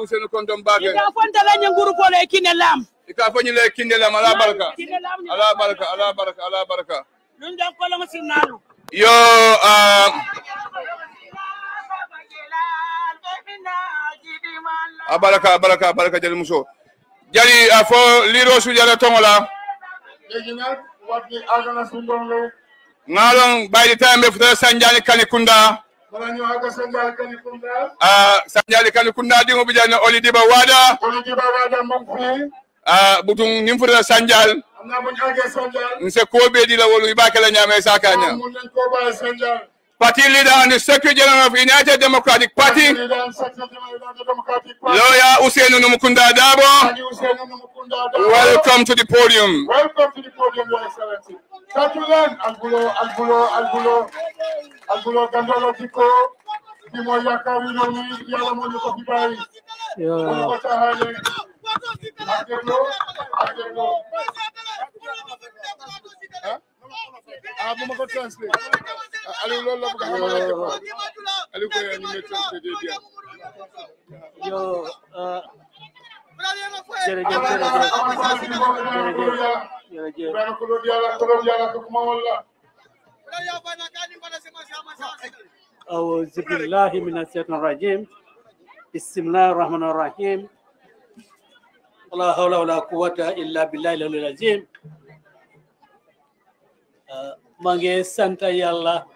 usenu kondom bake ida fonta la nyanguru ko e le kine lam ika fanyi le kine lam ala baraka ala baraka ala baraka ala baraka lun dan kolon sinalu yo um abaraka ah, abaraka abaraka jali muso jali afo ah, liro su jala tongola ngalon by the time be futa sanjani kanikunda ah sanjal kali kunda dingo bijana oli diba wada oli diba wada mamfi ah butung nimfura sanjal amna bu ñage sanjal nse kobe di la wolu ibaka la ñame sakanya Party leader and the Secretary General of United Democratic Party, Lawyer Hussein Numukunda Dabo, welcome to the podium. Welcome to the podium, Your Excellency. Tatulan Albulo, Albulo, Albulo, Albulo Gandolo Kiko, bi mooy yaakaar yu ñoom ñi yàlla moo ñu ko fi bàyyi. yoo xam nga ko caaxaane ak dégloo ak dégloo. ah bu uh, ma ko translate Aliou loolu la bëgg a xamal la ko Aliou ko yaa ñu ngi translate bi yoo jërëjëf jërëjëf jërëjëf jërëjëf أعوذ بالله من الشيطان الرجيم بسم الله الرحمن الرحيم لا حول ولا قوة إلا بالله العلي العظيم maa ngi sant yàlla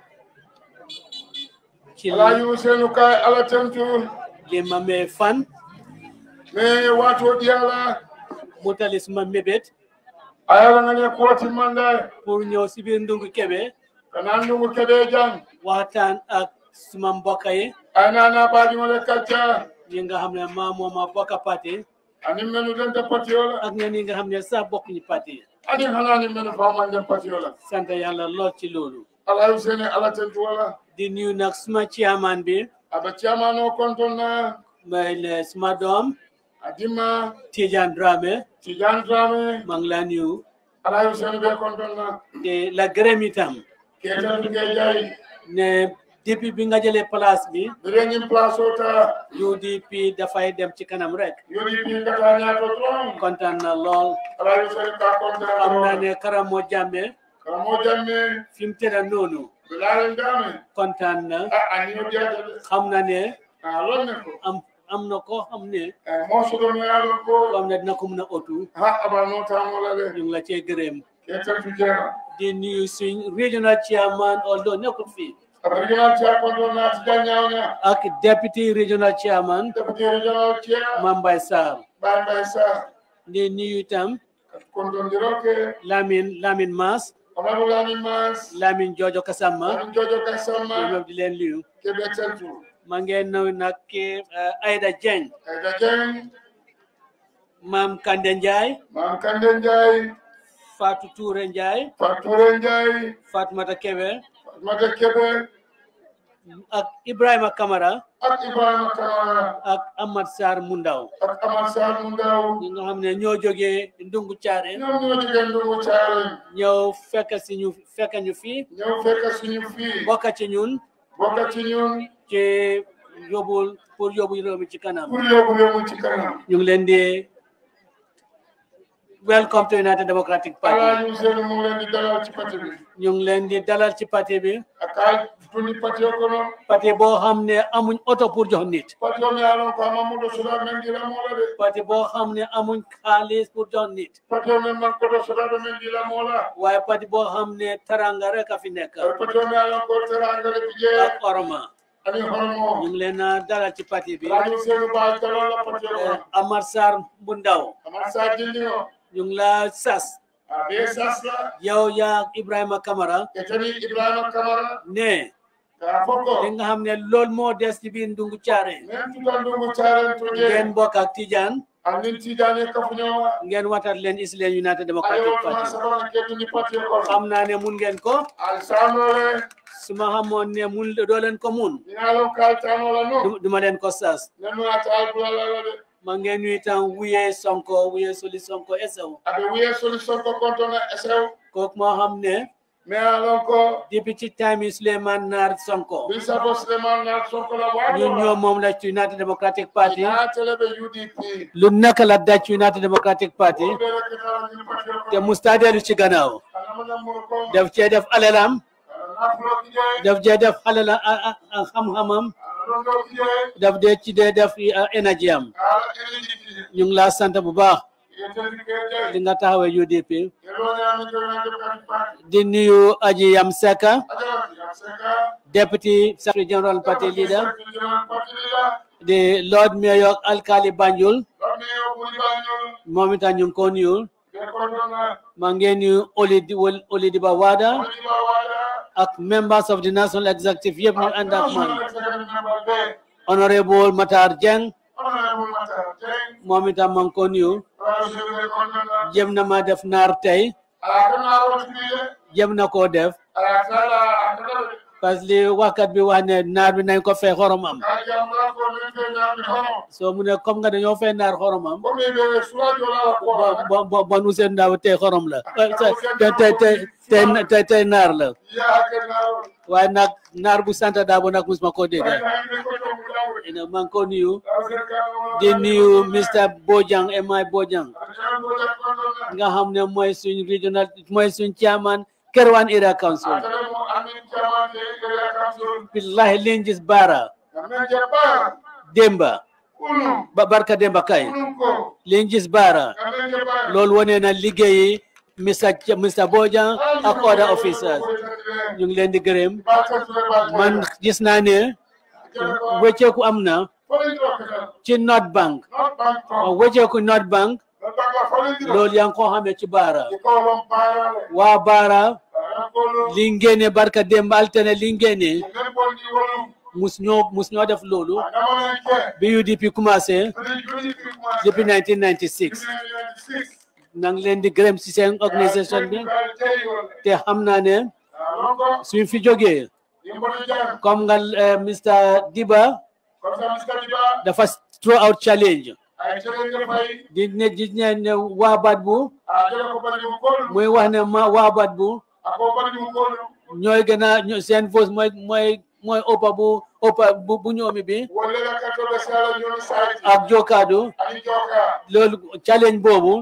ci Alaaji Ousseynou Kay ala tentu lima mee fan mais waatoo yàlla mutali suma mébét a yàlla nga ne kooti mandaay pour ñëw si biir ndungu kebe kanaan ndungu kebe jàng waxtaan ak suma mbokk yi. ay naa naa baal ma leen kàccee. ñi nga xam ne maa moom ma bokk parti. ani melu den de parti yoo la. ak ñenn ñi nga xam ne sax bokkuñu parti. ani xanaa ni melu faa man den parti yoo la. sant yàlla lool ci loolu. ala yu seen tentu wala. di nuyu nag suma chairman bi. aba chairman oo kontoon naa. may le suma doom. adima. Tijan Dramé. Tijan Dramé. maa ngi laa nuyu. ala la gërëm itam. kéetal bi ngay ne. depuis bi nga jëlee place bi. bi leen ñu place ota. UDP dafay dem ci kanam rek. UDP dafa ñaato trop. kontaan na lool. alaayu sëriñ Ba kontaan na lool. am ne Karamo Jammeh. Karamo Jammeh. fi mu tëdd noonu. Ah, ah, xam na ne. ah na koo xam ne. Eh, moo su doon ko. xam a otu. ah abal taamu la de. ñu ngi la cee gërëm. di fii. Regional ak député régional chairman. député régional chairman. Mambay Sarr. Mambay Sarr. di nuyu itam. Lamine Lamine Mas. Amadou Lamine Mas. Lamine Jojo Kasama. Lamine Jojo Kasama. ñoom di leen nuyu. Québec Centre. maa ngi nuyu nag kii eh, Aïda Dieng. Aïda Dieng. Maam Kande Ndiaye. Maam Kande Ndiaye. Fatou Touré Ndiaye. Fatou Touré Ndiaye. Fatoumata Kebe. Madick Kébé. ak Ibrahima Kamara. ak Ibrahima Kamara. ak Amad Sarr Mundaw. ak Amad Sarr Mundaw. ñi nga ñoo joge Ndungu Caare. ñoom ñoo jógee Ndungu Caare. ñu fekk ñu fii. ñëw fekk si ci ñun. bokk ñun. ci yóbbul pour yóbbu réew mi ci kanam. leen welcome to United Democratic Party. ñu ngi parti bi. ñu ngi leen di dalal ci parti bi. ak ay duni boo xam ne amuñ oto pour jox nit. parti yoo boo xam ne amuñ xaalis pour jox nit. parti yoo xam ne Amadou Suda boo xam ne taranga rek a fi nekk. parti yoo xam ne ko taranga rek jee. ak a dalal ci parti bi. Eh, Amar Sarr bu ndaw. Amar ñu ngi laa sas bee sas la ah, yow yaa Ibrahima Kamara ne li nga xam ne loolu moo des ci biir Ndungu Caare ngeen bokk ak Tijaan amin tijaane kafu ñoo ngeen watat leen Islam United Democratic Party ne mun ngeen ko alsaanole suma ne mun leen ko mun duma ko saas man wuye sonko wuye sonko wuye soli sonko kontono kok mo xam ne mais ci time yi Souleymane Naar Sonko bi sato Souleymane Naar la waa ñun ñoo ci United Democratic Party naateleɓe UDP lu la daj ci Democratic Party te mustadeelu ci daf cee alalam daf cee def alala xam-xamam daf dee ci def eh, énergie am ñu ngi laa sant bu baax di nga taxawee UDP di nuyu aji yam seka deputy secretary general party leader di lord mayor alkali banjul moom itam nuyu maa nuyu Oli Wada ak members of the national executive yëpp ñu ànd ak man honorable Matar Jeng moom itam man ko na ma def naar tey jëm na koo def parce que bi wax ne naar bi nañ ko fee xoromam soo mu ne comme nga dañoo fee naar xoromam bon bon bon Ousainou tey xorom la te te te te naar la waaye nag naar bu sant Darboe nag musuma ko dégg ina man ko nuyu di nuyu Mr Bojang MI Bojang nga xam ne mooy suñ regional mooy suñ chairman Kerwan Area Council billahi liñ gis demba barka demba kay liñ gis baara loolu wane na liggéeyi Mr. Mr. Bodian ak other officers ñu ngi leen di gërëm man gis naa ne wëcceeku am na ci North Bank wëcceeku North Bank loolu yaa ngi ko xamee ci Baara waa Baara li ngéene barka démb altene li ngéene mus ñoo mus ñoo def loolu bi UDP commencé depuis 1996 na nga leen di gërëm si seen organisation bi te xam naa fi jógee comme nga euh, Mr Diba dafa throw out challenge di ne di ne waa bu muy wax ne ma waa baat bu ñooy gën a seen vote mooy bu opa bu ñoomi bi ak jokaadu challenge boobu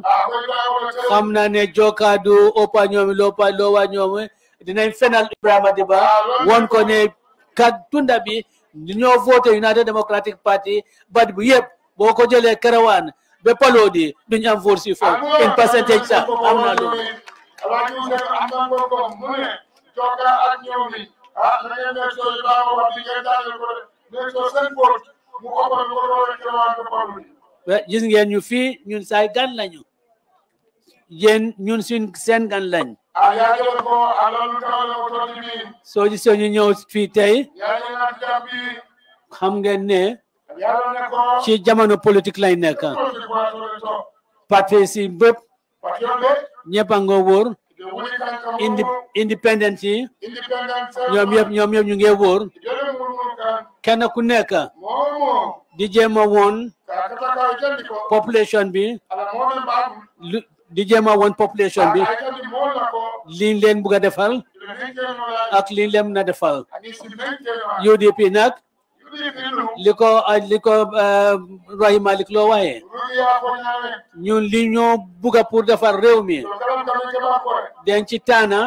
am na ne jokaadu opa ñoomi lopa lowa ñoomi dinañ fenal Ibrahima Dibba won ko ne kat tunda bi ñoo voté United Democratic Party bat bu yëpp boo ko jëlee karawaan be paloodi duñ am vote si foofu in percentage sax am na loolu Ah, a wax di ngeen jaajëf gis ngeen ñu fii ñun say gan lañu yéen ñun suñ seen gan lañ. ah yaa ngi leen ah, ñu ñëw fii tey. yaa xam ngeen ne. yàlla ci jamono politik lay nekk. parti si bépp. parti a nga indi indépendance yi ñoom yëpp ñoom yëpp ñu ngi wóor kenn ku nekk di jéem a population bi di jéem a population bi liñ leen bugg defal ak liñ leen mën defal UDP nak. li ko ah, li ko eh, Ibrahim Malik Lo waxee ñun buga pour defar réew mi den ci taana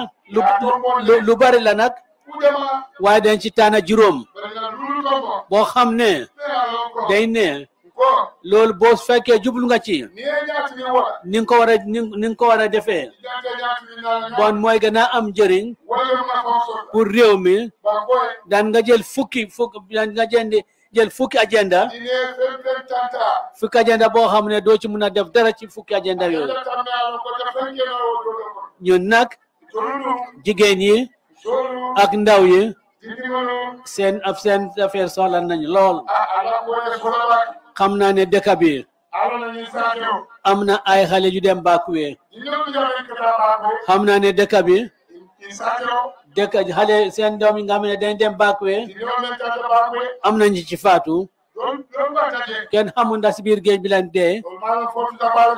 lu bari la nag waaye den ci taana juróom boo xam ne day ne lool boo fekkee jublu nga ci ko war a ni ko war a defee bon mooy gën am njëriñ pour réew mi daan nga jël fukki fukki daan jël fukki agenda fukki agenda boo xam ne doo ci mun a def dara ci fukki agenda yooyu ñun nag jigéen ak ndaw seen af seen affaire soxla nañu lool xam naa ne dëkk am na ay xale ju dem Bakuwe xam naa ne dekabi dek dëkk xale seen doom yi nga xam ne dañ dem Bakuwe am na ñu ci faatu kenn xamul ndax ci biir géej bi lañ dee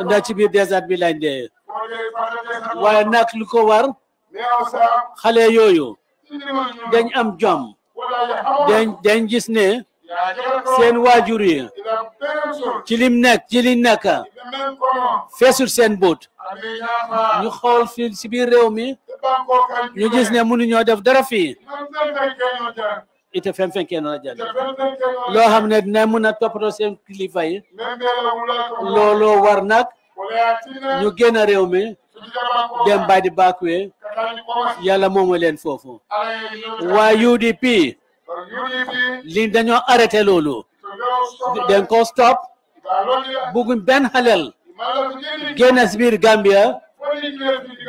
ndax ci biir désert bi lañ dee waaye nag lu ko war xale yooyu dañ am jom dañ dañ gis ne seen waajur yi ci lim nekk ci li nekk feesul seen boot ñu xool fii si biir réew mi ñu gis ne mënuñoo def dara fi ite fen fen kenn la loo xam ne dina mën a toppatoo seen kilifa yi looloo war nag ñu génn réew mi dem badi the back way yàlla moomu leen foofu waa UDP li dañoo arrêté loolu den ko stop buguñ benn xalel génn si Gambia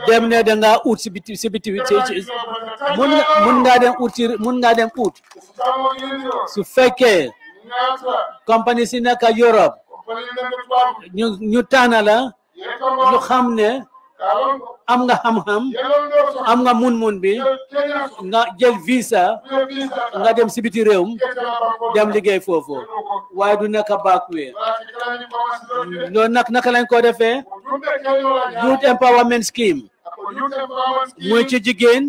dem ne da ngaa ut si mun mun ngaa dem ut si mun ngaa dem ut su fekkee compagnie ñu ñu tànn la am nga xam-xam am nga mun-mun bi nga jël visa nga dem si biti réewum dem liggéey foofu waaye du nekk backway loolu nag naka lañ ko defee youth empowerment scheme muy ci jigéen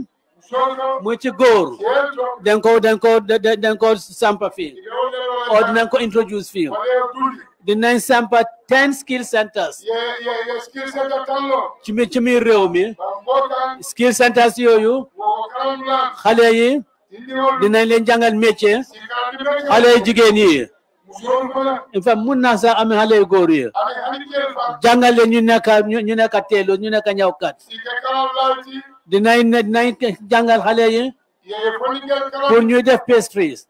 muy ci góor den ko den ko den ko sampa fii oo dinañ ko introduce fii dinañ sampa ten skill centers. ye ye ci mi réew mi. skill centers yooyu. xale yi. dinañ leen jàngal métier. xale yi jigéen yi. en fait mun naa sax am xale góor jàngal leen ñu nekk ñu ñu nekk ñawkat. dinañ dinañ jàngal xale ñuy def pastries.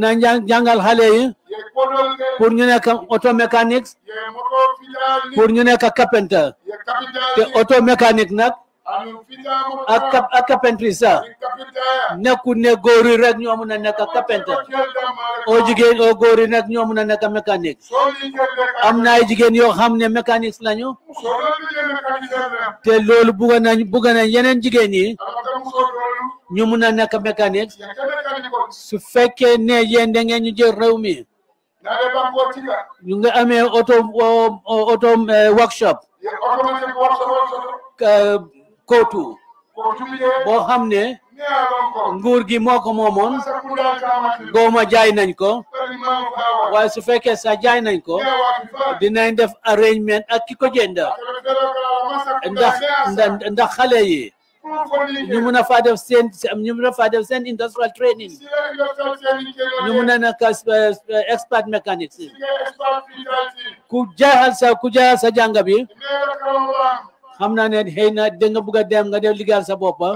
na dina jàngal xale yi pour ñu nekk auto mécanique pour ñu nekk carpenter te auto mécanique nag ak ak carpentry sax nekku ne góor yi rek ñoo mun a nekk carpenter oo jigéen oo góor yi nag ñoo mun a nekk mécanique am na ay jigéen yoo xam ne mécanique lañu te loolu bugg nañ bugg nañ yeneen jigéen yi ñu mun a nekk mécanique ne yéen da ñu jël réew mi ñu ngi amee auto auto eh, workshop. kootu boo xam ne gi moo ko moomoon gooma jaay nañ ko waaye su fekkee sa jaay nañ ko dinañ def arrangement ak ki ko jënd ndax ndax xale yi ñu mun a faa def seen ñu mun a seen industrial training ñu mun a nekk eh, expert mécanique ku jaayal sa ku jaayal bi xam naa ne xëy na da nga bugg a dem nga def liggéeyal sa bopp ah.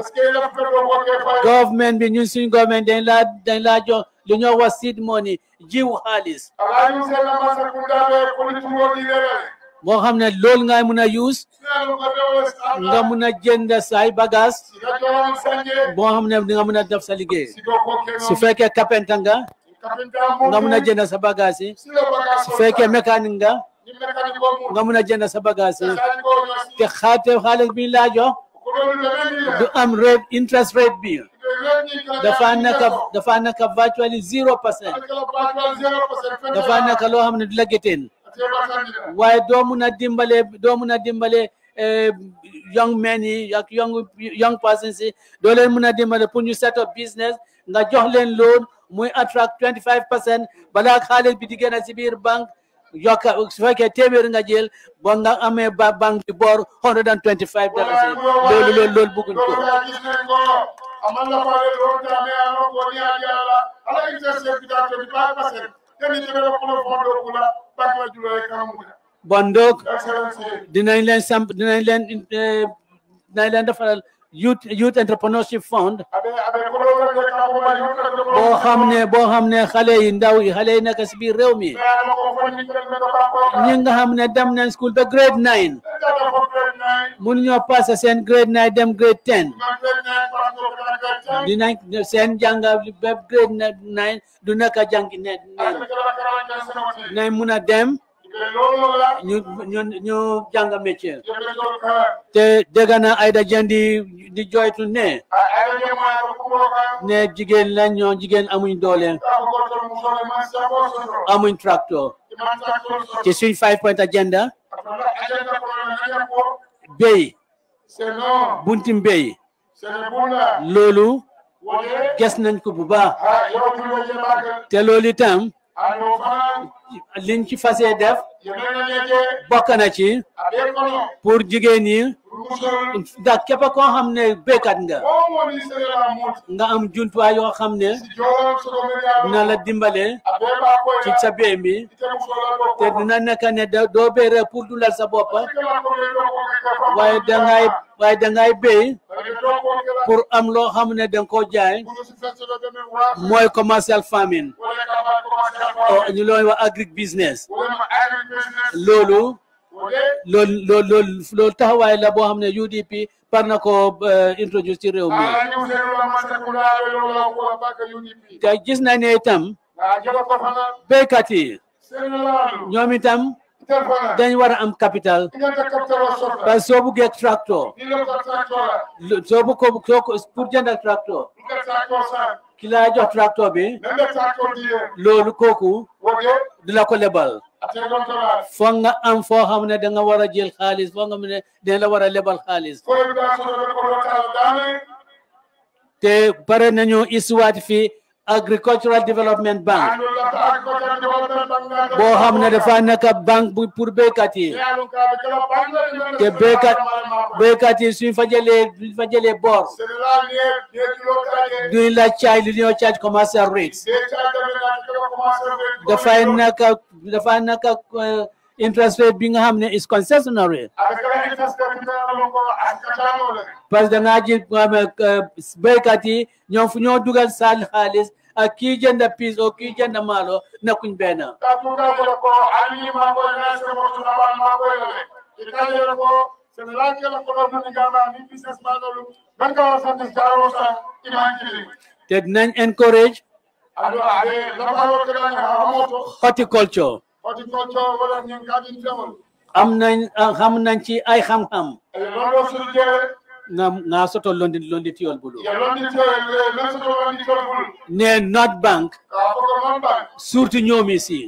government bi ñun suñu government dañ laa dañ laa jox lu ñoo wax seed money jiwu xaalis boo xam ne loolu nga mun a use nga mun a jënd say bagage boo xam ne di nga mun a def sa liggéey su fekkee kapenta nga nga mun a jënd sa bagage yi su fekkee mécanique nga nga mun a jënd sa bagage yi te xaate xaalis bi ñu du am rate interest rate bi dafa nekk dafa nekk virtually zero percent dafa nekk loo xam ne du la géteen waaye doo mun a dimbale doo mun dimbale eh, young men yi ak young young persons yi doo leen mun a dimbale pour ñu set up business nga jox leen loan muy attract 25 percent bi di génn si biir banque yokka su fekkee téeméer nga jël bon nga amee ba banque bi boor hundred and twenty five dalasi loolu loolu loolu bëgguñ ko amalla pare loolu tamee ano ko ni aji ala ala interest bi ta twenty five percent tani jebe ko no fondo kula bakla dinañ leen samp dinañ leen eh, dinañ leen defaral youth youth entrepreneurship fund boo xam ne boo xam ne xale yi ndaw yi xale yi nekk mi ñi nga dem nañ school the grade nine mun ñoo passé sen grade nine dem grade ten dinañ sen jàng ba grade nine du nekk jàngi ne nañ muna dem ñu ñu ñu jàng métier te dégg na Aïda di di ne ne jigéen la ñoo jigéen amuñ doole amuñ tracteur ci suñ five point agenda béy buntim béy loolu ges nañ ko bu baax te loolu ano fana liñ ci fasee def bokk na ci pour jigéen ñi nga képp koo xam ne béykat nga nga am jumtuwaay yoo xam ne dina la dimbale ci sa te dina nekk ne doo béy rek pour dundal sa bopp waaye dangay waaye dangay béy am loo xam ne danga ko jaay mooy commercial farming oh, ñu looy wax agribusiness loolu loolu loolu loolu loolu taxawaay la boo xam ne UDP par na ko euh, introduce ci réew mi ah, te gis na ne itam ah, béykat yi ñoom itam dañ war a am capital parce que soo buggee tracteur soo bu ko pour jëndal tracteur ki jox tracteur bi loolu kooku du la lebal foog nga am foo xam ne da nga war a jël xaalis foog nga ne dina la war a lebal xaalis te bare nañu iswaat fii agricultural development bank boo xam ne dafa nekk banque bu pour béykat yi te béykat béykat yi fa jëlee suñ fa jëlee la charge li ñoo charge commercial rates dafay nekk euh, interest rate bi nga is concessional rate parce que naa ji um, uh, béykat yi ñoom fu ñoo dugal seen xaalis ak kii jënd piis o kii jënd maalo nekkuñ benn te encourage horticulture horticulture wala ngeen garden travel am ah, nañ ci ay xam-xam na na soto London, londi tiol bulu ne not bank Surti ñoomi si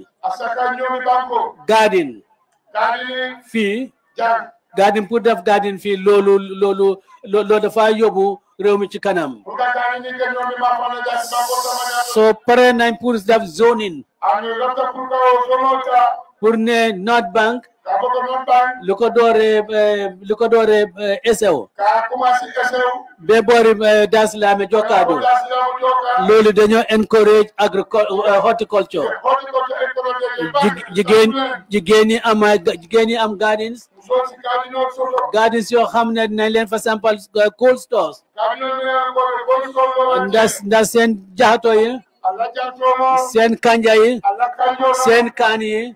garden fii garden pour def garden fii loolu loolu loolu dafa yóbbu réew ci kanam so pare nañ pour def zoning pour ne North Bank lu ko dooree lu ko dooree SAO be encourage agriculture horticulture jigéen am gardens gardens yoo xam ne dinañ leen fa sampal uh, cold stores ndax ndax seen jaxato yi sen kanja yi seen kaan yi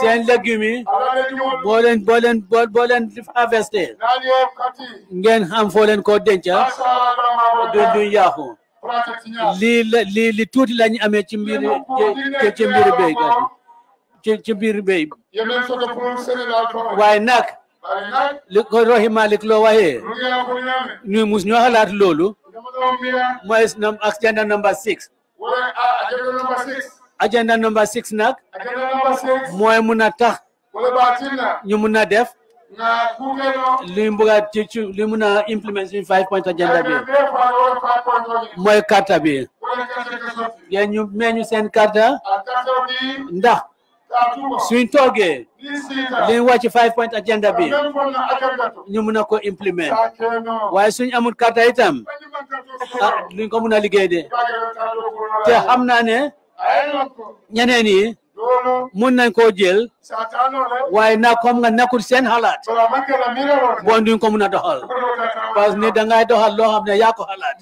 seen légumes yi boo leen boo leen boo leen harvesté ko denca du duñ yaaxu lii la lii li tuuti lañu amee ci mbiri ci mbiri béykat ci ci biir béy waaye nag li ko roxi Malick loo waxee ñu mus ñu xalaat loolu mooy ah, agenda number six agenda number six nag mooy mun a tax ñu mun a def li mu implement five point agenda bi mooy carte bi yéen ñu meñu seen carte ah, suñ toogee li ñu wàcc five point agenda bi ñu mun a ko implement waaye suñ amul kàrta itam ah duñ ko mun a liggéey de te xam naa ne ñeneen yi mun nañ koo jël waaye na comme nga nekkul seen xalaat bon duñ ko mun a doxal parce loo xam ne yaa ko xalaat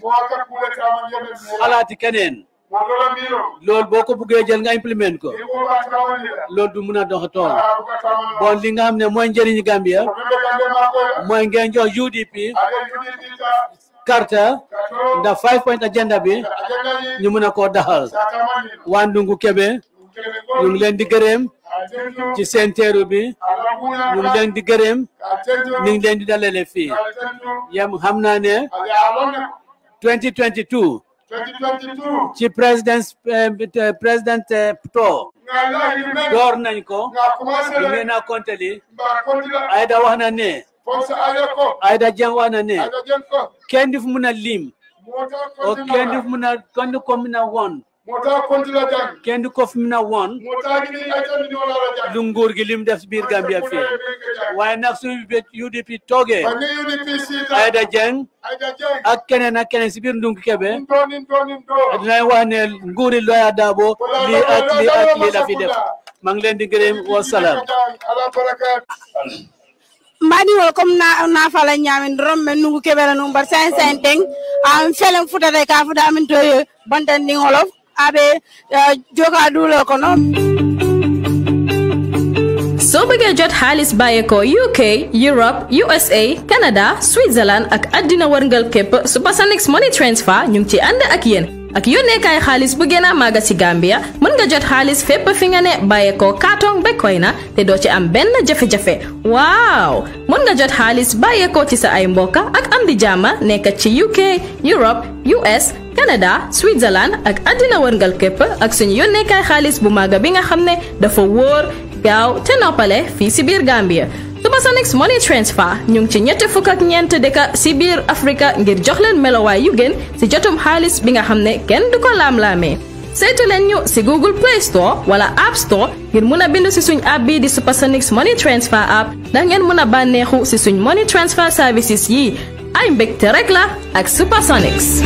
xalaati loolu boo ko buggee jël nga implement ko loolu du mun a dox tool bon li nga xam ne mooy njëriñu Gambia mooy ngeen jox UDP carte ndax five point agenda bi ñu mun a koo daxal waa Ndungu leen di gërëm seen teeru bi ñu ngi leen di gërëm ñu ngi leen di dalale fii xam naa 2022 ci président eh, eh, président eh, Pto. door nañ ko ñu na compté li Aida wax na ne Aida Dieng wax na ne kenn du fi mun a lim o kenn du fi mun a kenn ko mun a woon motax konti la jang kenn ko fi won motax ni gambia fi waye nak UDP toge ba jeng ay da jeng ak si bir ndung kebe ndonin ndonin wax ne loya dabo li ak li ak li la fi def di gërëm wa salam mani wol kom na na fala ñamin romme kebe la nungu bar sain teng am felem futa de ka futa amin bantan ni aɓe eh, joga ɗulo ko noon soo bëggee jot xaalis bàyyeekoo UK Europe USA Canada Switzerland ak àddina wërngal képp su Pasanix Money Transfer ñu ngi ci ànd ak yéen ak yónneekaay xaalis bu gën a màgg ci Gambia mën nga jot xaalis fépp fi nga ne bàyyeekoo kaatong ba na te doo ci am benn jafe-jafe waaw mën nga jot xaalis bàyyeekoo ci sa ay mbokka ak am di jàmma nekkat ci UK Europe US Canada Switzerland ak àddina wërngal képp ak suñu yónneekaay xaalis bu màgg bi nga xam ne dafa wóor gaaw te noppale fii si biir Gambia Supersonix Money Transfer ñu ngi ci ñetti fukk ak ñeent dëkk si biir Afrika ngir jox leen melowaay yu gën si jotum xaalis bi nga xam ne kenn du ko laam-laamee saytu leen ñu si Google Play Store wala App Store ngir mun a bind si suñ app bii di Supersonix Money Transfer app ndax ngeen mun a bànneexu si suñ money transfer services yi ay mbégte rek la ak Supersonix.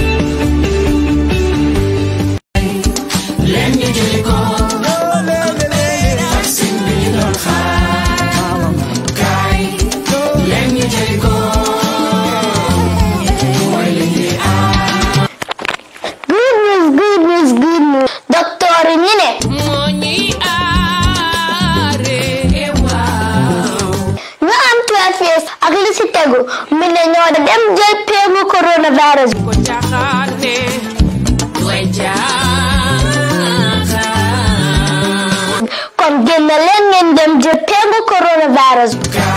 Minedam em vai pemu corona coronavirusas. Kon gen le men dem džiu pemu corona coronavirusas.